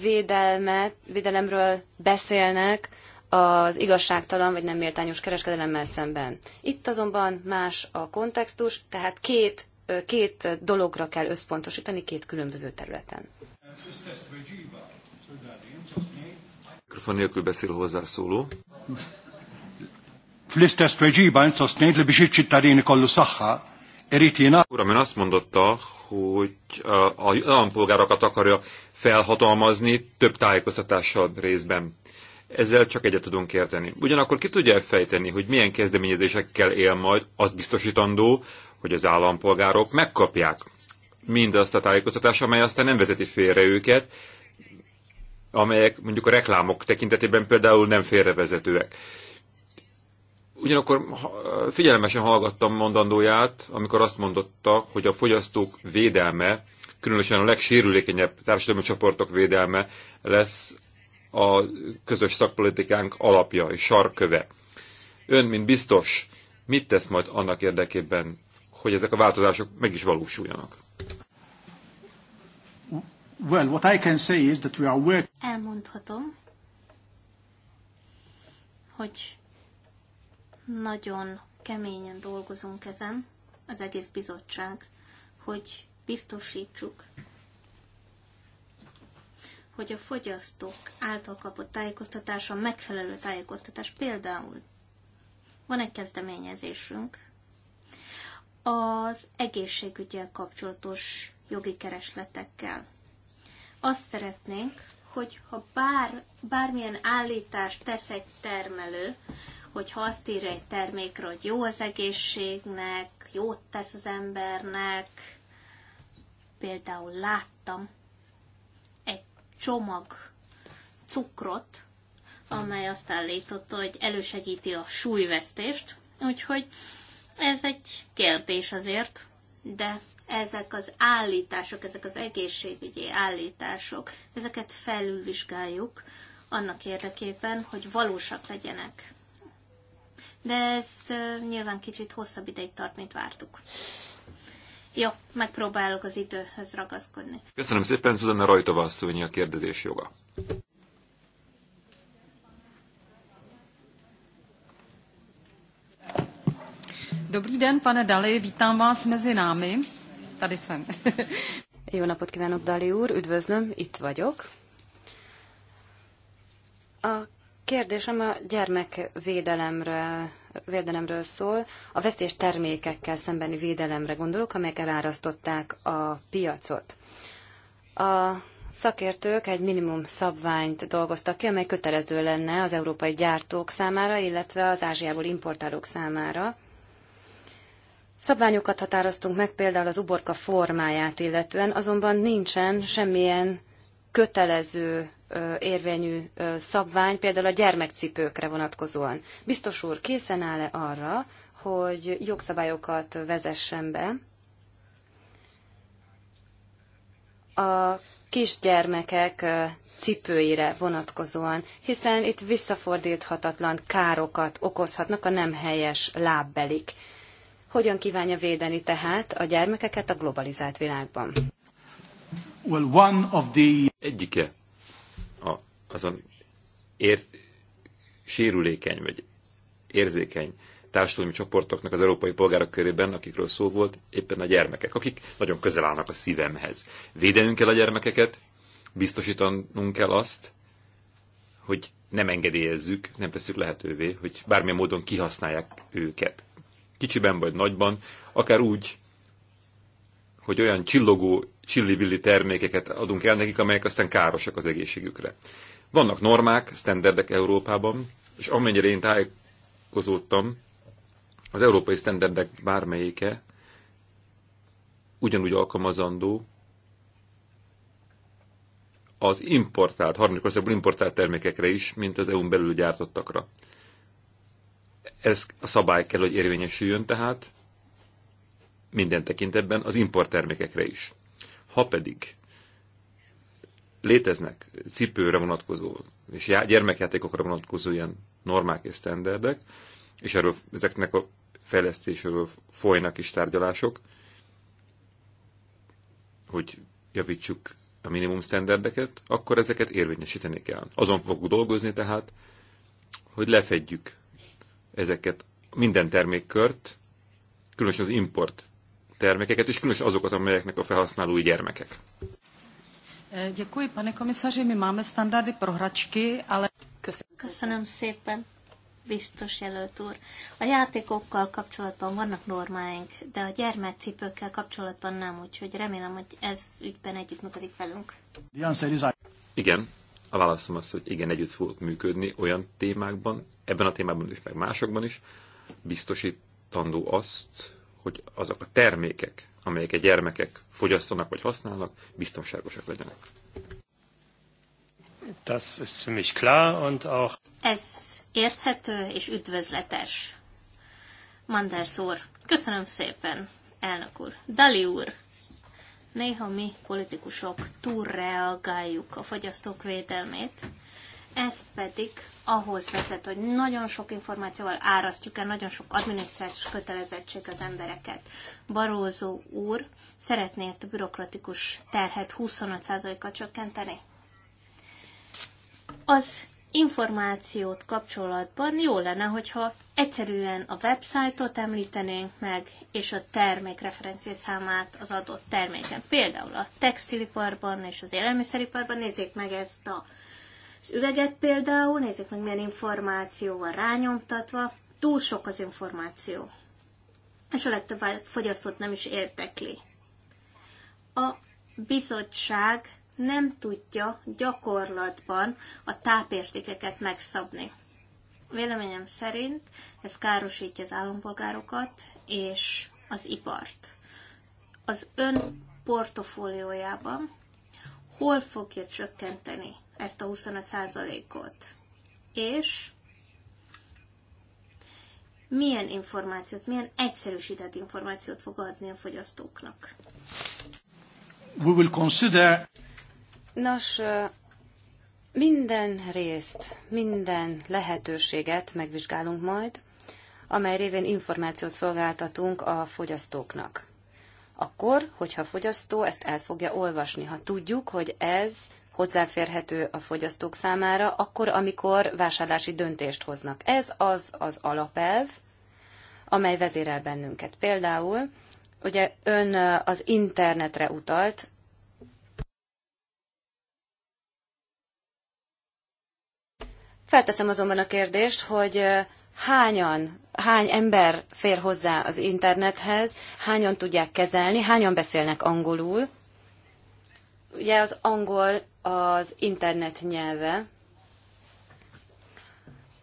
védelmet, védelemről beszélnek az igazságtalan vagy nem méltányos kereskedelemmel szemben. Itt azonban más a kontextus, tehát két, két dologra kell összpontosítani két különböző területen. Mikrofon nélkül beszél hozzászóló. Uram, ön azt mondotta, hogy a állampolgárokat akarja felhatalmazni több tájékoztatással részben. Ezzel csak egyet tudunk érteni. Ugyanakkor ki tudja fejteni, hogy milyen kezdeményezésekkel él majd, az biztosítandó, hogy az állampolgárok megkapják mindazt a tájékoztatást, amely aztán nem vezeti félre őket, amelyek mondjuk a reklámok tekintetében például nem félrevezetőek. Ugyanakkor figyelmesen hallgattam mondandóját, amikor azt mondotta, hogy a fogyasztók védelme, különösen a legsérülékenyebb társadalmi csoportok védelme lesz a közös szakpolitikánk alapja és sarköve. Ön, mint biztos, mit tesz majd annak érdekében, hogy ezek a változások meg is valósuljanak? Well, what I can say is that we are work... Elmondhatom, hogy nagyon keményen dolgozunk ezen, az egész bizottság, hogy biztosítsuk, hogy a fogyasztók által kapott tájékoztatása megfelelő tájékoztatás. Például van egy kezdeményezésünk az egészségügyel kapcsolatos jogi keresletekkel. Azt szeretnénk, hogy ha bár, bármilyen állítást tesz egy termelő, ha azt írja egy termékről, hogy jó az egészségnek, jót tesz az embernek, például láttam egy csomag cukrot, amely azt állította, hogy elősegíti a súlyvesztést, úgyhogy ez egy kérdés azért, de ezek az állítások, ezek az egészségügyi állítások, ezeket felülvizsgáljuk annak érdekében, hogy valósak legyenek de ez nyilván kicsit hosszabb ideig tart, mint vártuk. Jó, megpróbálok az időhöz ragaszkodni. Köszönöm szépen, Szuzanna Rajtova asszonyi a kérdezés joga. Dobrý den, pane Dali, vítám vás mezi námi. Tady jsem. Jó napot kívánok, Dali úr, üdvözlöm, itt vagyok. A Kérdésem a gyermekvédelemről védelemről szól. A veszélyes termékekkel szembeni védelemre gondolok, amelyek elárasztották a piacot. A szakértők egy minimum szabványt dolgoztak ki, amely kötelező lenne az európai gyártók számára, illetve az Ázsiából importálók számára. Szabványokat határoztunk meg például az uborka formáját illetően, azonban nincsen semmilyen kötelező érvényű szabvány, például a gyermekcipőkre vonatkozóan. Biztos úr készen áll-e arra, hogy jogszabályokat vezessen be a kisgyermekek cipőire vonatkozóan, hiszen itt visszafordíthatatlan károkat okozhatnak a nem helyes lábbelik. Hogyan kívánja védeni tehát a gyermekeket a globalizált világban? Well, one of the... Egyike azon ér, sérülékeny vagy érzékeny társadalmi csoportoknak az európai polgárok körében, akikről szó volt, éppen a gyermekek, akik nagyon közel állnak a szívemhez. Védenünk kell a gyermekeket, biztosítanunk kell azt, hogy nem engedélyezzük, nem teszük lehetővé, hogy bármilyen módon kihasználják őket. Kicsiben vagy nagyban, akár úgy, hogy olyan csillogó, csillivilli termékeket adunk el nekik, amelyek aztán károsak az egészségükre. Vannak normák, standardek Európában, és amennyire én tájékozódtam, az európai standardek bármelyike ugyanúgy alkalmazandó az importált, harmadik országból importált termékekre is, mint az EU-n belül gyártottakra. Ez a szabály kell, hogy érvényesüljön tehát minden tekintetben az import termékekre is. Ha pedig léteznek cipőre vonatkozó és gyermekjátékokra vonatkozó ilyen normák és sztenderdek, és erről, ezeknek a fejlesztéséről folynak is tárgyalások, hogy javítsuk a minimum sztenderdeket, akkor ezeket érvényesíteni kell. Azon fogunk dolgozni tehát, hogy lefedjük ezeket minden termékkört, különösen az import termékeket, és különösen azokat, amelyeknek a felhasználói gyermekek. Eh, děkuji, pane komisaři, my máme standardy pro hračky, ale... Köszönöm, szépen, biztos jelölt úr. A játékokkal kapcsolatban vannak normáink, de a gyermekcipőkkel kapcsolatban nem, úgyhogy remélem, hogy ez ügyben működik velünk. Igen, a válaszom az, hogy igen, együtt fogok működni olyan témákban, ebben a témában is, meg másokban is, biztosítandó azt, hogy azok a termékek, amelyeket gyermekek fogyasztanak vagy használnak, biztonságosak legyenek. Das ist ziemlich klar und auch Ez érthető és üdvözletes. Manders úr, köszönöm szépen, elnök úr. Dali úr, néha mi politikusok túlreagáljuk a fogyasztók védelmét, ez pedig ahhoz vezet, hogy nagyon sok információval árasztjuk el, nagyon sok adminisztrációs kötelezettség az embereket. Barózó úr szeretné ezt a bürokratikus terhet 25%-kal csökkenteni. Az információt kapcsolatban jó lenne, hogyha egyszerűen a websájtot említenénk meg, és a termék számát az adott terméken. Például a textiliparban és az élelmiszeriparban nézzék meg ezt a az üveget például, nézzük meg milyen információ van rányomtatva, túl sok az információ, és a legtöbb fogyasztót nem is érdekli. A bizottság nem tudja gyakorlatban a tápértékeket megszabni. Véleményem szerint ez károsítja az állampolgárokat és az ipart. Az ön portofóliójában hol fogja csökkenteni ezt a 25%-ot. És milyen információt, milyen egyszerűsített információt fog adni a fogyasztóknak? We will consider... Nos, minden részt, minden lehetőséget megvizsgálunk majd, amely révén információt szolgáltatunk a fogyasztóknak. Akkor, hogyha a fogyasztó ezt el fogja olvasni, ha tudjuk, hogy ez hozzáférhető a fogyasztók számára, akkor, amikor vásárlási döntést hoznak. Ez az az alapelv, amely vezérel bennünket. Például, ugye ön az internetre utalt, Felteszem azonban a kérdést, hogy hányan, hány ember fér hozzá az internethez, hányan tudják kezelni, hányan beszélnek angolul. Ugye az angol az internet nyelve.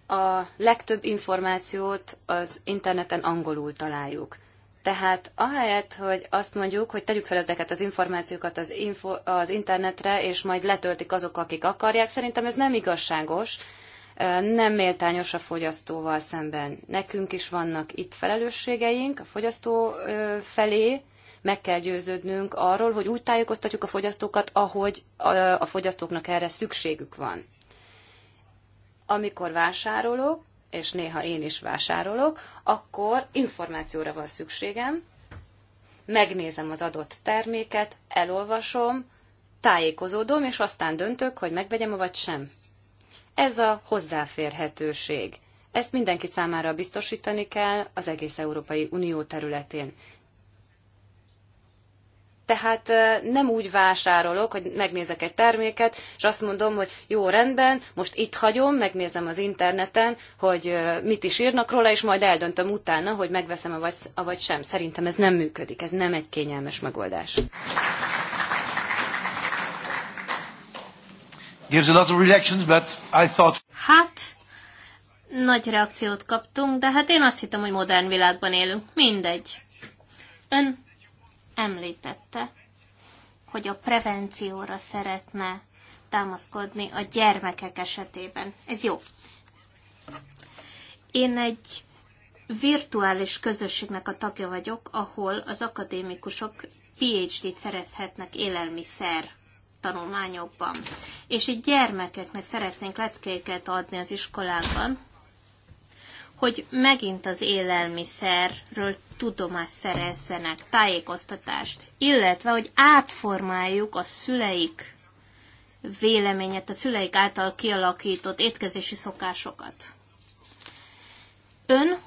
A legtöbb információt az interneten angolul találjuk. Tehát ahelyett, hogy azt mondjuk, hogy tegyük fel ezeket az információkat az, info, az internetre, és majd letöltik azok, akik akarják, szerintem ez nem igazságos, nem méltányos a fogyasztóval szemben. Nekünk is vannak itt felelősségeink a fogyasztó felé, meg kell győződnünk arról, hogy úgy tájékoztatjuk a fogyasztókat, ahogy a fogyasztóknak erre szükségük van. Amikor vásárolok, és néha én is vásárolok, akkor információra van szükségem, megnézem az adott terméket, elolvasom, tájékozódom, és aztán döntök, hogy megvegyem vagy sem. Ez a hozzáférhetőség. Ezt mindenki számára biztosítani kell az egész Európai Unió területén. Tehát nem úgy vásárolok, hogy megnézek egy terméket, és azt mondom, hogy jó, rendben, most itt hagyom, megnézem az interneten, hogy mit is írnak róla, és majd eldöntöm utána, hogy megveszem-e vagy, vagy sem. Szerintem ez nem működik, ez nem egy kényelmes megoldás. Gives a lot of reactions, but I thought... Hát, nagy reakciót kaptunk, de hát én azt hittem, hogy modern világban élünk. Mindegy. Ön említette, hogy a prevencióra szeretne támaszkodni a gyermekek esetében. Ez jó. Én egy virtuális közösségnek a tagja vagyok, ahol az akadémikusok PhD-t szerezhetnek élelmiszer tanulmányokban. És így gyermekeknek szeretnénk leckéket adni az iskolákban, hogy megint az élelmiszerről tudomást szerezzenek, tájékoztatást, illetve hogy átformáljuk a szüleik véleményet, a szüleik által kialakított étkezési szokásokat. Ön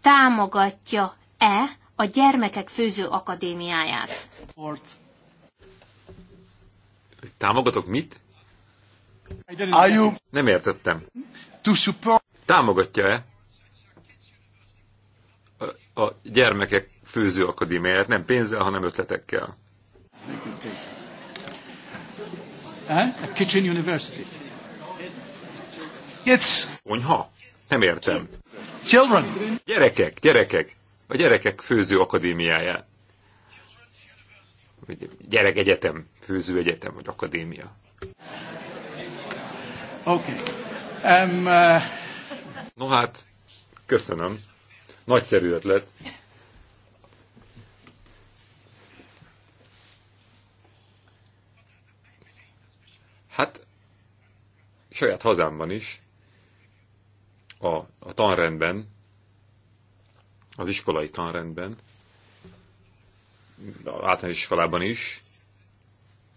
támogatja-e a Gyermekek Főző Akadémiáját? Támogatok mit? Nem értettem. Támogatja-e a gyermekek főző Akadémiáját, nem pénzzel, hanem ötletekkel. A kitchen university. It's... Konyha? Nem értem. Children. Gyerekek, gyerekek. A gyerekek főző Akadémiája. Gyerek egyetem, főző egyetem, vagy akadémia. Oké. Okay. Um, uh... No hát, köszönöm. Nagyszerű ötlet. Hát, saját hazámban is, a, a tanrendben, az iskolai tanrendben, általános iskolában is,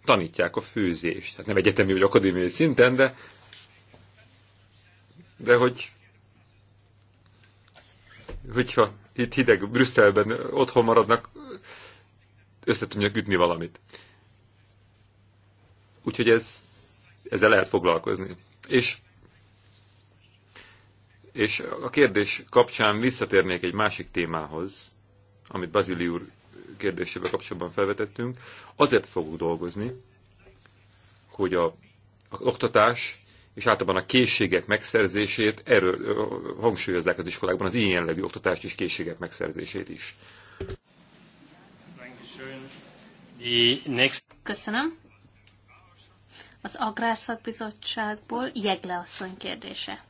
tanítják a főzést. Hát nem egyetemi vagy akadémiai szinten, de, de hogy hogyha itt hideg Brüsszelben otthon maradnak, össze ütni valamit. Úgyhogy ez, ezzel lehet foglalkozni. És, és a kérdés kapcsán visszatérnék egy másik témához, amit Bazili úr kérdésével kapcsolatban felvetettünk. Azért fogunk dolgozni, hogy a, a oktatás és általában a készségek megszerzését erről hangsúlyozzák az iskolákban, az ilyen jellegű oktatást és készségek megszerzését is. Köszönöm. Az Agrárszakbizottságból Jegle asszony kérdése.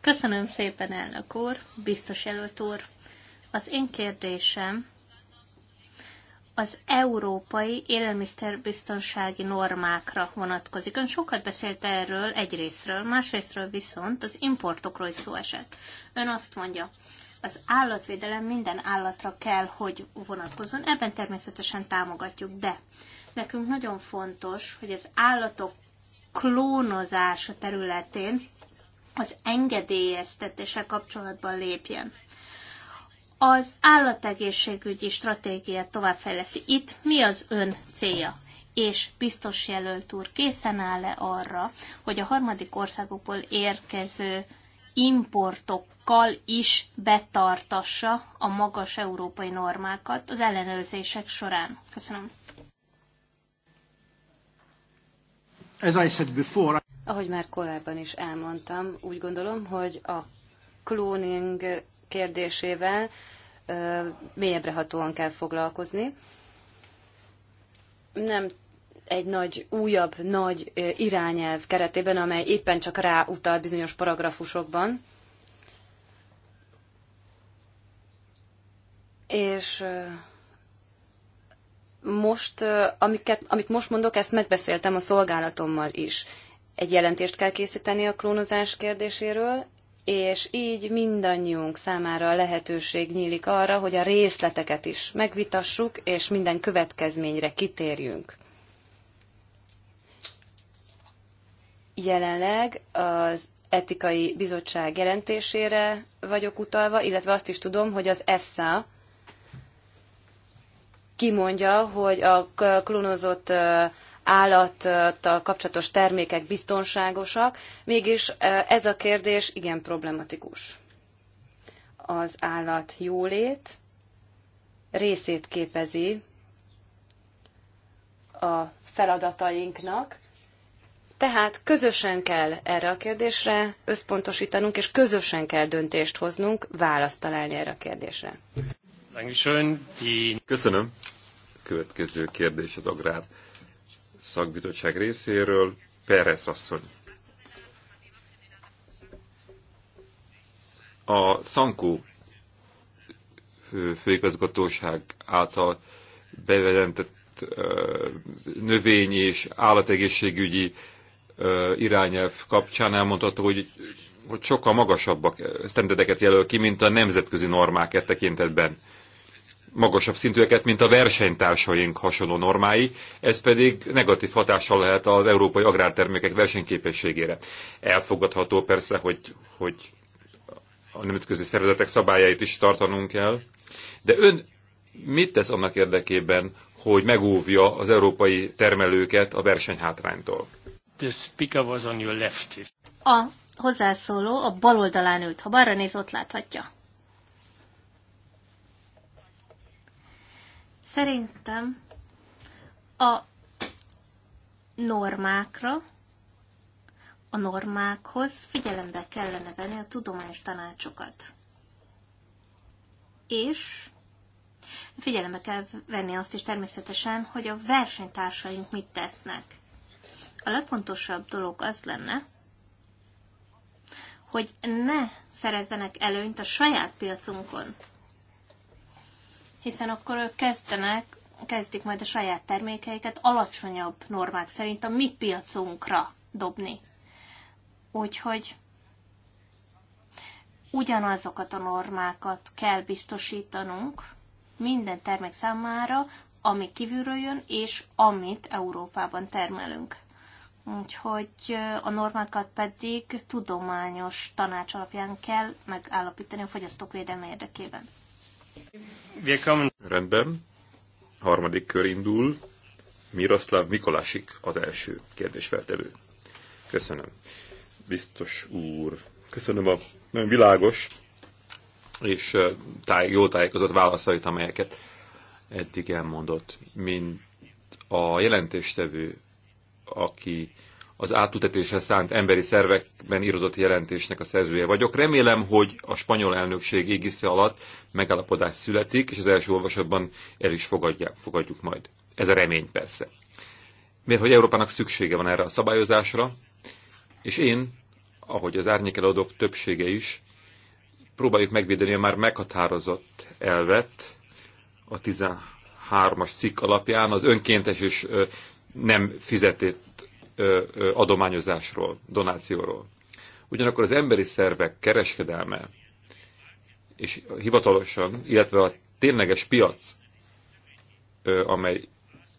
Köszönöm szépen, elnök úr, biztos előtt úr. Az én kérdésem az európai élelmiszerbiztonsági normákra vonatkozik. Ön sokat beszélt erről egyrésztről, másrésztről viszont az importokról is szó esett. Ön azt mondja, az állatvédelem minden állatra kell, hogy vonatkozzon, ebben természetesen támogatjuk, de nekünk nagyon fontos, hogy az állatok klónozása területén az engedélyeztetése kapcsolatban lépjen az állategészségügyi stratégiát továbbfejleszti. Itt mi az ön célja? És biztos jelölt úr készen áll-e arra, hogy a harmadik országokból érkező importokkal is betartassa a magas európai normákat az ellenőrzések során? Köszönöm. As I said before, ahogy már korábban is elmondtam, úgy gondolom, hogy a cloning kérdésével mélyebbre hatóan kell foglalkozni. Nem egy nagy, újabb, nagy irányelv keretében, amely éppen csak ráutal bizonyos paragrafusokban. És most, amiket, amit most mondok, ezt megbeszéltem a szolgálatommal is. Egy jelentést kell készíteni a klónozás kérdéséről, és így mindannyiunk számára a lehetőség nyílik arra, hogy a részleteket is megvitassuk, és minden következményre kitérjünk. Jelenleg az etikai bizottság jelentésére vagyok utalva, illetve azt is tudom, hogy az EFSA kimondja, hogy a klónozott állattal kapcsolatos termékek biztonságosak, mégis ez a kérdés igen problematikus. Az állat jólét részét képezi a feladatainknak, tehát közösen kell erre a kérdésre összpontosítanunk, és közösen kell döntést hoznunk, választ találni erre a kérdésre. Köszönöm. Következő kérdés az agrár szakbizottság részéről Perez asszony. A Szankó főigazgatóság által bejelentett növény és állategészségügyi irányelv kapcsán elmondható, hogy, hogy sokkal magasabbak sztenderdeket jelöl ki, mint a nemzetközi normák e tekintetben magasabb szintűeket, mint a versenytársaink hasonló normái, ez pedig negatív hatással lehet az európai agrártermékek versenyképességére. Elfogadható persze, hogy, hogy a nemzetközi szervezetek szabályait is tartanunk kell, de ön mit tesz annak érdekében, hogy megóvja az európai termelőket a versenyhátránytól? The speaker was on your left. A hozzászóló a bal oldalán ült. Ha balra néz, ott láthatja. Szerintem a normákra, a normákhoz figyelembe kellene venni a tudományos tanácsokat. És figyelembe kell venni azt is természetesen, hogy a versenytársaink mit tesznek. A legfontosabb dolog az lenne, hogy ne szerezzenek előnyt a saját piacunkon hiszen akkor ők kezdenek, kezdik majd a saját termékeiket alacsonyabb normák szerint a mi piacunkra dobni. Úgyhogy ugyanazokat a normákat kell biztosítanunk minden termék számára, ami kívülről jön, és amit Európában termelünk. Úgyhogy a normákat pedig tudományos tanács alapján kell megállapítani a fogyasztók védelme érdekében. Rendben. Harmadik kör indul. Miroslav Mikolásik az első kérdésfeltevő. Köszönöm. Biztos úr. Köszönöm a nagyon világos és táj, jó tájékozott válaszait, amelyeket eddig elmondott, mint a jelentéstevő, aki az átültetéshez szánt emberi szervekben írodott jelentésnek a szerzője vagyok. Remélem, hogy a spanyol elnökség égisze alatt megállapodás születik, és az első olvasatban el is fogadják, fogadjuk majd. Ez a remény persze. Mert hogy Európának szüksége van erre a szabályozásra, és én, ahogy az árnyékeladók többsége is, próbáljuk megvédeni a már meghatározott elvet, a 13-as cikk alapján az önkéntes és nem fizetett adományozásról, donációról. Ugyanakkor az emberi szervek kereskedelme, és hivatalosan, illetve a tényleges piac, amely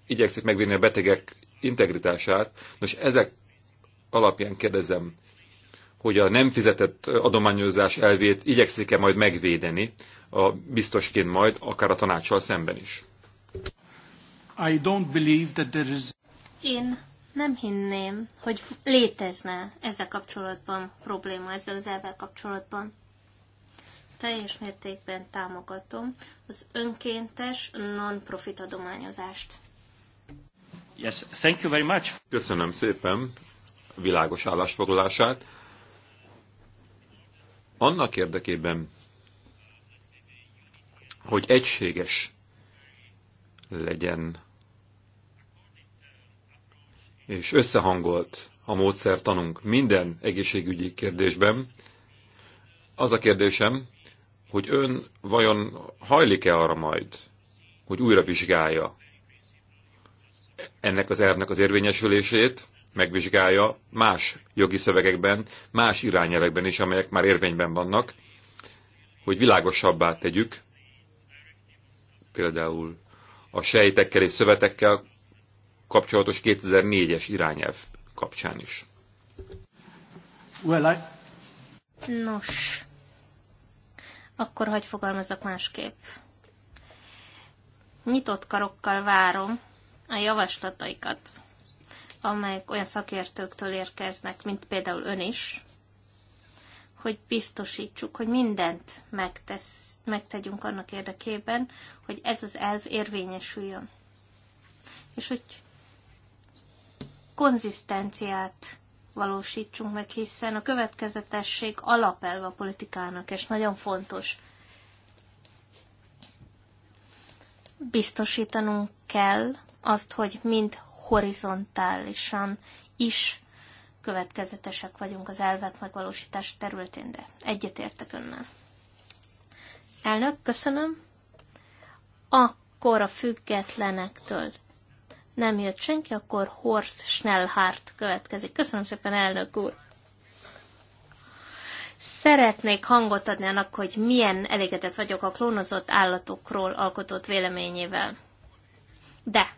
igyekszik megvédeni a betegek integritását, nos ezek alapján kérdezem, hogy a nem fizetett adományozás elvét igyekszik-e majd megvédeni, a biztosként majd, akár a tanácssal szemben is. I don't believe that there is... Én nem hinném, hogy létezne ezzel kapcsolatban probléma, ezzel az elvel kapcsolatban. Teljes mértékben támogatom az önkéntes non-profit adományozást. Yes, thank you very much. Köszönöm szépen a világos állásfoglalását. Annak érdekében, hogy egységes legyen és összehangolt a módszertanunk minden egészségügyi kérdésben. Az a kérdésem, hogy ön vajon hajlik-e arra majd, hogy újra vizsgálja ennek az elvnek az érvényesülését, megvizsgálja más jogi szövegekben, más irányelvekben is, amelyek már érvényben vannak, hogy világosabbá tegyük, például a sejtekkel és szövetekkel kapcsolatos 2004-es irányelv kapcsán is. Well, I... Nos, akkor hogy fogalmazok másképp. Nyitott karokkal várom a javaslataikat, amelyek olyan szakértőktől érkeznek, mint például ön is, hogy biztosítsuk, hogy mindent megtesz, megtegyünk annak érdekében, hogy ez az elv érvényesüljön. És hogy konzisztenciát valósítsunk meg, hiszen a következetesség alapelve a politikának, és nagyon fontos. Biztosítanunk kell azt, hogy mind horizontálisan is következetesek vagyunk az elvek megvalósítás területén, de egyetértek önnel. Elnök, köszönöm. Akkor a függetlenektől nem jött senki, akkor Horst Schnellhart következik. Köszönöm szépen, elnök úr! Szeretnék hangot adni annak, hogy milyen elégedett vagyok a klónozott állatokról alkotott véleményével. De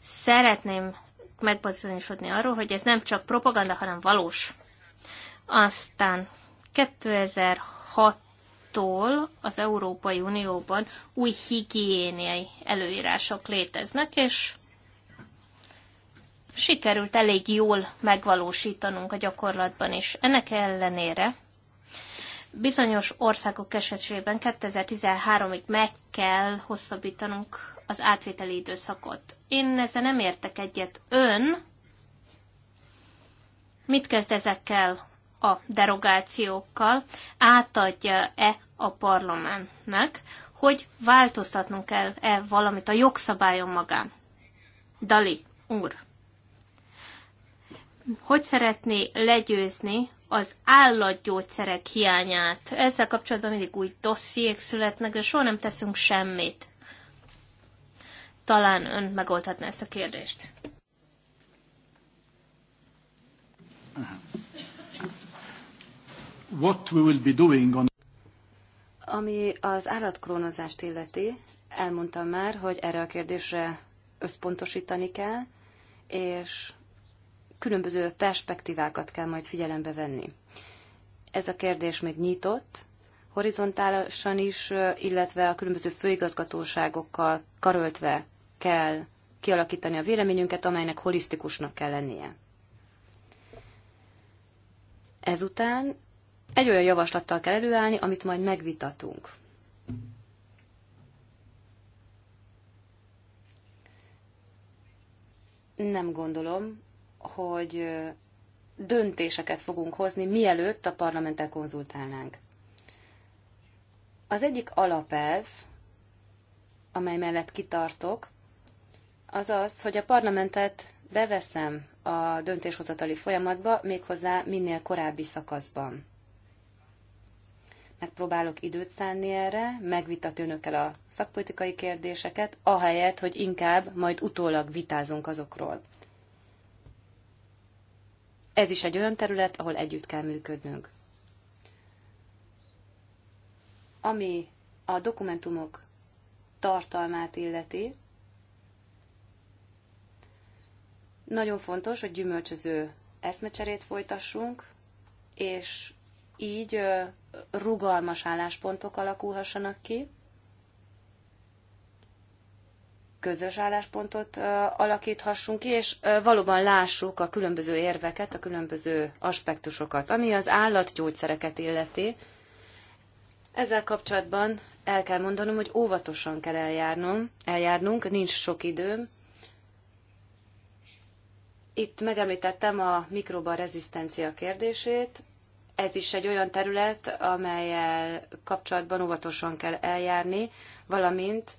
szeretném megbizonyosodni arról, hogy ez nem csak propaganda, hanem valós. Aztán 2006 tól az Európai Unióban új higiéniai előírások léteznek, és sikerült elég jól megvalósítanunk a gyakorlatban is. Ennek ellenére bizonyos országok esetében 2013-ig meg kell hosszabbítanunk az átvételi időszakot. Én ezzel nem értek egyet. Ön mit kezd ezekkel? a derogációkkal átadja-e a parlamentnek, hogy változtatnunk kell-e valamit a jogszabályon magán. Dali úr, hogy szeretné legyőzni az állatgyógyszerek hiányát? Ezzel kapcsolatban mindig új dossziék születnek, de soha nem teszünk semmit. Talán ön megoldhatná ezt a kérdést what we will be doing on... Ami az állatkrónozást illeti, elmondtam már, hogy erre a kérdésre összpontosítani kell, és különböző perspektívákat kell majd figyelembe venni. Ez a kérdés még nyitott, horizontálisan is, illetve a különböző főigazgatóságokkal karöltve kell kialakítani a véleményünket, amelynek holisztikusnak kell lennie. Ezután egy olyan javaslattal kell előállni, amit majd megvitatunk. Nem gondolom, hogy döntéseket fogunk hozni, mielőtt a parlamenttel konzultálnánk. Az egyik alapelv, amely mellett kitartok, az az, hogy a parlamentet beveszem a döntéshozatali folyamatba, méghozzá minél korábbi szakaszban megpróbálok időt szánni erre, megvitatni önökkel a szakpolitikai kérdéseket, ahelyett, hogy inkább majd utólag vitázunk azokról. Ez is egy olyan terület, ahol együtt kell működnünk. Ami a dokumentumok tartalmát illeti, nagyon fontos, hogy gyümölcsöző eszmecserét folytassunk, és így rugalmas álláspontok alakulhassanak ki, közös álláspontot alakíthassunk ki, és valóban lássuk a különböző érveket, a különböző aspektusokat. Ami az állatgyógyszereket illeti, ezzel kapcsolatban el kell mondanom, hogy óvatosan kell eljárnom, eljárnunk, nincs sok időm. Itt megemlítettem a mikroba rezisztencia kérdését, ez is egy olyan terület, amelyel kapcsolatban óvatosan kell eljárni, valamint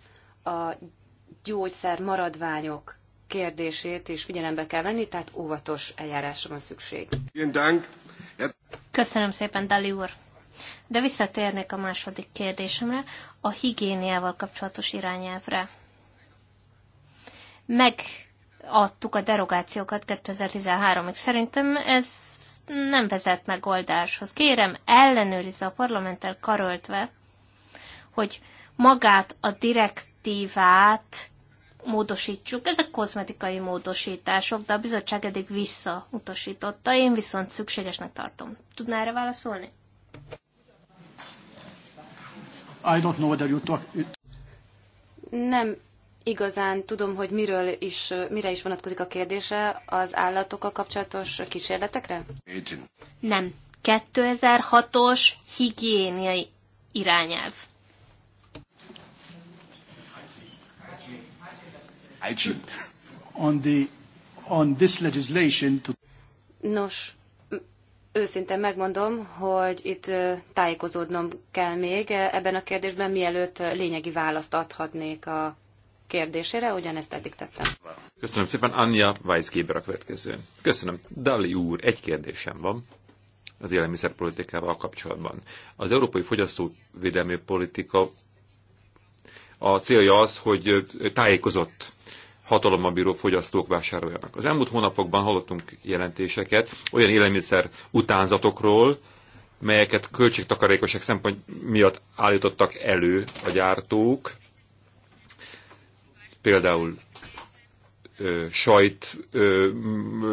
a gyógyszer maradványok kérdését is figyelembe kell venni, tehát óvatos eljárásra van szükség. Köszönöm szépen, Dali úr! De visszatérnék a második kérdésemre, a higiéniával kapcsolatos irányelvre. Megadtuk a derogációkat 2013-ig. Szerintem ez nem vezet megoldáshoz. Kérem, ellenőrizze a parlamenttel karöltve, hogy magát a direktívát módosítsuk. Ezek kozmetikai módosítások, de a bizottság eddig visszautasította, én viszont szükségesnek tartom. Tudná erre válaszolni? I don't know whether you talk... Nem igazán tudom, hogy miről is, mire is vonatkozik a kérdése az állatokkal kapcsolatos kísérletekre? Nem. 2006-os higiéniai irányelv. On the, on this legislation to... Nos, őszintén megmondom, hogy itt tájékozódnom kell még e- ebben a kérdésben, mielőtt lényegi választ adhatnék a kérdésére, ugyanezt eddig tettem. Köszönöm szépen, Anja Weisgeber a következő. Köszönöm. Dali úr, egy kérdésem van az élelmiszerpolitikával kapcsolatban. Az európai fogyasztóvédelmi politika a célja az, hogy tájékozott hatalommal bíró fogyasztók vásároljanak. Az elmúlt hónapokban hallottunk jelentéseket olyan élelmiszer utánzatokról, melyeket költségtakarékosság szempont miatt állítottak elő a gyártók, például ö, sajt ö,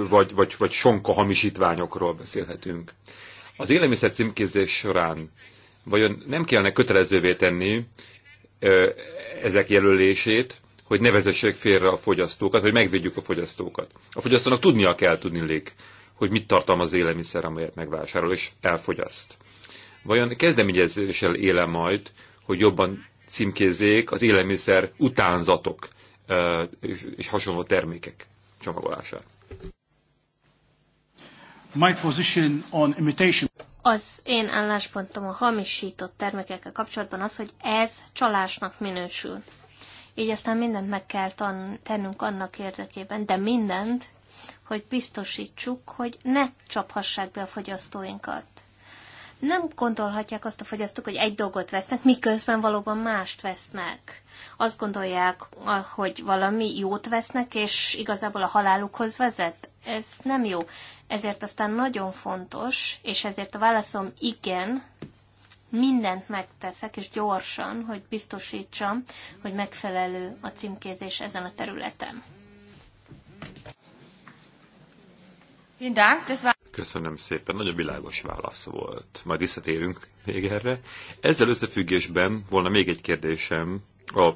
vagy, vagy, vagy sonka hamisítványokról beszélhetünk. Az élelmiszer címkézés során vajon nem kellene kötelezővé tenni ö, ezek jelölését, hogy ne vezessék félre a fogyasztókat, hogy megvédjük a fogyasztókat. A fogyasztónak tudnia kell tudni lég, hogy mit tartalmaz élelmiszer, amelyet megvásárol és elfogyaszt. Vajon kezdeményezéssel éle majd, hogy jobban címkézzék az élelmiszer utánzatok és hasonló termékek csomagolását. My position on imitation. Az én álláspontom a hamisított termékekkel kapcsolatban az, hogy ez csalásnak minősül. Így aztán mindent meg kell tennünk annak érdekében, de mindent, hogy biztosítsuk, hogy ne csaphassák be a fogyasztóinkat nem gondolhatják azt a fogyasztók, hogy egy dolgot vesznek, miközben valóban mást vesznek. Azt gondolják, hogy valami jót vesznek, és igazából a halálukhoz vezet. Ez nem jó. Ezért aztán nagyon fontos, és ezért a válaszom igen, mindent megteszek, és gyorsan, hogy biztosítsam, hogy megfelelő a címkézés ezen a területen. Köszönöm szépen, nagyon világos válasz volt. Majd visszatérünk még erre. Ezzel összefüggésben volna még egy kérdésem a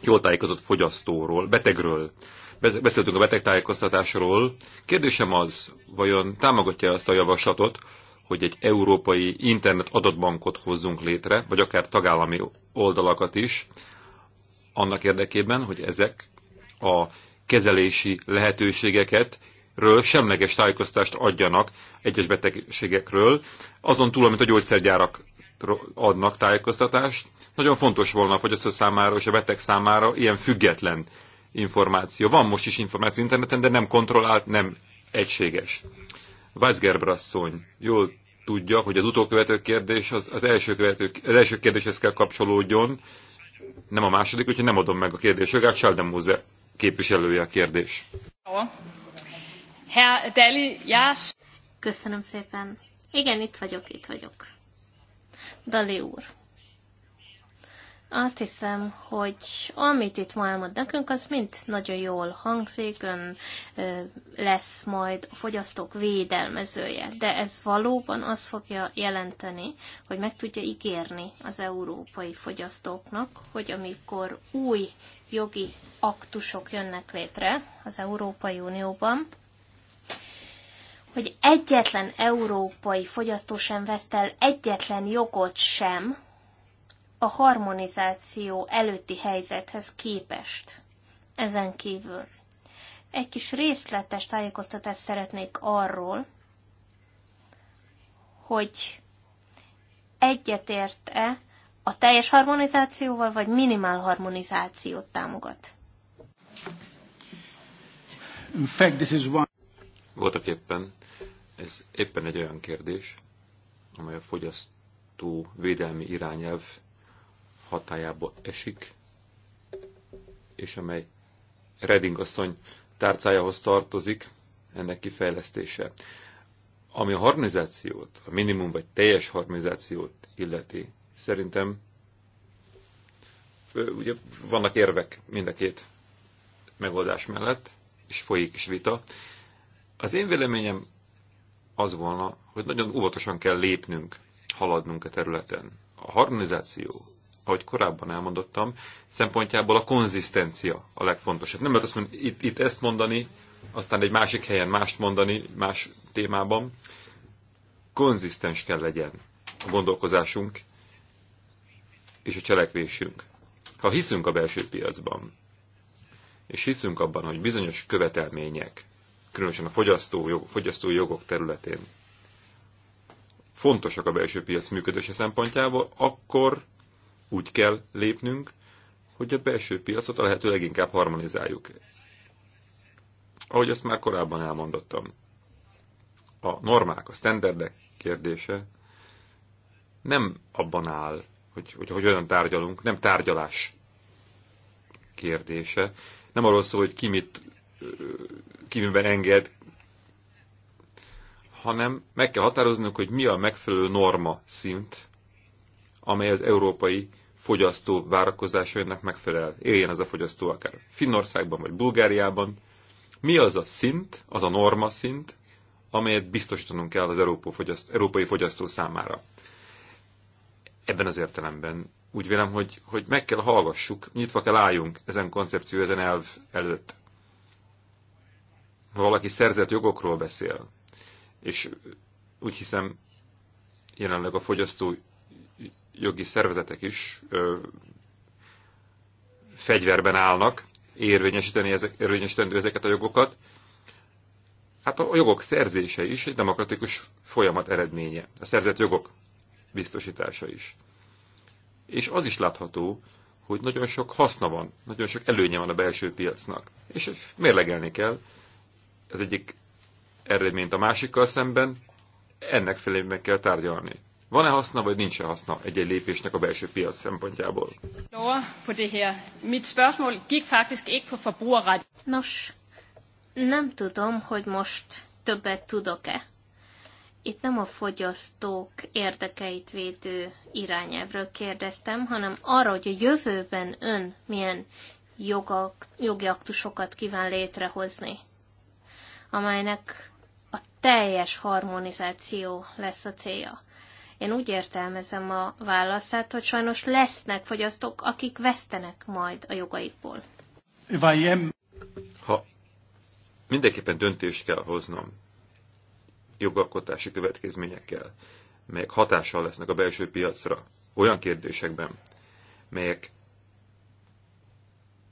jól tájékozott fogyasztóról, betegről. Beszéltünk a betegtájékoztatásról. Kérdésem az, vajon támogatja azt a javaslatot, hogy egy európai internet adatbankot hozzunk létre, vagy akár tagállami oldalakat is, annak érdekében, hogy ezek a kezelési lehetőségeket ről semleges tájékoztást adjanak egyes betegségekről, azon túl, amit a gyógyszergyárak adnak tájékoztatást. Nagyon fontos volna a fogyasztó számára és a beteg számára ilyen független információ. Van most is információ interneten, de nem kontrollált, nem egységes. Weisgerbrasszony jól tudja, hogy az utókövető kérdés az, az, első követő, az első kérdéshez kell kapcsolódjon, nem a második, úgyhogy nem adom meg a kérdés jogát, Sheldon Mose képviselője a kérdés. Herr Deli, jás. Köszönöm szépen. Igen, itt vagyok, itt vagyok. Dali úr. Azt hiszem, hogy amit itt ma elmond nekünk, az mind nagyon jól hangzik, ön lesz majd a fogyasztók védelmezője, de ez valóban azt fogja jelenteni, hogy meg tudja ígérni az európai fogyasztóknak, hogy amikor új jogi aktusok jönnek létre az Európai Unióban, hogy egyetlen európai fogyasztó sem veszt el egyetlen jogot sem a harmonizáció előtti helyzethez képest. Ezen kívül egy kis részletes tájékoztatást szeretnék arról, hogy egyetért-e a teljes harmonizációval, vagy minimál harmonizációt támogat. Voltak éppen ez éppen egy olyan kérdés, amely a fogyasztó védelmi irányelv hatájába esik, és amely Redding asszony tárcájához tartozik ennek kifejlesztése. Ami a harmonizációt, a minimum vagy teljes harmonizációt illeti, szerintem ugye vannak érvek mind a két megoldás mellett, és folyik is vita. Az én véleményem az volna, hogy nagyon óvatosan kell lépnünk, haladnunk a területen. A harmonizáció, ahogy korábban elmondottam, szempontjából a konzisztencia a legfontosabb. Nem lehet azt mondani, itt, itt ezt mondani, aztán egy másik helyen mást mondani, más témában. Konzisztens kell legyen a gondolkozásunk és a cselekvésünk. Ha hiszünk a belső piacban, és hiszünk abban, hogy bizonyos követelmények különösen a fogyasztó jog, fogyasztói jogok területén fontosak a belső piac működése szempontjából, akkor úgy kell lépnünk, hogy a belső piacot a lehető leginkább harmonizáljuk. Ahogy ezt már korábban elmondottam, a normák, a standardek kérdése nem abban áll, hogy, hogy, hogy olyan tárgyalunk, nem tárgyalás kérdése, nem arról szól, hogy ki mit kívülben enged, hanem meg kell határoznunk, hogy mi a megfelelő norma szint, amely az európai fogyasztó várakozásainak megfelel. Éljen az a fogyasztó akár Finnországban vagy Bulgáriában. Mi az a szint, az a norma szint, amelyet biztosítanunk kell az európai fogyasztó, európai fogyasztó számára. Ebben az értelemben úgy vélem, hogy, hogy meg kell hallgassuk, nyitva kell álljunk ezen koncepció, ezen elv előtt ha valaki szerzett jogokról beszél, és úgy hiszem jelenleg a fogyasztó jogi szervezetek is ö, fegyverben állnak érvényesíteni ezek, érvényesítendő ezeket a jogokat, hát a jogok szerzése is egy demokratikus folyamat eredménye, a szerzett jogok biztosítása is. És az is látható, hogy nagyon sok haszna van, nagyon sok előnye van a belső piacnak, és mérlegelni kell, az egyik eredményt a másikkal szemben, ennek felé meg kell tárgyalni. Van-e haszna, vagy nincs-e haszna egy-egy lépésnek a belső piac szempontjából? Nos, nem tudom, hogy most többet tudok-e. Itt nem a fogyasztók érdekeit védő irányelvről kérdeztem, hanem arra, hogy a jövőben ön milyen jogak, jogi aktusokat kíván létrehozni amelynek a teljes harmonizáció lesz a célja. Én úgy értelmezem a válaszát, hogy sajnos lesznek fogyasztók, akik vesztenek majd a jogaikból. Ha mindenképpen döntést kell hoznom jogalkotási következményekkel, melyek hatással lesznek a belső piacra, olyan kérdésekben, melyek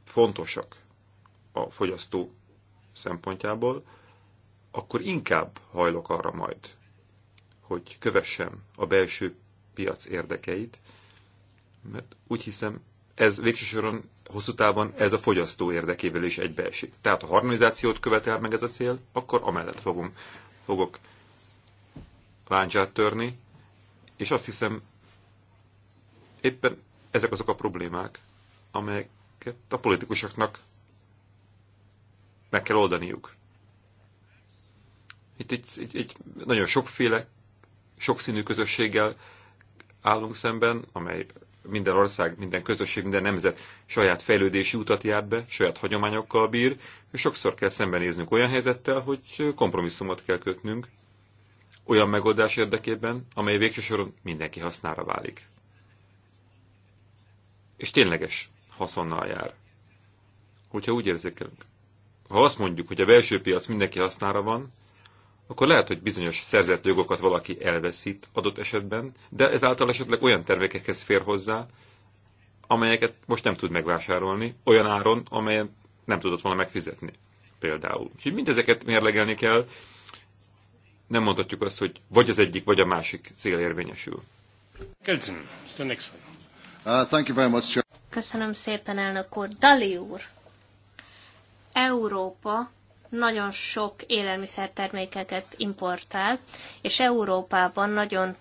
fontosak a fogyasztó szempontjából, akkor inkább hajlok arra majd, hogy kövessem a belső piac érdekeit, mert úgy hiszem, ez végső soron, hosszú távon ez a fogyasztó érdekével is egybeesik. Tehát a harmonizációt követel meg ez a cél, akkor amellett fogom, fogok láncsát törni, és azt hiszem, éppen ezek azok a problémák, amelyeket a politikusoknak meg kell oldaniuk. Itt egy, egy, egy nagyon sokféle, sokszínű közösséggel állunk szemben, amely minden ország, minden közösség, minden nemzet saját fejlődési utat jár be, saját hagyományokkal bír, és sokszor kell szembenéznünk olyan helyzettel, hogy kompromisszumot kell kötnünk, olyan megoldás érdekében, amely végső soron mindenki hasznára válik. És tényleges haszonnal jár. Hogyha úgy érzékelünk. Ha azt mondjuk, hogy a belső piac mindenki hasznára van, akkor lehet, hogy bizonyos szerzett jogokat valaki elveszít adott esetben, de ezáltal esetleg olyan termékekhez fér hozzá, amelyeket most nem tud megvásárolni, olyan áron, amelyen nem tudott volna megfizetni például. Úgyhogy mindezeket mérlegelni kell, nem mondhatjuk azt, hogy vagy az egyik, vagy a másik cél érvényesül. Uh, Köszönöm szépen, elnök úr. Dali úr, Európa nagyon sok élelmiszertermékeket importál, és Európában nagyon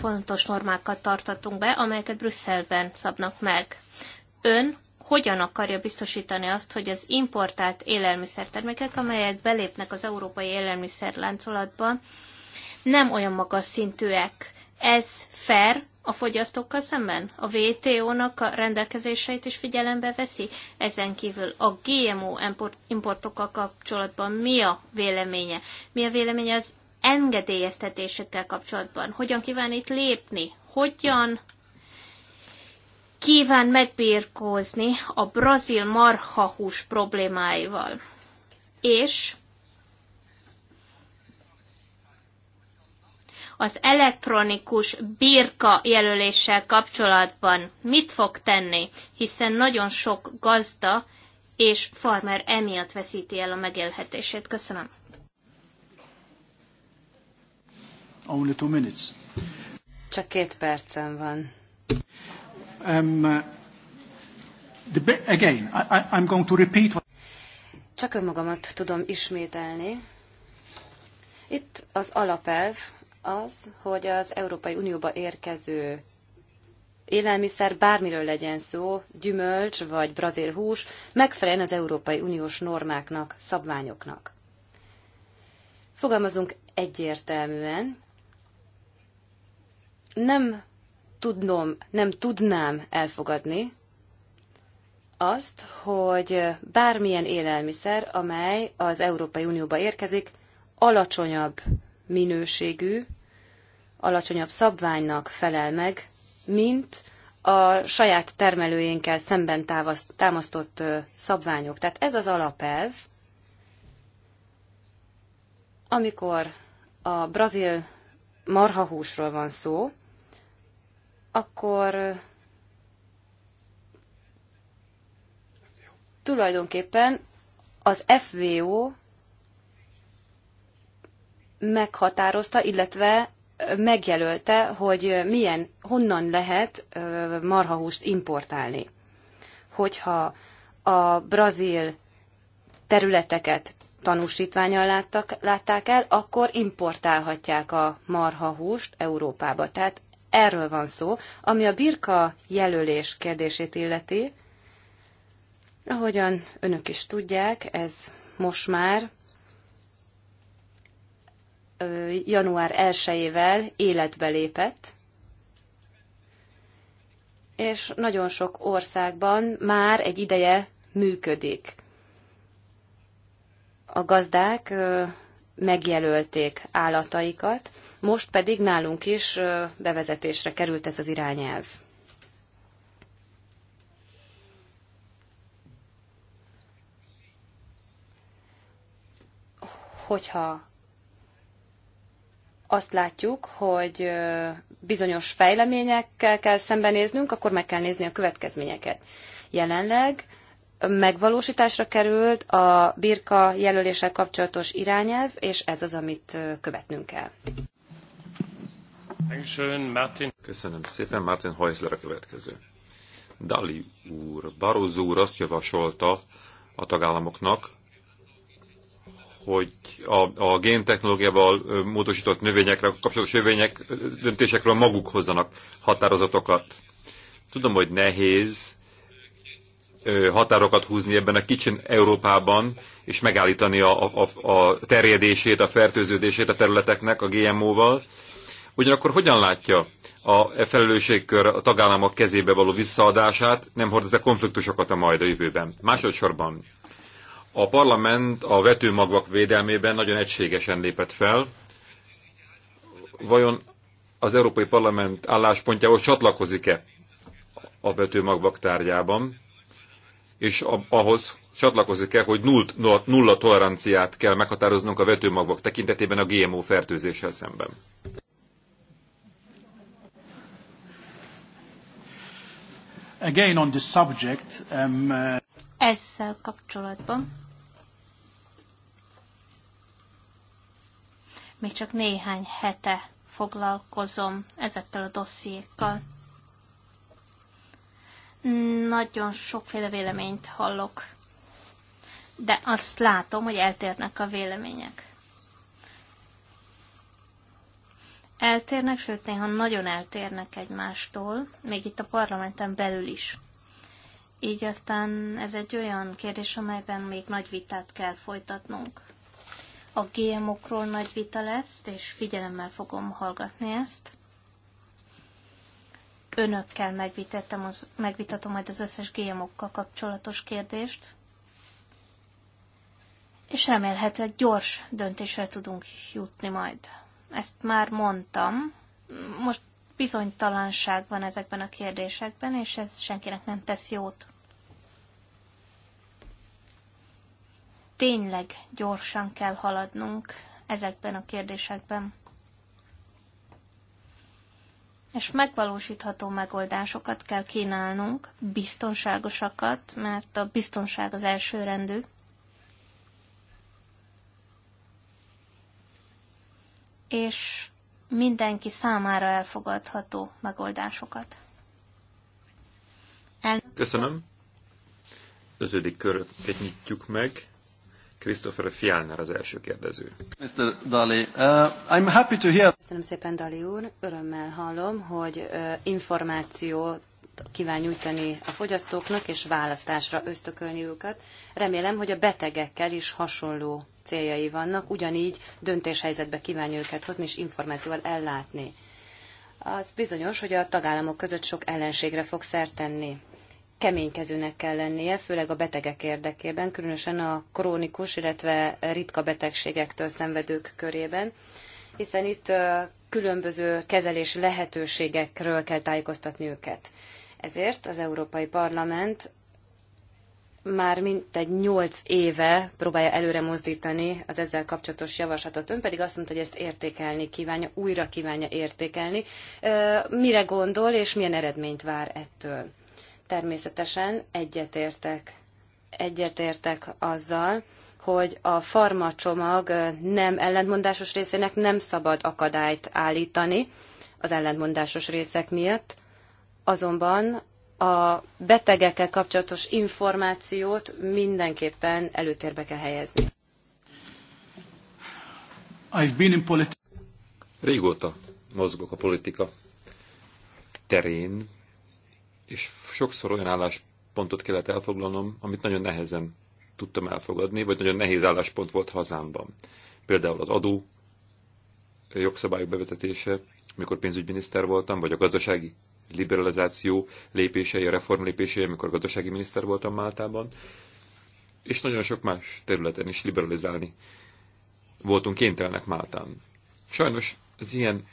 fontos normákat tartatunk be, amelyeket Brüsszelben szabnak meg. Ön hogyan akarja biztosítani azt, hogy az importált élelmiszertermékek, amelyek belépnek az európai élelmiszerláncolatba, nem olyan magas szintűek. Ez fair, a fogyasztókkal szemben? A WTO-nak a rendelkezéseit is figyelembe veszi? Ezen kívül a GMO importokkal kapcsolatban mi a véleménye? Mi a véleménye az engedélyeztetésekkel kapcsolatban? Hogyan kíván itt lépni? Hogyan kíván megbírkózni a brazil marhahús problémáival? És az elektronikus birka jelöléssel kapcsolatban mit fog tenni, hiszen nagyon sok gazda és farmer emiatt veszíti el a megélhetését. Köszönöm. Only two minutes. Csak két percem van. Um, uh, the, again, I, I'm going to repeat what... Csak önmagamat tudom ismételni. Itt az alapelv, az, hogy az Európai Unióba érkező élelmiszer, bármiről legyen szó, gyümölcs vagy brazil hús, megfeleljen az Európai Uniós normáknak, szabványoknak. Fogalmazunk egyértelműen, nem tudnom, nem tudnám elfogadni azt, hogy bármilyen élelmiszer, amely az Európai Unióba érkezik, alacsonyabb minőségű, alacsonyabb szabványnak felel meg, mint a saját termelőjénkkel szemben támasztott szabványok. Tehát ez az alapelv, amikor a brazil marhahúsról van szó, akkor tulajdonképpen az FVO meghatározta, illetve megjelölte, hogy milyen, honnan lehet marhahúst importálni. Hogyha a brazil területeket tanúsítványal láttak, látták el, akkor importálhatják a marhahúst Európába. Tehát erről van szó. Ami a birka jelölés kérdését illeti, ahogyan önök is tudják, ez most már január 1-ével életbe lépett, és nagyon sok országban már egy ideje működik. A gazdák megjelölték állataikat, most pedig nálunk is bevezetésre került ez az irányelv. Hogyha azt látjuk, hogy bizonyos fejleményekkel kell szembenéznünk, akkor meg kell nézni a következményeket. Jelenleg megvalósításra került a birka jelöléssel kapcsolatos irányelv, és ez az, amit követnünk kell. Köszönöm szépen, Martin Heusler a következő. Dali úr, Barozó úr azt javasolta a tagállamoknak, hogy a, a géntechnológiával módosított növényekre kapcsolatos növények döntésekről maguk hozzanak határozatokat. Tudom, hogy nehéz határokat húzni ebben a kicsin Európában, és megállítani a, a, a terjedését, a fertőződését a területeknek a GMO-val. Ugyanakkor hogyan látja a felelősségkör a tagállamok kezébe való visszaadását, nem hord ez a konfliktusokat a majd a jövőben? Másodszorban a parlament a vetőmagvak védelmében nagyon egységesen lépett fel. Vajon az Európai Parlament álláspontjához csatlakozik-e a vetőmagvak tárgyában, és ahhoz csatlakozik-e, hogy nullt, nulla toleranciát kell meghatároznunk a vetőmagvak tekintetében a GMO fertőzéssel szemben. Again on this subject, um, uh, Ezzel kapcsolatban még csak néhány hete foglalkozom ezekkel a dossziékkal. Nagyon sokféle véleményt hallok, de azt látom, hogy eltérnek a vélemények. Eltérnek, sőt néha nagyon eltérnek egymástól, még itt a parlamenten belül is. Így aztán ez egy olyan kérdés, amelyben még nagy vitát kell folytatnunk a GMO-król nagy vita lesz, és figyelemmel fogom hallgatni ezt. Önökkel megvitettem az, megvitatom majd az összes GMO-kkal kapcsolatos kérdést, és remélhetőleg gyors döntésre tudunk jutni majd. Ezt már mondtam. Most bizonytalanság van ezekben a kérdésekben, és ez senkinek nem tesz jót. tényleg gyorsan kell haladnunk ezekben a kérdésekben. És megvalósítható megoldásokat kell kínálnunk, biztonságosakat, mert a biztonság az elsőrendű. És mindenki számára elfogadható megoldásokat. El... Köszönöm. Ötödik köröket nyitjuk meg. Christopher Fialner az első kérdező. Mr. Dali, uh, I'm happy to hear... Köszönöm szépen, Dali úr. Örömmel hallom, hogy uh, információt kíván nyújtani a fogyasztóknak, és választásra ösztökölni őket. Remélem, hogy a betegekkel is hasonló céljai vannak, ugyanígy döntéshelyzetbe kívánja őket hozni, és információval ellátni. Az bizonyos, hogy a tagállamok között sok ellenségre fog szert tenni keménykezőnek kell lennie, főleg a betegek érdekében, különösen a krónikus, illetve ritka betegségektől szenvedők körében, hiszen itt különböző kezelési lehetőségekről kell tájékoztatni őket. Ezért az Európai Parlament már mintegy nyolc éve próbálja előre mozdítani az ezzel kapcsolatos javaslatot. Ön pedig azt mondta, hogy ezt értékelni kívánja, újra kívánja értékelni. Mire gondol, és milyen eredményt vár ettől? Természetesen egyetértek. Egyetértek azzal, hogy a farmacsomag nem ellentmondásos részének nem szabad akadályt állítani az ellentmondásos részek miatt, azonban a betegekkel kapcsolatos információt mindenképpen előtérbe kell helyezni. I've been in politi- Régóta mozgok a politika terén, és sokszor olyan álláspontot kellett elfoglalnom, amit nagyon nehezen tudtam elfogadni, vagy nagyon nehéz álláspont volt hazámban. Például az adó jogszabályok bevezetése, amikor pénzügyminiszter voltam, vagy a gazdasági liberalizáció lépései, a reform lépései, amikor gazdasági miniszter voltam Máltában, és nagyon sok más területen is liberalizálni voltunk kénytelenek Máltán. Sajnos az ilyen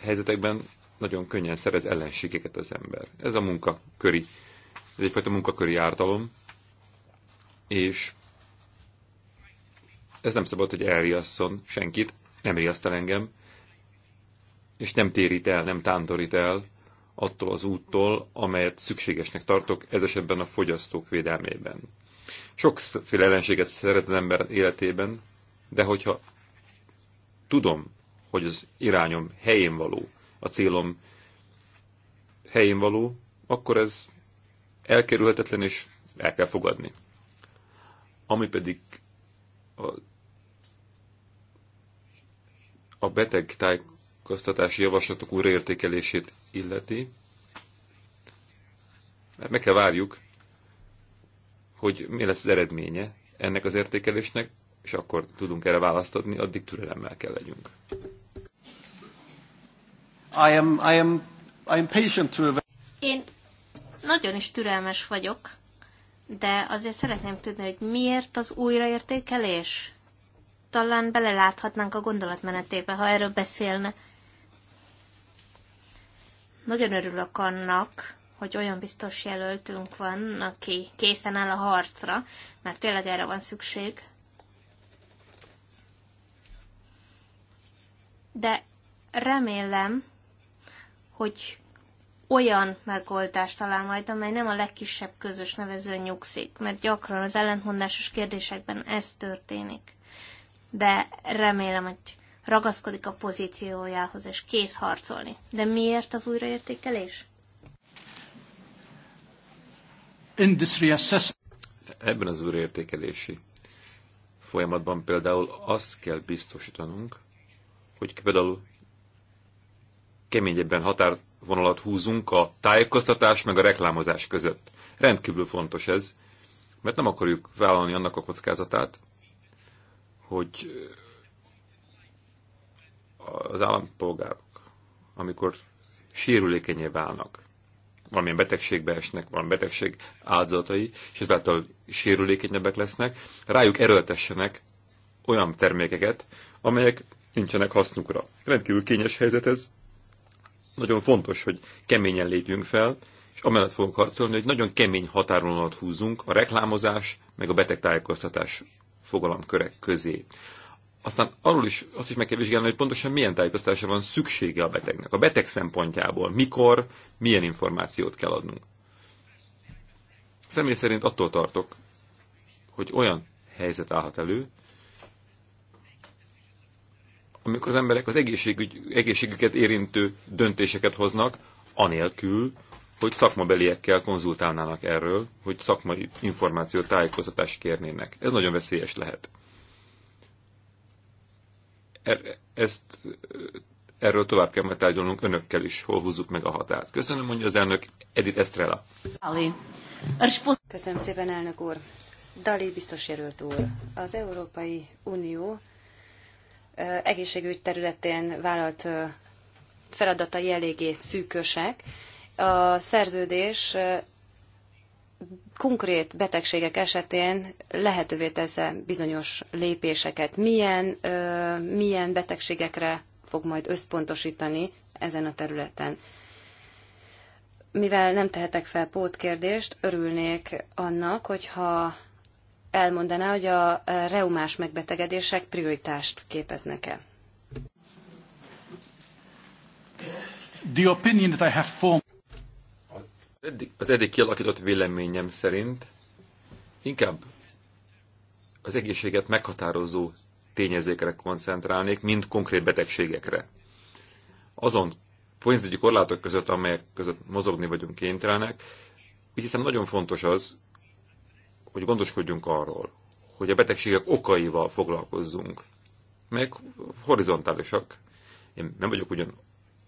helyzetekben nagyon könnyen szerez ellenségeket az ember. Ez a munkaköri, ez egyfajta munkaköri ártalom, és ez nem szabad, hogy elriasszon senkit, nem riaszt el engem, és nem térít el, nem tántorít el attól az úttól, amelyet szükségesnek tartok, ez esetben a fogyasztók védelmében. Sokféle ellenséget szeret az ember életében, de hogyha tudom, hogy az irányom helyén való, a célom helyén való, akkor ez elkerülhetetlen és el kell fogadni. Ami pedig a, a beteg tájékoztatási javaslatok újraértékelését illeti, mert hát meg kell várjuk, hogy mi lesz az eredménye ennek az értékelésnek, és akkor tudunk erre választ adni, addig türelemmel kell legyünk. I am, I am, I am patient to... Én nagyon is türelmes vagyok, de azért szeretném tudni, hogy miért az újraértékelés? Talán beleláthatnánk a gondolatmenetébe, ha erről beszélne. Nagyon örülök annak, hogy olyan biztos jelöltünk van, aki készen áll a harcra, mert tényleg erre van szükség. De remélem, hogy olyan megoldást talál majd, amely nem a legkisebb közös nevezőn nyugszik, mert gyakran az ellentmondásos kérdésekben ez történik. De remélem, hogy ragaszkodik a pozíciójához, és kész harcolni. De miért az újraértékelés? Ebben az újraértékelési folyamatban például azt kell biztosítanunk, hogy például keményebben határvonalat húzunk a tájékoztatás meg a reklámozás között. Rendkívül fontos ez, mert nem akarjuk vállalni annak a kockázatát, hogy eh, az állampolgárok, amikor sérülékenyé válnak, valamilyen betegségbe esnek, valami betegség áldozatai, és ezáltal sérülékenyebbek lesznek, rájuk erőltessenek olyan termékeket, amelyek nincsenek hasznukra. Rendkívül kényes helyzet ez, nagyon fontos, hogy keményen lépjünk fel, és amellett fogunk harcolni, hogy nagyon kemény határonat húzunk a reklámozás meg a betegtájékoztatás fogalomkörek közé. Aztán arról is azt is meg kell vizsgálni, hogy pontosan milyen tájékoztatásra van szüksége a betegnek. A beteg szempontjából mikor, milyen információt kell adnunk. Személy szerint attól tartok, hogy olyan helyzet állhat elő, amikor az emberek az egészségügy, egészségüket érintő döntéseket hoznak, anélkül, hogy szakmabeliekkel konzultálnának erről, hogy szakmai információ tájékoztatást kérnének. Ez nagyon veszélyes lehet. Er, ezt, erről tovább kell majd tárgyalnunk önökkel is, hol húzzuk meg a határt. Köszönöm, mondja az elnök Edith Estrella. Köszönöm szépen, elnök úr. Dali biztos jelölt úr. Az Európai Unió egészségügy területén vállalt feladatai eléggé szűkösek. A szerződés konkrét betegségek esetén lehetővé tesz bizonyos lépéseket. Milyen, milyen betegségekre fog majd összpontosítani ezen a területen? Mivel nem tehetek fel pótkérdést, örülnék annak, hogyha elmondaná, hogy a e, reumás megbetegedések prioritást képeznek-e. The opinion that I have formed... Az eddig kialakított véleményem szerint inkább az egészséget meghatározó tényezőkre koncentrálnék, mint konkrét betegségekre. Azon pénzügyi korlátok között, amelyek között mozogni vagyunk kénytelenek, úgy hiszem nagyon fontos az, hogy gondoskodjunk arról, hogy a betegségek okaival foglalkozzunk, meg horizontálisak. Én nem vagyok ugyan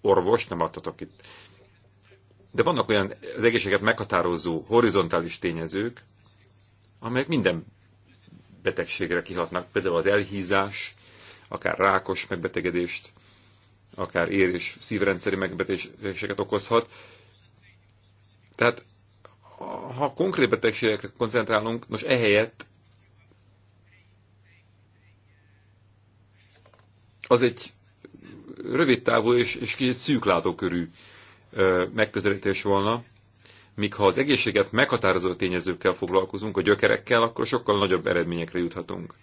orvos, nem adhatok itt. De vannak olyan az egészséget meghatározó horizontális tényezők, amelyek minden betegségre kihatnak, például az elhízás, akár rákos megbetegedést, akár ér- és szívrendszeri megbetegedéseket okozhat. Tehát ha konkrét betegségekre koncentrálunk, most ehelyett az egy rövid távú és, és kicsit szűklátókörű megközelítés volna, míg ha az egészséget meghatározó tényezőkkel foglalkozunk, a gyökerekkel, akkor sokkal nagyobb eredményekre juthatunk.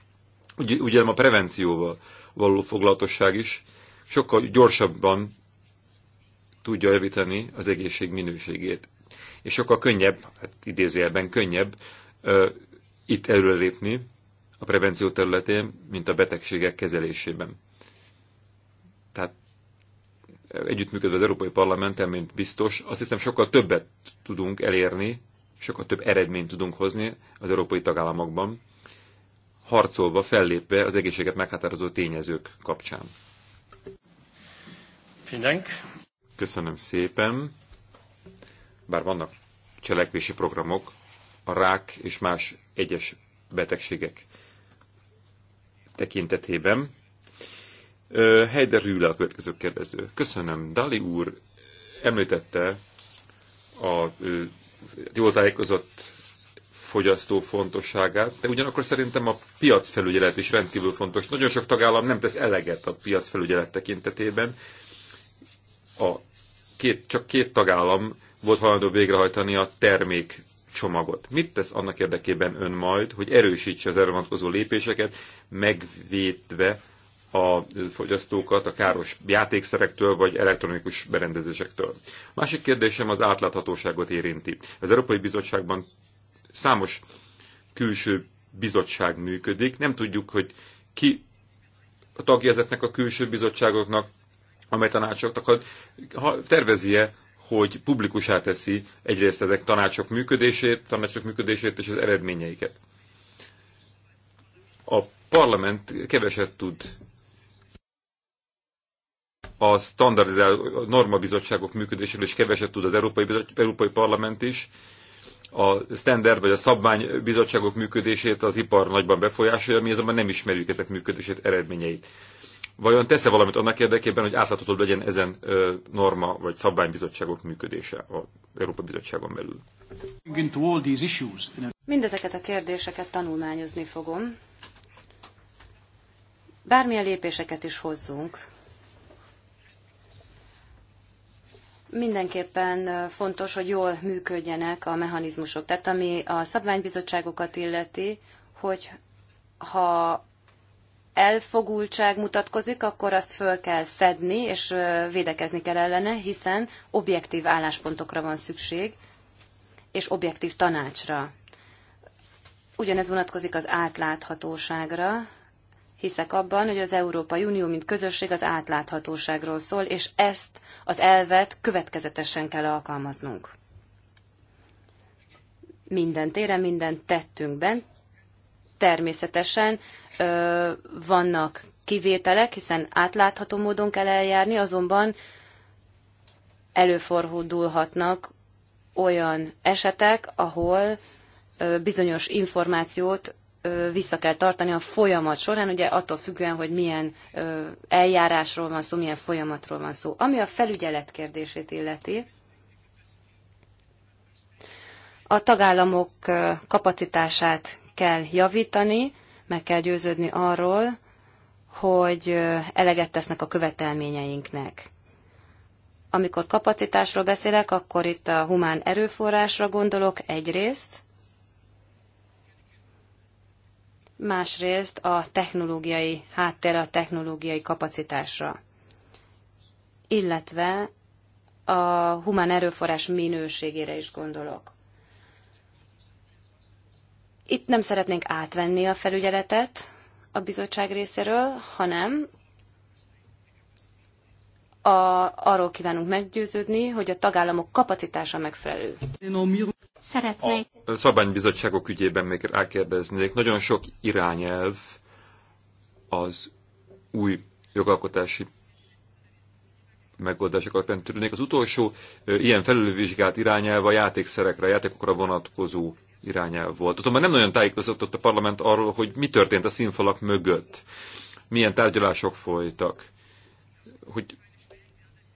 Ugye, ugye a prevencióval való foglalatosság is sokkal gyorsabban tudja javítani az egészség minőségét és sokkal könnyebb, hát idézőjelben könnyebb ö, itt előrelépni a prevenció területén, mint a betegségek kezelésében. Tehát együttműködve az Európai Parlamenten, mint biztos, azt hiszem sokkal többet tudunk elérni, sokkal több eredményt tudunk hozni az európai tagállamokban, harcolva, fellépve az egészséget meghatározó tényezők kapcsán. Köszönöm szépen bár vannak cselekvési programok, a rák és más egyes betegségek tekintetében. Heider Rühle a következő kérdező. Köszönöm. Dali úr említette a jól tájékozott fogyasztó fontosságát, de ugyanakkor szerintem a piacfelügyelet is rendkívül fontos. Nagyon sok tagállam nem tesz eleget a piacfelügyelet tekintetében. A két, csak két tagállam volt hajlandó végrehajtani a termék csomagot. Mit tesz annak érdekében ön majd, hogy erősítse az erre vonatkozó lépéseket, megvédve a fogyasztókat a káros játékszerektől vagy elektronikus berendezésektől. Másik kérdésem az átláthatóságot érinti. Az Európai Bizottságban számos külső bizottság működik. Nem tudjuk, hogy ki a tagja ezeknek a külső bizottságoknak, amely tanácsoknak, tervezi-e hogy publikusá teszi egyrészt ezek tanácsok működését, tanácsok működését és az eredményeiket. A parlament keveset tud a standardizált normabizottságok működéséről és keveset tud az Európai, Európai Parlament is, a standard vagy a szabványbizottságok működését az ipar nagyban befolyásolja, mi azonban nem ismerjük ezek működését, eredményeit vajon tesz-e valamit annak érdekében, hogy átláthatóbb legyen ezen norma vagy szabványbizottságok működése a Európa Bizottságon belül? Mindezeket a kérdéseket tanulmányozni fogom. Bármilyen lépéseket is hozzunk, mindenképpen fontos, hogy jól működjenek a mechanizmusok. Tehát ami a szabványbizottságokat illeti, hogy ha elfogultság mutatkozik, akkor azt föl kell fedni, és védekezni kell ellene, hiszen objektív álláspontokra van szükség, és objektív tanácsra. Ugyanez vonatkozik az átláthatóságra. Hiszek abban, hogy az Európai Unió, mint közösség az átláthatóságról szól, és ezt az elvet következetesen kell alkalmaznunk. Minden téren, minden tettünkben, természetesen vannak kivételek, hiszen átlátható módon kell eljárni, azonban előfordulhatnak olyan esetek, ahol bizonyos információt vissza kell tartani a folyamat során, ugye attól függően, hogy milyen eljárásról van szó, milyen folyamatról van szó. Ami a felügyelet kérdését illeti, a tagállamok kapacitását kell javítani, meg kell győződni arról, hogy eleget tesznek a követelményeinknek. Amikor kapacitásról beszélek, akkor itt a humán erőforrásra gondolok egyrészt, másrészt a technológiai háttér, a technológiai kapacitásra, illetve a humán erőforrás minőségére is gondolok. Itt nem szeretnénk átvenni a felügyeletet a bizottság részéről, hanem a, arról kívánunk meggyőződni, hogy a tagállamok kapacitása megfelelő. Szeretnék. A szabványbizottságok ügyében még rákérdeznék. Nagyon sok irányelv az új jogalkotási megoldások alapján tűnik. Az utolsó ilyen felülvizsgált irányelv a játékszerekre, a játékokra vonatkozó irányelv volt. már nem nagyon tájékozott a parlament arról, hogy mi történt a színfalak mögött, milyen tárgyalások folytak, hogy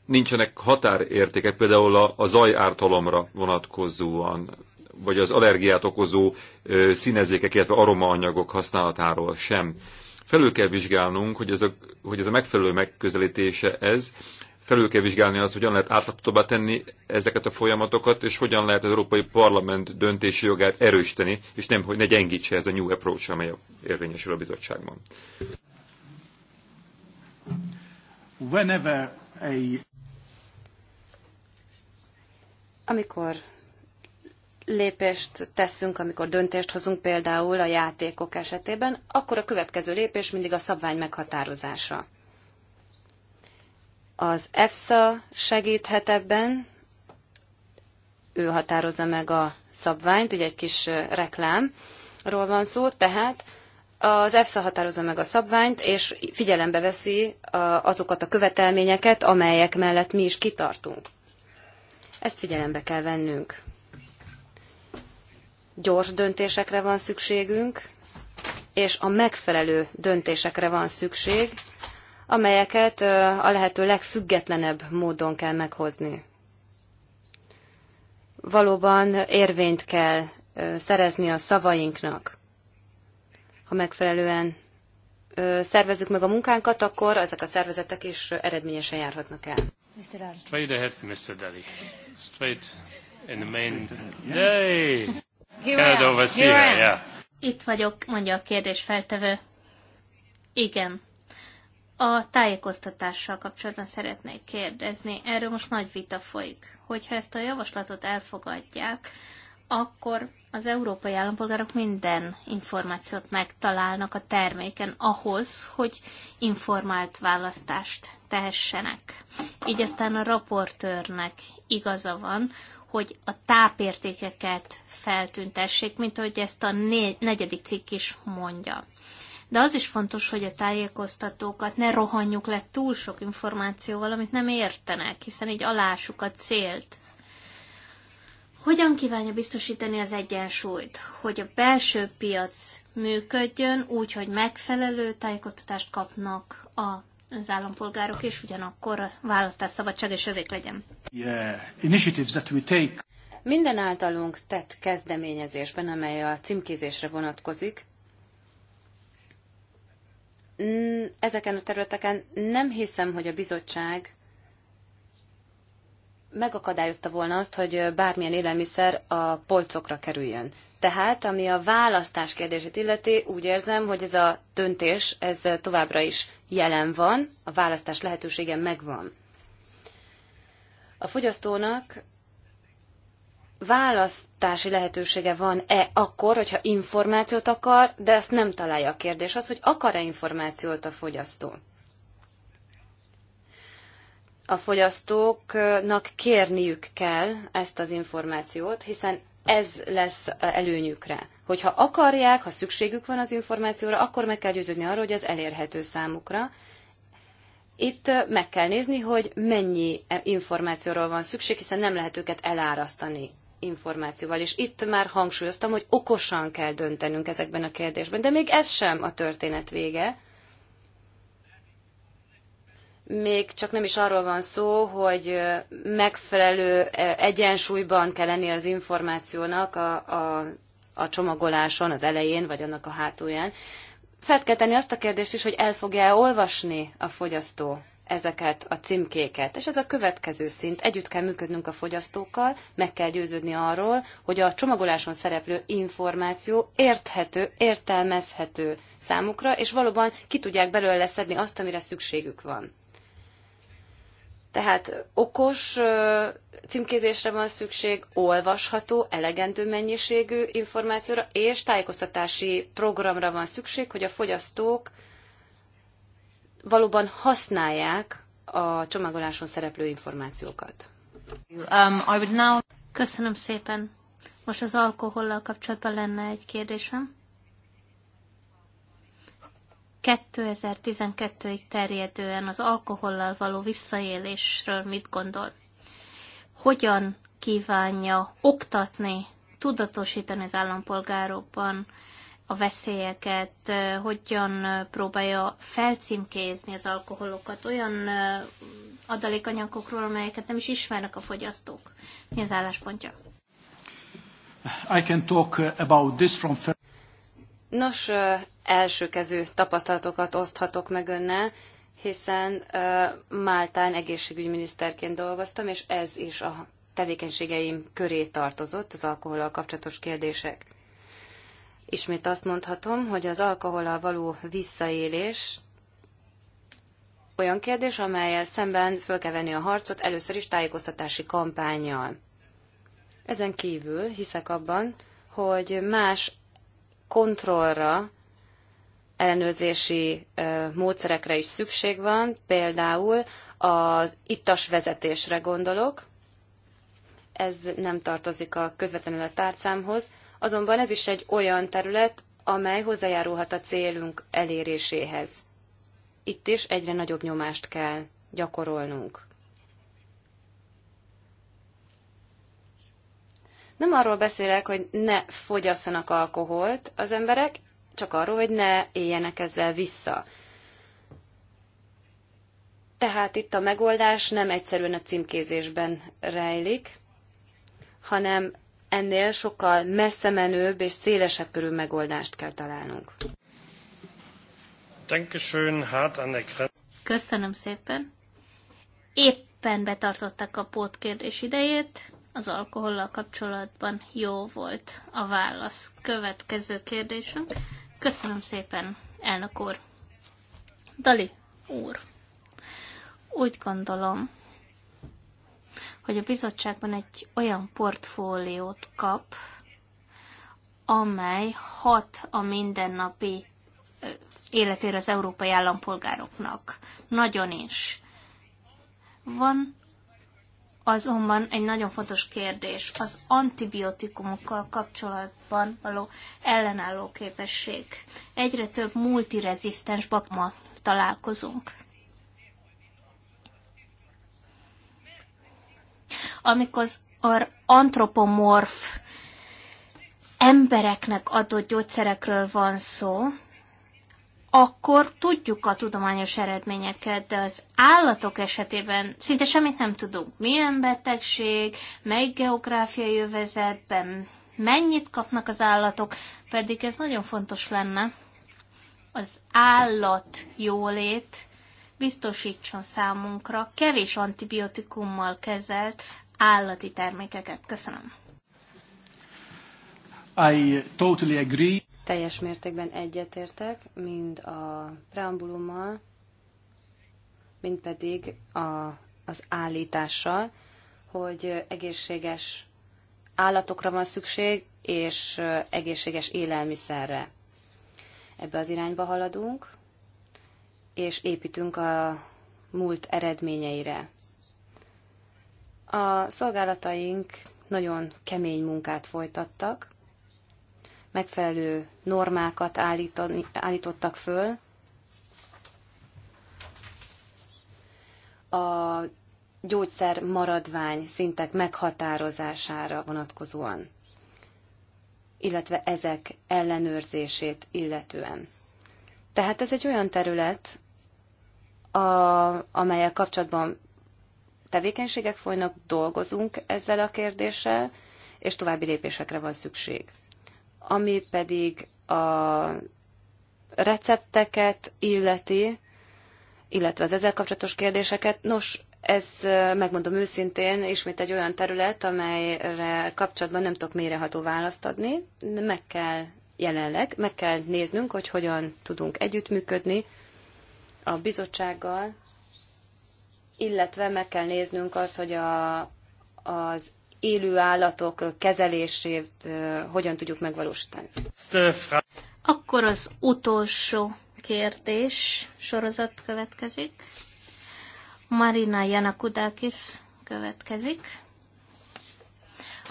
nincsenek határértékek például a, a zaj ártalomra vonatkozóan, vagy az allergiát okozó ö, színezékek, illetve aromaanyagok használatáról sem. Felül kell vizsgálnunk, hogy ez a, hogy ez a megfelelő megközelítése ez, felül kell vizsgálni az, hogyan lehet átláthatóbbá tenni ezeket a folyamatokat, és hogyan lehet az Európai Parlament döntési jogát erősíteni, és nem, hogy ne gyengítse ez a new approach, amely érvényesül a bizottságban. Whenever a... Amikor lépést teszünk, amikor döntést hozunk például a játékok esetében, akkor a következő lépés mindig a szabvány meghatározása. Az EFSA segíthet ebben, ő határozza meg a szabványt, ugye egy kis reklámról van szó, tehát az EFSA határozza meg a szabványt, és figyelembe veszi azokat a követelményeket, amelyek mellett mi is kitartunk. Ezt figyelembe kell vennünk. Gyors döntésekre van szükségünk, és a megfelelő döntésekre van szükség, amelyeket a lehető legfüggetlenebb módon kell meghozni. Valóban érvényt kell szerezni a szavainknak. Ha megfelelően szervezzük meg a munkánkat, akkor ezek a szervezetek is eredményesen járhatnak el. Straight ahead, Mr. Daly. Straight in the main... Yay! Here I am. Here Itt vagyok, mondja a kérdés feltevő. Igen, a tájékoztatással kapcsolatban szeretnék kérdezni. Erről most nagy vita folyik. Hogyha ezt a javaslatot elfogadják, akkor az európai állampolgárok minden információt megtalálnak a terméken ahhoz, hogy informált választást tehessenek. Így aztán a raportőrnek igaza van, hogy a tápértékeket feltüntessék, mint ahogy ezt a negyedik cikk is mondja de az is fontos, hogy a tájékoztatókat ne rohanjuk le túl sok információval, amit nem értenek, hiszen így alásuk a célt. Hogyan kívánja biztosítani az egyensúlyt, hogy a belső piac működjön úgy, hogy megfelelő tájékoztatást kapnak a az állampolgárok, és ugyanakkor a választás szabadság és övék legyen. Yeah. Initiatives that we take. Minden általunk tett kezdeményezésben, amely a címkézésre vonatkozik, ezeken a területeken nem hiszem, hogy a bizottság megakadályozta volna azt, hogy bármilyen élelmiszer a polcokra kerüljön. Tehát, ami a választás kérdését illeti, úgy érzem, hogy ez a döntés, ez továbbra is jelen van, a választás lehetősége megvan. A fogyasztónak választási lehetősége van-e akkor, hogyha információt akar, de ezt nem találja a kérdés. Az, hogy akar-e információt a fogyasztó. A fogyasztóknak kérniük kell ezt az információt, hiszen ez lesz előnyükre. Hogyha akarják, ha szükségük van az információra, akkor meg kell győződni arról, hogy ez elérhető számukra. Itt meg kell nézni, hogy mennyi információról van szükség, hiszen nem lehet őket elárasztani információval. És itt már hangsúlyoztam, hogy okosan kell döntenünk ezekben a kérdésben, de még ez sem a történet vége. Még csak nem is arról van szó, hogy megfelelő egyensúlyban kell lenni az információnak a, a, a csomagoláson, az elején, vagy annak a hátulján. Fel kell tenni azt a kérdést is, hogy el fogja -e olvasni a fogyasztó ezeket a címkéket. És ez a következő szint. Együtt kell működnünk a fogyasztókkal, meg kell győződni arról, hogy a csomagoláson szereplő információ érthető, értelmezhető számukra, és valóban ki tudják belőle szedni azt, amire szükségük van. Tehát okos címkézésre van szükség, olvasható, elegendő mennyiségű információra és tájékoztatási programra van szükség, hogy a fogyasztók valóban használják a csomagoláson szereplő információkat. Um, Köszönöm szépen. Most az alkohollal kapcsolatban lenne egy kérdésem. 2012-ig terjedően az alkohollal való visszaélésről mit gondol? Hogyan kívánja oktatni, tudatosítani az állampolgárokban a veszélyeket, hogyan próbálja felcímkézni az alkoholokat olyan adalékanyagokról, amelyeket nem is ismernek a fogyasztók. Mi az álláspontja? I can talk uh, about this from Nos, elsőkező tapasztalatokat oszthatok meg önnel, hiszen Máltán egészségügyminiszterként dolgoztam, és ez is a tevékenységeim köré tartozott az alkoholal kapcsolatos kérdések. Ismét azt mondhatom, hogy az alkohollal való visszaélés olyan kérdés, amelyel szemben föl kell venni a harcot először is tájékoztatási kampányjal. Ezen kívül hiszek abban, hogy más kontrollra, ellenőrzési módszerekre is szükség van, például az ittas vezetésre gondolok, ez nem tartozik a közvetlenül a tárcámhoz, azonban ez is egy olyan terület, amely hozzájárulhat a célunk eléréséhez. Itt is egyre nagyobb nyomást kell gyakorolnunk. Nem arról beszélek, hogy ne fogyasszanak alkoholt az emberek, csak arról, hogy ne éljenek ezzel vissza. Tehát itt a megoldás nem egyszerűen a címkézésben rejlik, hanem ennél sokkal messze menőbb és szélesebb körű megoldást kell találnunk. Hát Köszönöm szépen. Éppen betartották a pótkérdés idejét. Az alkohollal kapcsolatban jó volt a válasz. Következő kérdésünk. Köszönöm szépen, elnök úr. Dali úr, úgy gondolom, hogy a bizottságban egy olyan portfóliót kap, amely hat a mindennapi életére az európai állampolgároknak. Nagyon is. Van azonban egy nagyon fontos kérdés, az antibiotikumokkal kapcsolatban való ellenálló képesség. Egyre több multirezisztens bakma találkozunk. amikor az antropomorf embereknek adott gyógyszerekről van szó, akkor tudjuk a tudományos eredményeket, de az állatok esetében szinte semmit nem tudunk. Milyen betegség, mely geográfiai övezetben, mennyit kapnak az állatok, pedig ez nagyon fontos lenne. Az állat jólét biztosítson számunkra kevés antibiotikummal kezelt állati termékeket. Köszönöm. I totally agree. Teljes mértékben egyetértek, mind a preambulummal, mind pedig a, az állítással, hogy egészséges állatokra van szükség, és egészséges élelmiszerre. Ebbe az irányba haladunk, és építünk a múlt eredményeire. A szolgálataink nagyon kemény munkát folytattak, megfelelő normákat állítottak föl. A gyógyszer maradvány szintek meghatározására vonatkozóan, illetve ezek ellenőrzését illetően. Tehát ez egy olyan terület, a, amelyel kapcsolatban tevékenységek folynak, dolgozunk ezzel a kérdéssel, és további lépésekre van szükség. Ami pedig a recepteket illeti, illetve az ezzel kapcsolatos kérdéseket, nos, ez, megmondom őszintén, ismét egy olyan terület, amelyre kapcsolatban nem tudok mélyreható választ adni. Meg kell jelenleg, meg kell néznünk, hogy hogyan tudunk együttműködni a bizottsággal, illetve meg kell néznünk azt, hogy a, az élő állatok kezelését hogyan tudjuk megvalósítani. Akkor az utolsó kérdés sorozat következik. Marina Janakudakis következik.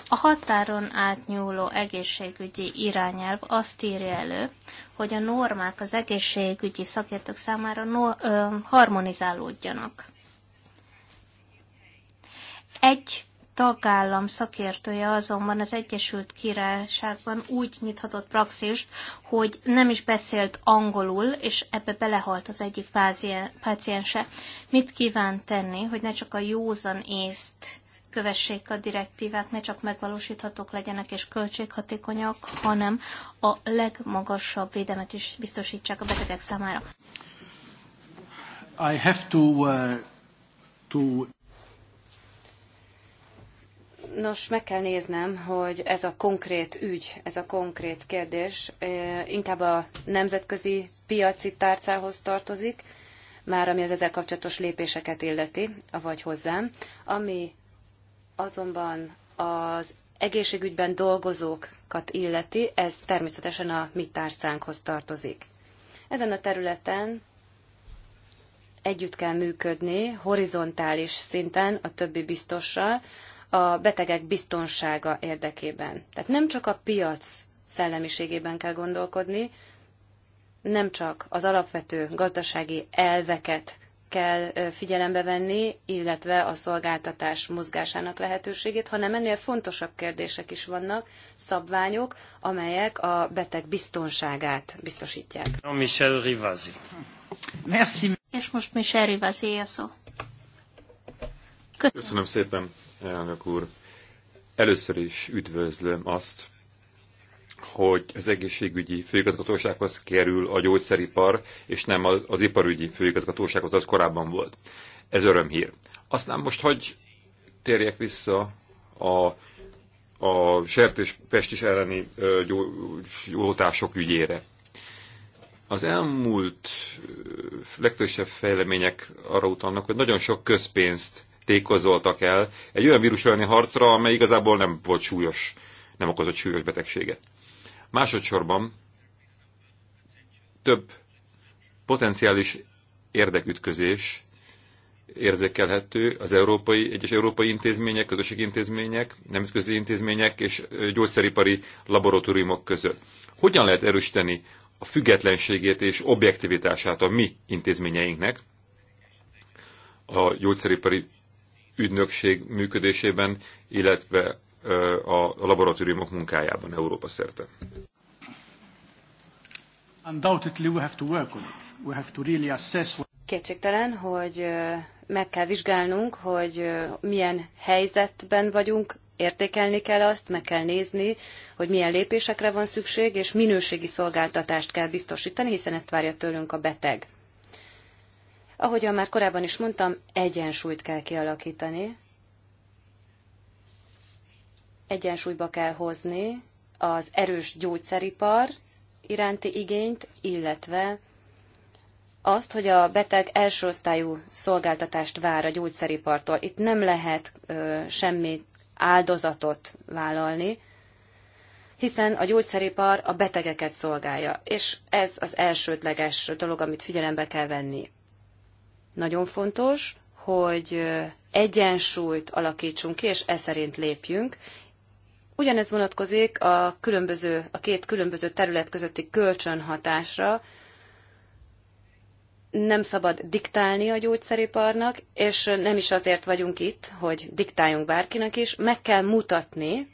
A határon átnyúló egészségügyi irányelv azt írja elő, hogy a normák az egészségügyi szakértők számára no, ö, harmonizálódjanak. Egy tagállam szakértője azonban az Egyesült Királyságban úgy nyithatott praxist, hogy nem is beszélt angolul, és ebbe belehalt az egyik páciense. Mit kíván tenni, hogy ne csak a józan észt kövessék a direktívák, ne csak megvalósíthatók legyenek és költséghatékonyak, hanem a legmagasabb védelmet is biztosítsák a betegek számára. I have to, uh, to Nos, meg kell néznem, hogy ez a konkrét ügy, ez a konkrét kérdés eh, inkább a nemzetközi piaci tárcához tartozik, már ami az ezzel kapcsolatos lépéseket illeti, avagy hozzám. Ami azonban az egészségügyben dolgozókat illeti, ez természetesen a mi tárcánkhoz tartozik. Ezen a területen együtt kell működni horizontális szinten a többi biztossal, a betegek biztonsága érdekében. Tehát nem csak a piac szellemiségében kell gondolkodni, nem csak az alapvető gazdasági elveket kell figyelembe venni, illetve a szolgáltatás mozgásának lehetőségét, hanem ennél fontosabb kérdések is vannak, szabványok, amelyek a beteg biztonságát biztosítják. Michel Rivazi. Merci. És most Michel Rivazi a szó. Köszönöm. Köszönöm szépen elnök úr. Először is üdvözlöm azt, hogy az egészségügyi főigazgatósághoz kerül a gyógyszeripar, és nem az iparügyi főigazgatósághoz, az korábban volt. Ez örömhír. Aztán most hogy térjek vissza a, a sertés pestis elleni gyó, ügyére. Az elmúlt legfősebb fejlemények arra utalnak, hogy nagyon sok közpénzt tékozoltak el egy olyan vírus elleni harcra, amely igazából nem volt súlyos, nem okozott súlyos betegséget. Másodszorban több potenciális érdekütközés érzékelhető az európai, egyes európai intézmények, közösségi intézmények, nemzetközi intézmények és gyógyszeripari laboratóriumok között. Hogyan lehet erősíteni a függetlenségét és objektivitását a mi intézményeinknek, a gyógyszeripari ügynökség működésében, illetve a laboratóriumok munkájában Európa szerte. Kétségtelen, hogy meg kell vizsgálnunk, hogy milyen helyzetben vagyunk, értékelni kell azt, meg kell nézni, hogy milyen lépésekre van szükség, és minőségi szolgáltatást kell biztosítani, hiszen ezt várja tőlünk a beteg. Ahogyan már korábban is mondtam, egyensúlyt kell kialakítani. Egyensúlyba kell hozni az erős gyógyszeripar iránti igényt, illetve azt, hogy a beteg első osztályú szolgáltatást vár a gyógyszeripartól. Itt nem lehet ö, semmi áldozatot vállalni, hiszen a gyógyszeripar a betegeket szolgálja, és ez az elsődleges dolog, amit figyelembe kell venni. Nagyon fontos, hogy egyensúlyt alakítsunk ki, és e szerint lépjünk. Ugyanez vonatkozik a, különböző, a két különböző terület közötti kölcsönhatásra. Nem szabad diktálni a gyógyszeriparnak, és nem is azért vagyunk itt, hogy diktáljunk bárkinek is. Meg kell mutatni,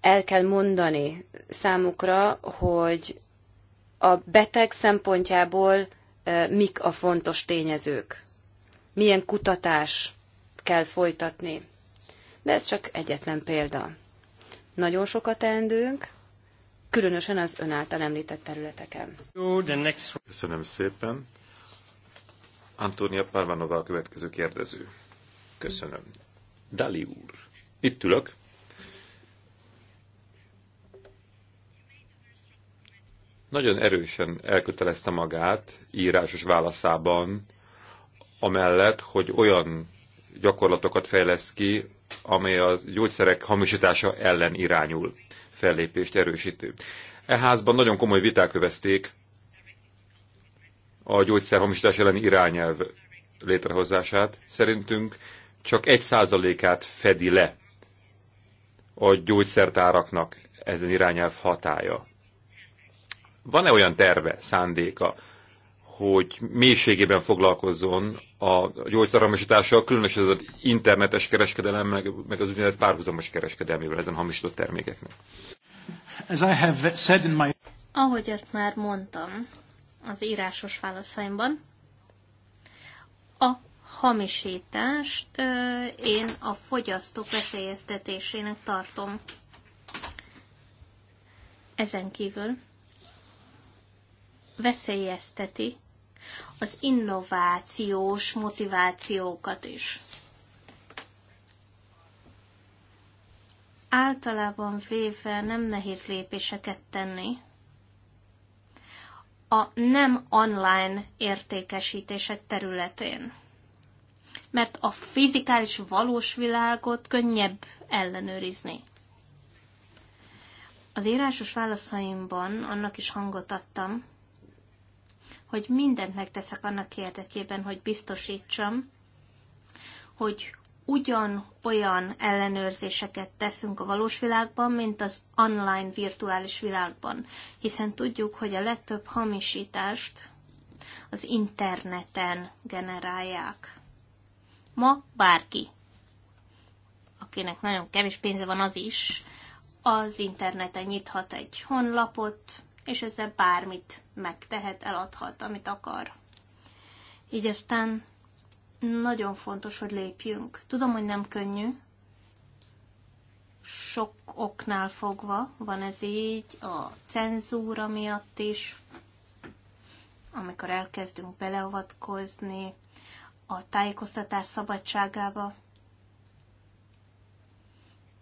el kell mondani számukra, hogy a beteg szempontjából mik a fontos tényezők, milyen kutatás kell folytatni. De ez csak egyetlen példa. Nagyon sokat teendőnk, különösen az ön által említett területeken. Köszönöm szépen. Antónia Parvanova a következő kérdező. Köszönöm. Dali úr. Itt ülök. nagyon erősen elkötelezte magát írásos válaszában, amellett, hogy olyan gyakorlatokat fejlesz ki, amely a gyógyszerek hamisítása ellen irányul, fellépést erősítő. E házban nagyon komoly viták övezték a hamisítás elleni irányelv létrehozását. Szerintünk csak egy százalékát fedi le a gyógyszertáraknak ezen irányelv hatája van-e olyan terve, szándéka, hogy mélységében foglalkozzon a gyógyszerhamisítással, különösen az internetes kereskedelem, meg, meg az úgynevezett párhuzamos kereskedelmével ezen hamisított termékeknek? As I have said in my... Ahogy ezt már mondtam az írásos válaszaimban, a hamisítást én a fogyasztók veszélyeztetésének tartom. Ezen kívül veszélyezteti az innovációs motivációkat is. Általában véve nem nehéz lépéseket tenni. A nem online értékesítések területén. Mert a fizikális valós világot könnyebb ellenőrizni. Az írásos válaszaimban annak is hangot adtam, hogy mindent megteszek annak érdekében, hogy biztosítsam, hogy ugyanolyan ellenőrzéseket teszünk a valós világban, mint az online virtuális világban, hiszen tudjuk, hogy a legtöbb hamisítást az interneten generálják. Ma bárki, akinek nagyon kevés pénze van az is, az interneten nyithat egy honlapot, és ezzel bármit megtehet, eladhat, amit akar. Így aztán nagyon fontos, hogy lépjünk. Tudom, hogy nem könnyű, sok oknál fogva van ez így, a cenzúra miatt is, amikor elkezdünk beleavatkozni a tájékoztatás szabadságába.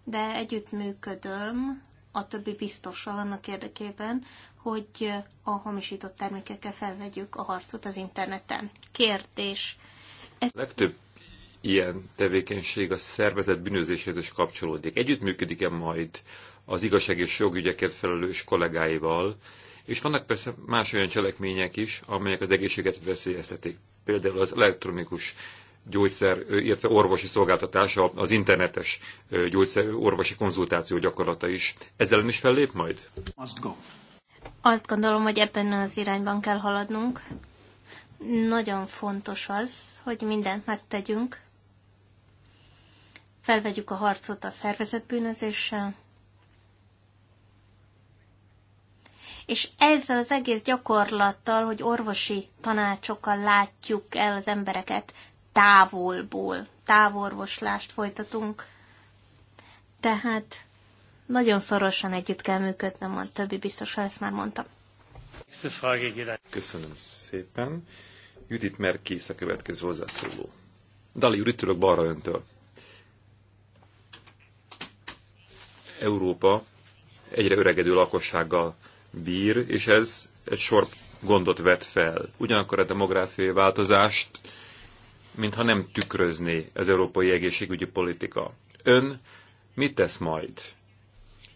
De együttműködöm a többi biztossal annak érdekében, hogy a hamisított termékekkel felvegyük a harcot az interneten. Kérdés. Ez... A legtöbb ilyen tevékenység a szervezet bűnözéséhez is kapcsolódik. Együttműködik-e majd az igazság és jogügyeket felelős kollégáival, és vannak persze más olyan cselekmények is, amelyek az egészséget veszélyeztetik. Például az elektronikus gyógyszer, illetve orvosi szolgáltatása, az internetes gyógyszer, orvosi konzultáció gyakorlata is. Ezzel is fellép majd? Azt go. Azt gondolom, hogy ebben az irányban kell haladnunk. Nagyon fontos az, hogy mindent megtegyünk. Felvegyük a harcot a szervezetbűnözéssel, És ezzel az egész gyakorlattal, hogy orvosi tanácsokkal látjuk el az embereket, távolból távorvoslást folytatunk. Tehát nagyon szorosan együtt kell működnöm, a többi biztosra ezt már mondtam. Köszönöm szépen. Judit Merkész a következő hozzászóló. Dali Judit, itt balra öntől. Európa egyre öregedő lakossággal bír, és ez egy sor gondot vet fel. Ugyanakkor a demográfiai változást mintha nem tükrözné az európai egészségügyi politika. Ön mit tesz majd?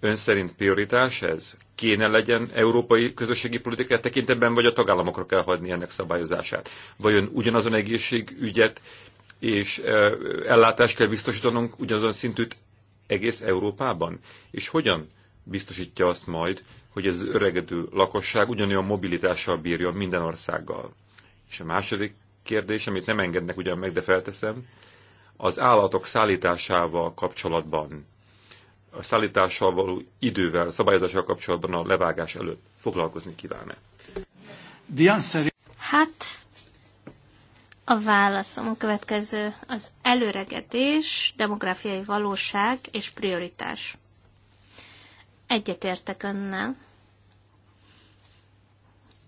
Ön szerint prioritás ez? Kéne legyen európai közösségi politika tekintetben, vagy a tagállamokra kell hagyni ennek szabályozását? vagy ön ugyanazon egészségügyet és ellátást kell biztosítanunk ugyanazon szintűt egész Európában? És hogyan biztosítja azt majd, hogy ez öregedő lakosság ugyanolyan mobilitással bírjon minden országgal? És a második kérdés, amit nem engednek ugyan meg, de felteszem, az állatok szállításával kapcsolatban, a szállítással való idővel, a szabályozással kapcsolatban a levágás előtt foglalkozni kíván-e? Hát, a válaszom a következő. Az előregedés, demográfiai valóság és prioritás. Egyetértek önnel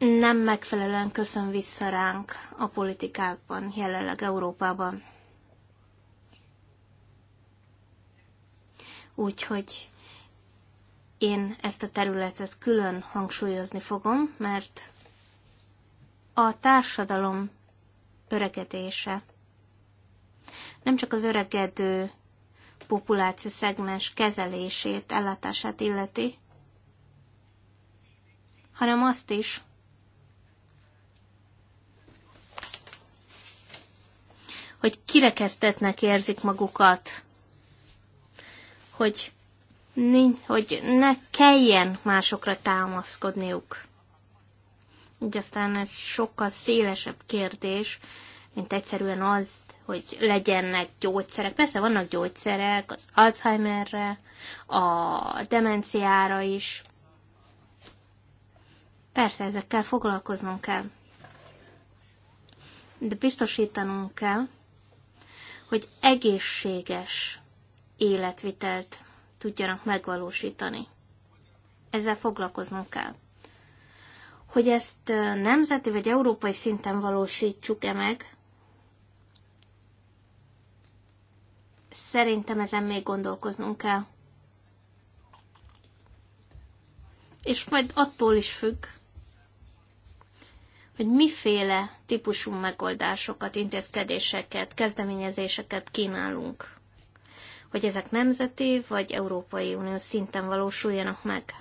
nem megfelelően köszön vissza ránk a politikákban, jelenleg Európában. Úgyhogy én ezt a területet külön hangsúlyozni fogom, mert a társadalom öregedése nem csak az öregedő populáció szegmens kezelését, ellátását illeti, hanem azt is, hogy kirekesztetnek érzik magukat, hogy, hogy ne kelljen másokra támaszkodniuk. Így aztán ez sokkal szélesebb kérdés, mint egyszerűen az, hogy legyenek gyógyszerek. Persze vannak gyógyszerek az Alzheimerre, a demenciára is. Persze ezekkel foglalkoznunk kell. De biztosítanunk kell, hogy egészséges életvitelt tudjanak megvalósítani. Ezzel foglalkoznunk kell. Hogy ezt nemzeti vagy európai szinten valósítsuk-e meg, szerintem ezen még gondolkoznunk kell. És majd attól is függ, hogy miféle típusú megoldásokat, intézkedéseket, kezdeményezéseket kínálunk. Hogy ezek nemzeti vagy Európai Unió szinten valósuljanak meg.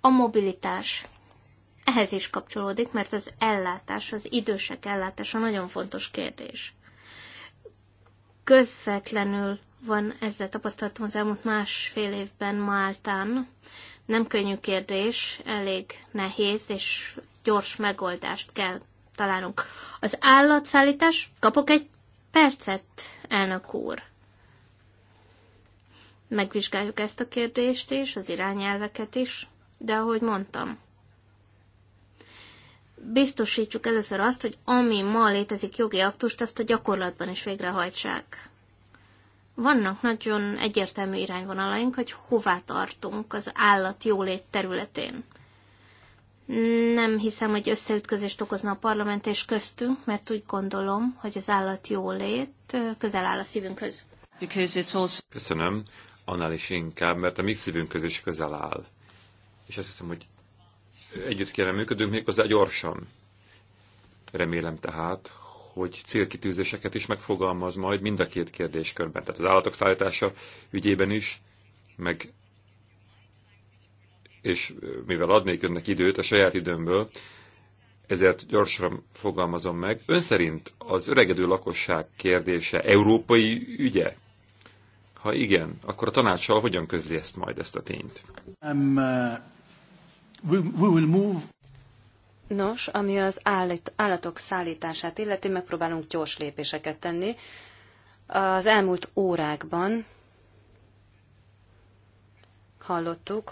A mobilitás. Ehhez is kapcsolódik, mert az ellátás, az idősek ellátása nagyon fontos kérdés. Közvetlenül van ezzel tapasztalatom az elmúlt másfél évben Máltán, nem könnyű kérdés, elég nehéz, és gyors megoldást kell találnunk. Az állatszállítás, kapok egy percet, elnök úr. Megvizsgáljuk ezt a kérdést is, az irányelveket is, de ahogy mondtam, biztosítsuk először azt, hogy ami ma létezik jogi aktust, azt a gyakorlatban is végrehajtsák vannak nagyon egyértelmű irányvonalaink, hogy hová tartunk az állat jólét területén. Nem hiszem, hogy összeütközést okozna a parlament és köztünk, mert úgy gondolom, hogy az állat jólét közel áll a szívünkhöz. Köszönöm, annál is inkább, mert a mi szívünkhöz is közel áll. És azt hiszem, hogy együtt kéne működünk méghozzá gyorsan. Remélem tehát, hogy célkitűzéseket is megfogalmaz majd mind a két kérdéskörben, tehát az állatok szállítása ügyében is, meg és mivel adnék önnek időt a saját időmből, ezért gyorsan fogalmazom meg. Ön szerint az öregedő lakosság kérdése európai ügye? Ha igen, akkor a tanácssal hogyan közli ezt majd ezt a tényt? Um, uh, we, we will move. Nos, ami az állat, állatok szállítását illeti, megpróbálunk gyors lépéseket tenni. Az elmúlt órákban hallottuk,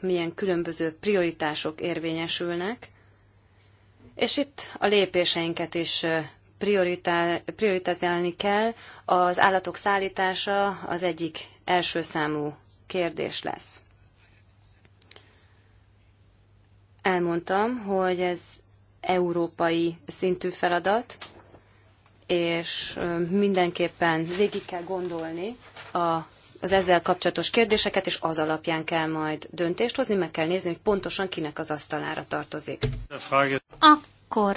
milyen különböző prioritások érvényesülnek, és itt a lépéseinket is prioritizálni kell. Az állatok szállítása az egyik első számú kérdés lesz. Elmondtam, hogy ez európai szintű feladat, és mindenképpen végig kell gondolni a, az ezzel kapcsolatos kérdéseket, és az alapján kell majd döntést hozni, meg kell nézni, hogy pontosan kinek az asztalára tartozik. Akkor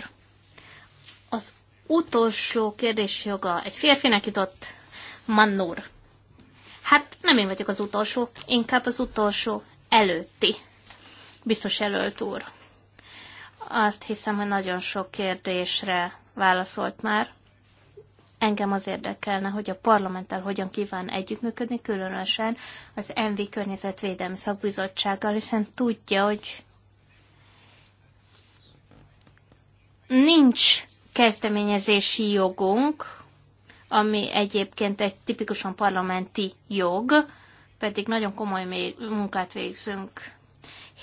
az utolsó kérdés joga egy férfinek jutott Mannur. Hát nem én vagyok az utolsó, inkább az utolsó előtti Biztos jelölt úr. Azt hiszem, hogy nagyon sok kérdésre válaszolt már. Engem az érdekelne, hogy a parlamenttel hogyan kíván együttműködni, különösen az ENVI Környezetvédelmi Szakbizottsággal, hiszen tudja, hogy nincs kezdeményezési jogunk, ami egyébként egy tipikusan parlamenti jog, pedig nagyon komoly munkát végzünk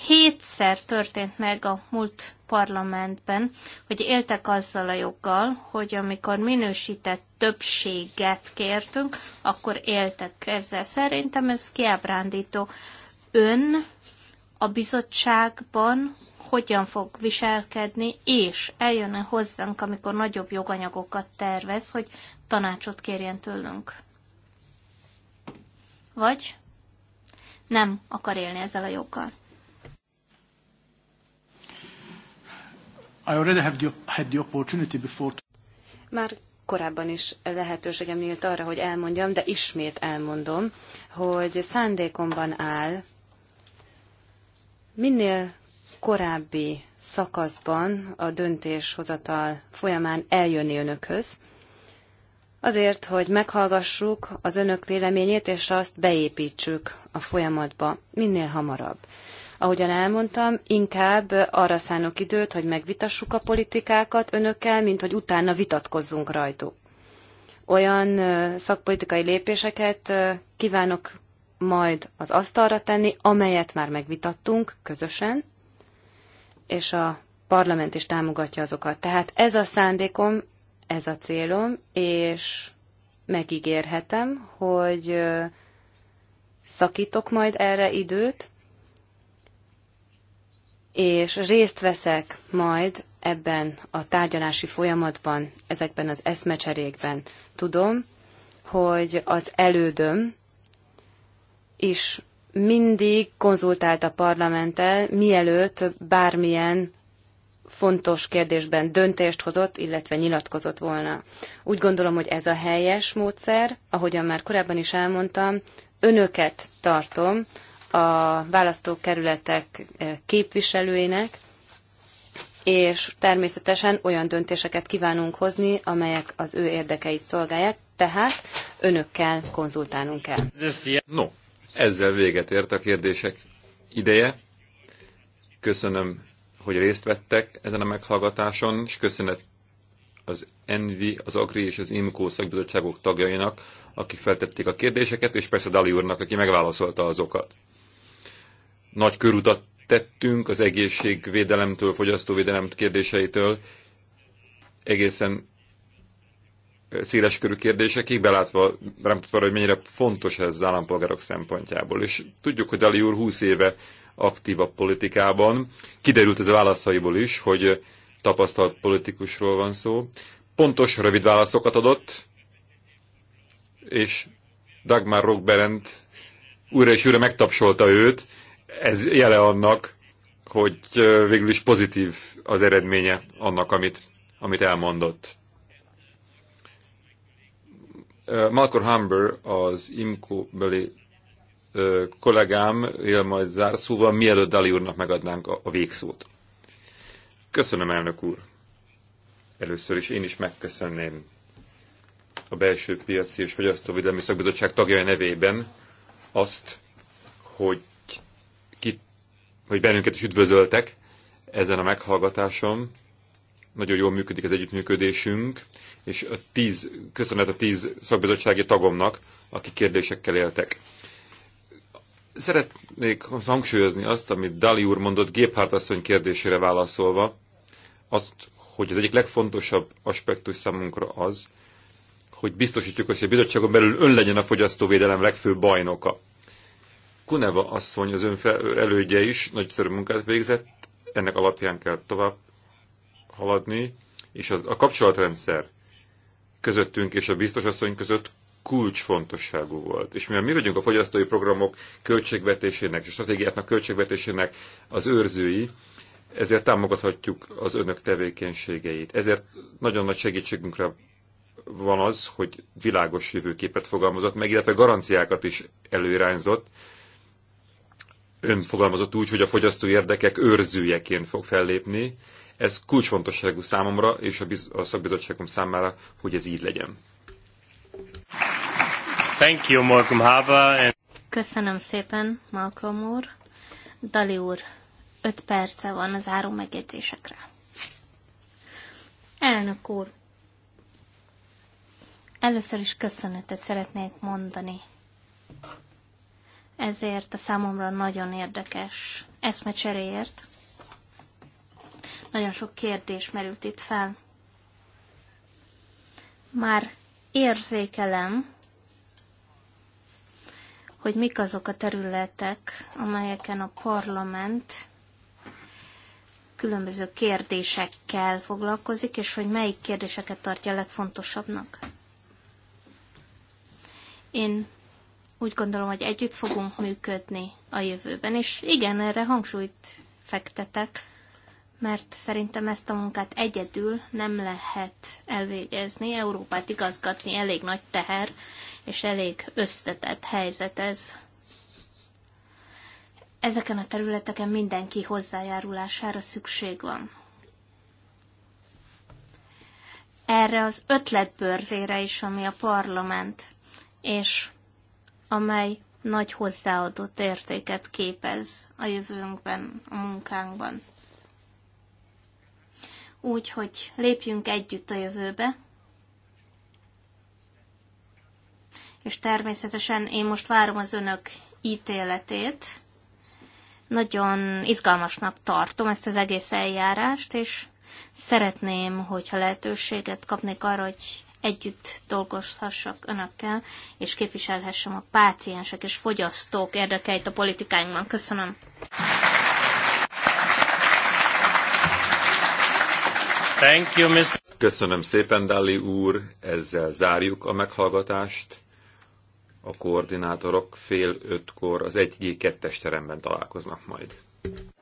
Hétszer történt meg a múlt parlamentben, hogy éltek azzal a joggal, hogy amikor minősített többséget kértünk, akkor éltek ezzel. Szerintem ez kiábrándító. Ön a bizottságban hogyan fog viselkedni, és eljönne hozzánk, amikor nagyobb joganyagokat tervez, hogy tanácsot kérjen tőlünk. Vagy nem akar élni ezzel a joggal. I already have the, had the opportunity before to... Már korábban is lehetőségem nyílt arra, hogy elmondjam, de ismét elmondom, hogy szándékomban áll minél korábbi szakaszban a döntéshozatal folyamán eljönni önökhöz, azért, hogy meghallgassuk az önök véleményét, és azt beépítsük a folyamatba minél hamarabb. Ahogyan elmondtam, inkább arra szánok időt, hogy megvitassuk a politikákat önökkel, mint hogy utána vitatkozzunk rajtuk. Olyan szakpolitikai lépéseket kívánok majd az asztalra tenni, amelyet már megvitattunk közösen, és a parlament is támogatja azokat. Tehát ez a szándékom, ez a célom, és megígérhetem, hogy szakítok majd erre időt, és részt veszek majd ebben a tárgyalási folyamatban, ezekben az eszmecserékben. Tudom, hogy az elődöm is mindig konzultált a parlamenttel, mielőtt bármilyen fontos kérdésben döntést hozott, illetve nyilatkozott volna. Úgy gondolom, hogy ez a helyes módszer, ahogyan már korábban is elmondtam, önöket tartom a választókerületek eh, képviselőinek, és természetesen olyan döntéseket kívánunk hozni, amelyek az ő érdekeit szolgálják, tehát önökkel konzultálnunk kell. No, ezzel véget ért a kérdések ideje. Köszönöm, hogy részt vettek ezen a meghallgatáson, és köszönet az ENVI, az AGRI és az IMCO szakbizottságok tagjainak, akik feltették a kérdéseket, és persze Dali úrnak, aki megválaszolta azokat nagy körutat tettünk az egészségvédelemtől, fogyasztóvédelem kérdéseitől egészen körű kérdésekig, belátva, nem tudva, hogy mennyire fontos ez az állampolgárok szempontjából. És tudjuk, hogy Dali úr 20 éve aktív a politikában. Kiderült ez a válaszaiból is, hogy tapasztalt politikusról van szó. Pontos, rövid válaszokat adott, és Dagmar Rockberend újra és újra megtapsolta őt, ez jele annak, hogy végül is pozitív az eredménye annak, amit, amit elmondott. Malcolm Humber, az IMCO beli kollégám él majd zárszóval, mielőtt Dali úrnak megadnánk a, végszót. Köszönöm, elnök úr! Először is én is megköszönném a belső piaci és fogyasztóvédelmi szakbizottság tagjai nevében azt, hogy hogy bennünket is üdvözöltek ezen a meghallgatásom. Nagyon jól működik az együttműködésünk, és a tíz, köszönet a tíz szakbizottsági tagomnak, akik kérdésekkel éltek. Szeretnék hangsúlyozni azt, amit Dali úr mondott Géphárt asszony kérdésére válaszolva, azt, hogy az egyik legfontosabb aspektus számunkra az, hogy biztosítjuk azt, hogy a bizottságon belül ön legyen a fogyasztóvédelem legfőbb bajnoka. Kuneva asszony az ön elődje is nagyszerű munkát végzett, ennek alapján kell tovább haladni, és a, a kapcsolatrendszer közöttünk és a biztos asszony között kulcsfontosságú volt. És mivel mi vagyunk a fogyasztói programok költségvetésének és stratégiáknak költségvetésének az őrzői, ezért támogathatjuk az önök tevékenységeit. Ezért nagyon nagy segítségünkre van az, hogy világos jövőképet fogalmazott meg, illetve garanciákat is előirányzott ön fogalmazott úgy, hogy a fogyasztó érdekek őrzőjeként fog fellépni. Ez kulcsfontosságú számomra és a, biz- a szakbizottságom számára, hogy ez így legyen. Thank you, Malcolm Harbour. And... Köszönöm szépen, Malcolm úr. Dali úr, öt perce van az záró megjegyzésekre. Elnök úr, először is köszönetet szeretnék mondani ezért a számomra nagyon érdekes eszmecseréért. Nagyon sok kérdés merült itt fel. Már érzékelem, hogy mik azok a területek, amelyeken a parlament különböző kérdésekkel foglalkozik, és hogy melyik kérdéseket tartja legfontosabbnak. Én úgy gondolom, hogy együtt fogunk működni a jövőben, és igen, erre hangsúlyt fektetek, mert szerintem ezt a munkát egyedül nem lehet elvégezni. Európát igazgatni elég nagy teher, és elég összetett helyzet ez. Ezeken a területeken mindenki hozzájárulására szükség van. Erre az ötletbörzére is, ami a parlament és amely nagy hozzáadott értéket képez a jövőnkben, a munkánkban. Úgyhogy lépjünk együtt a jövőbe, és természetesen én most várom az önök ítéletét. Nagyon izgalmasnak tartom ezt az egész eljárást, és szeretném, hogyha lehetőséget kapnék arra, hogy együtt dolgozhassak önökkel, és képviselhessem a páciensek és fogyasztók érdekeit a politikáinkban. Köszönöm. Thank you, Mr. Köszönöm szépen, Dali úr. Ezzel zárjuk a meghallgatást. A koordinátorok fél ötkor az 1G2-es teremben találkoznak majd.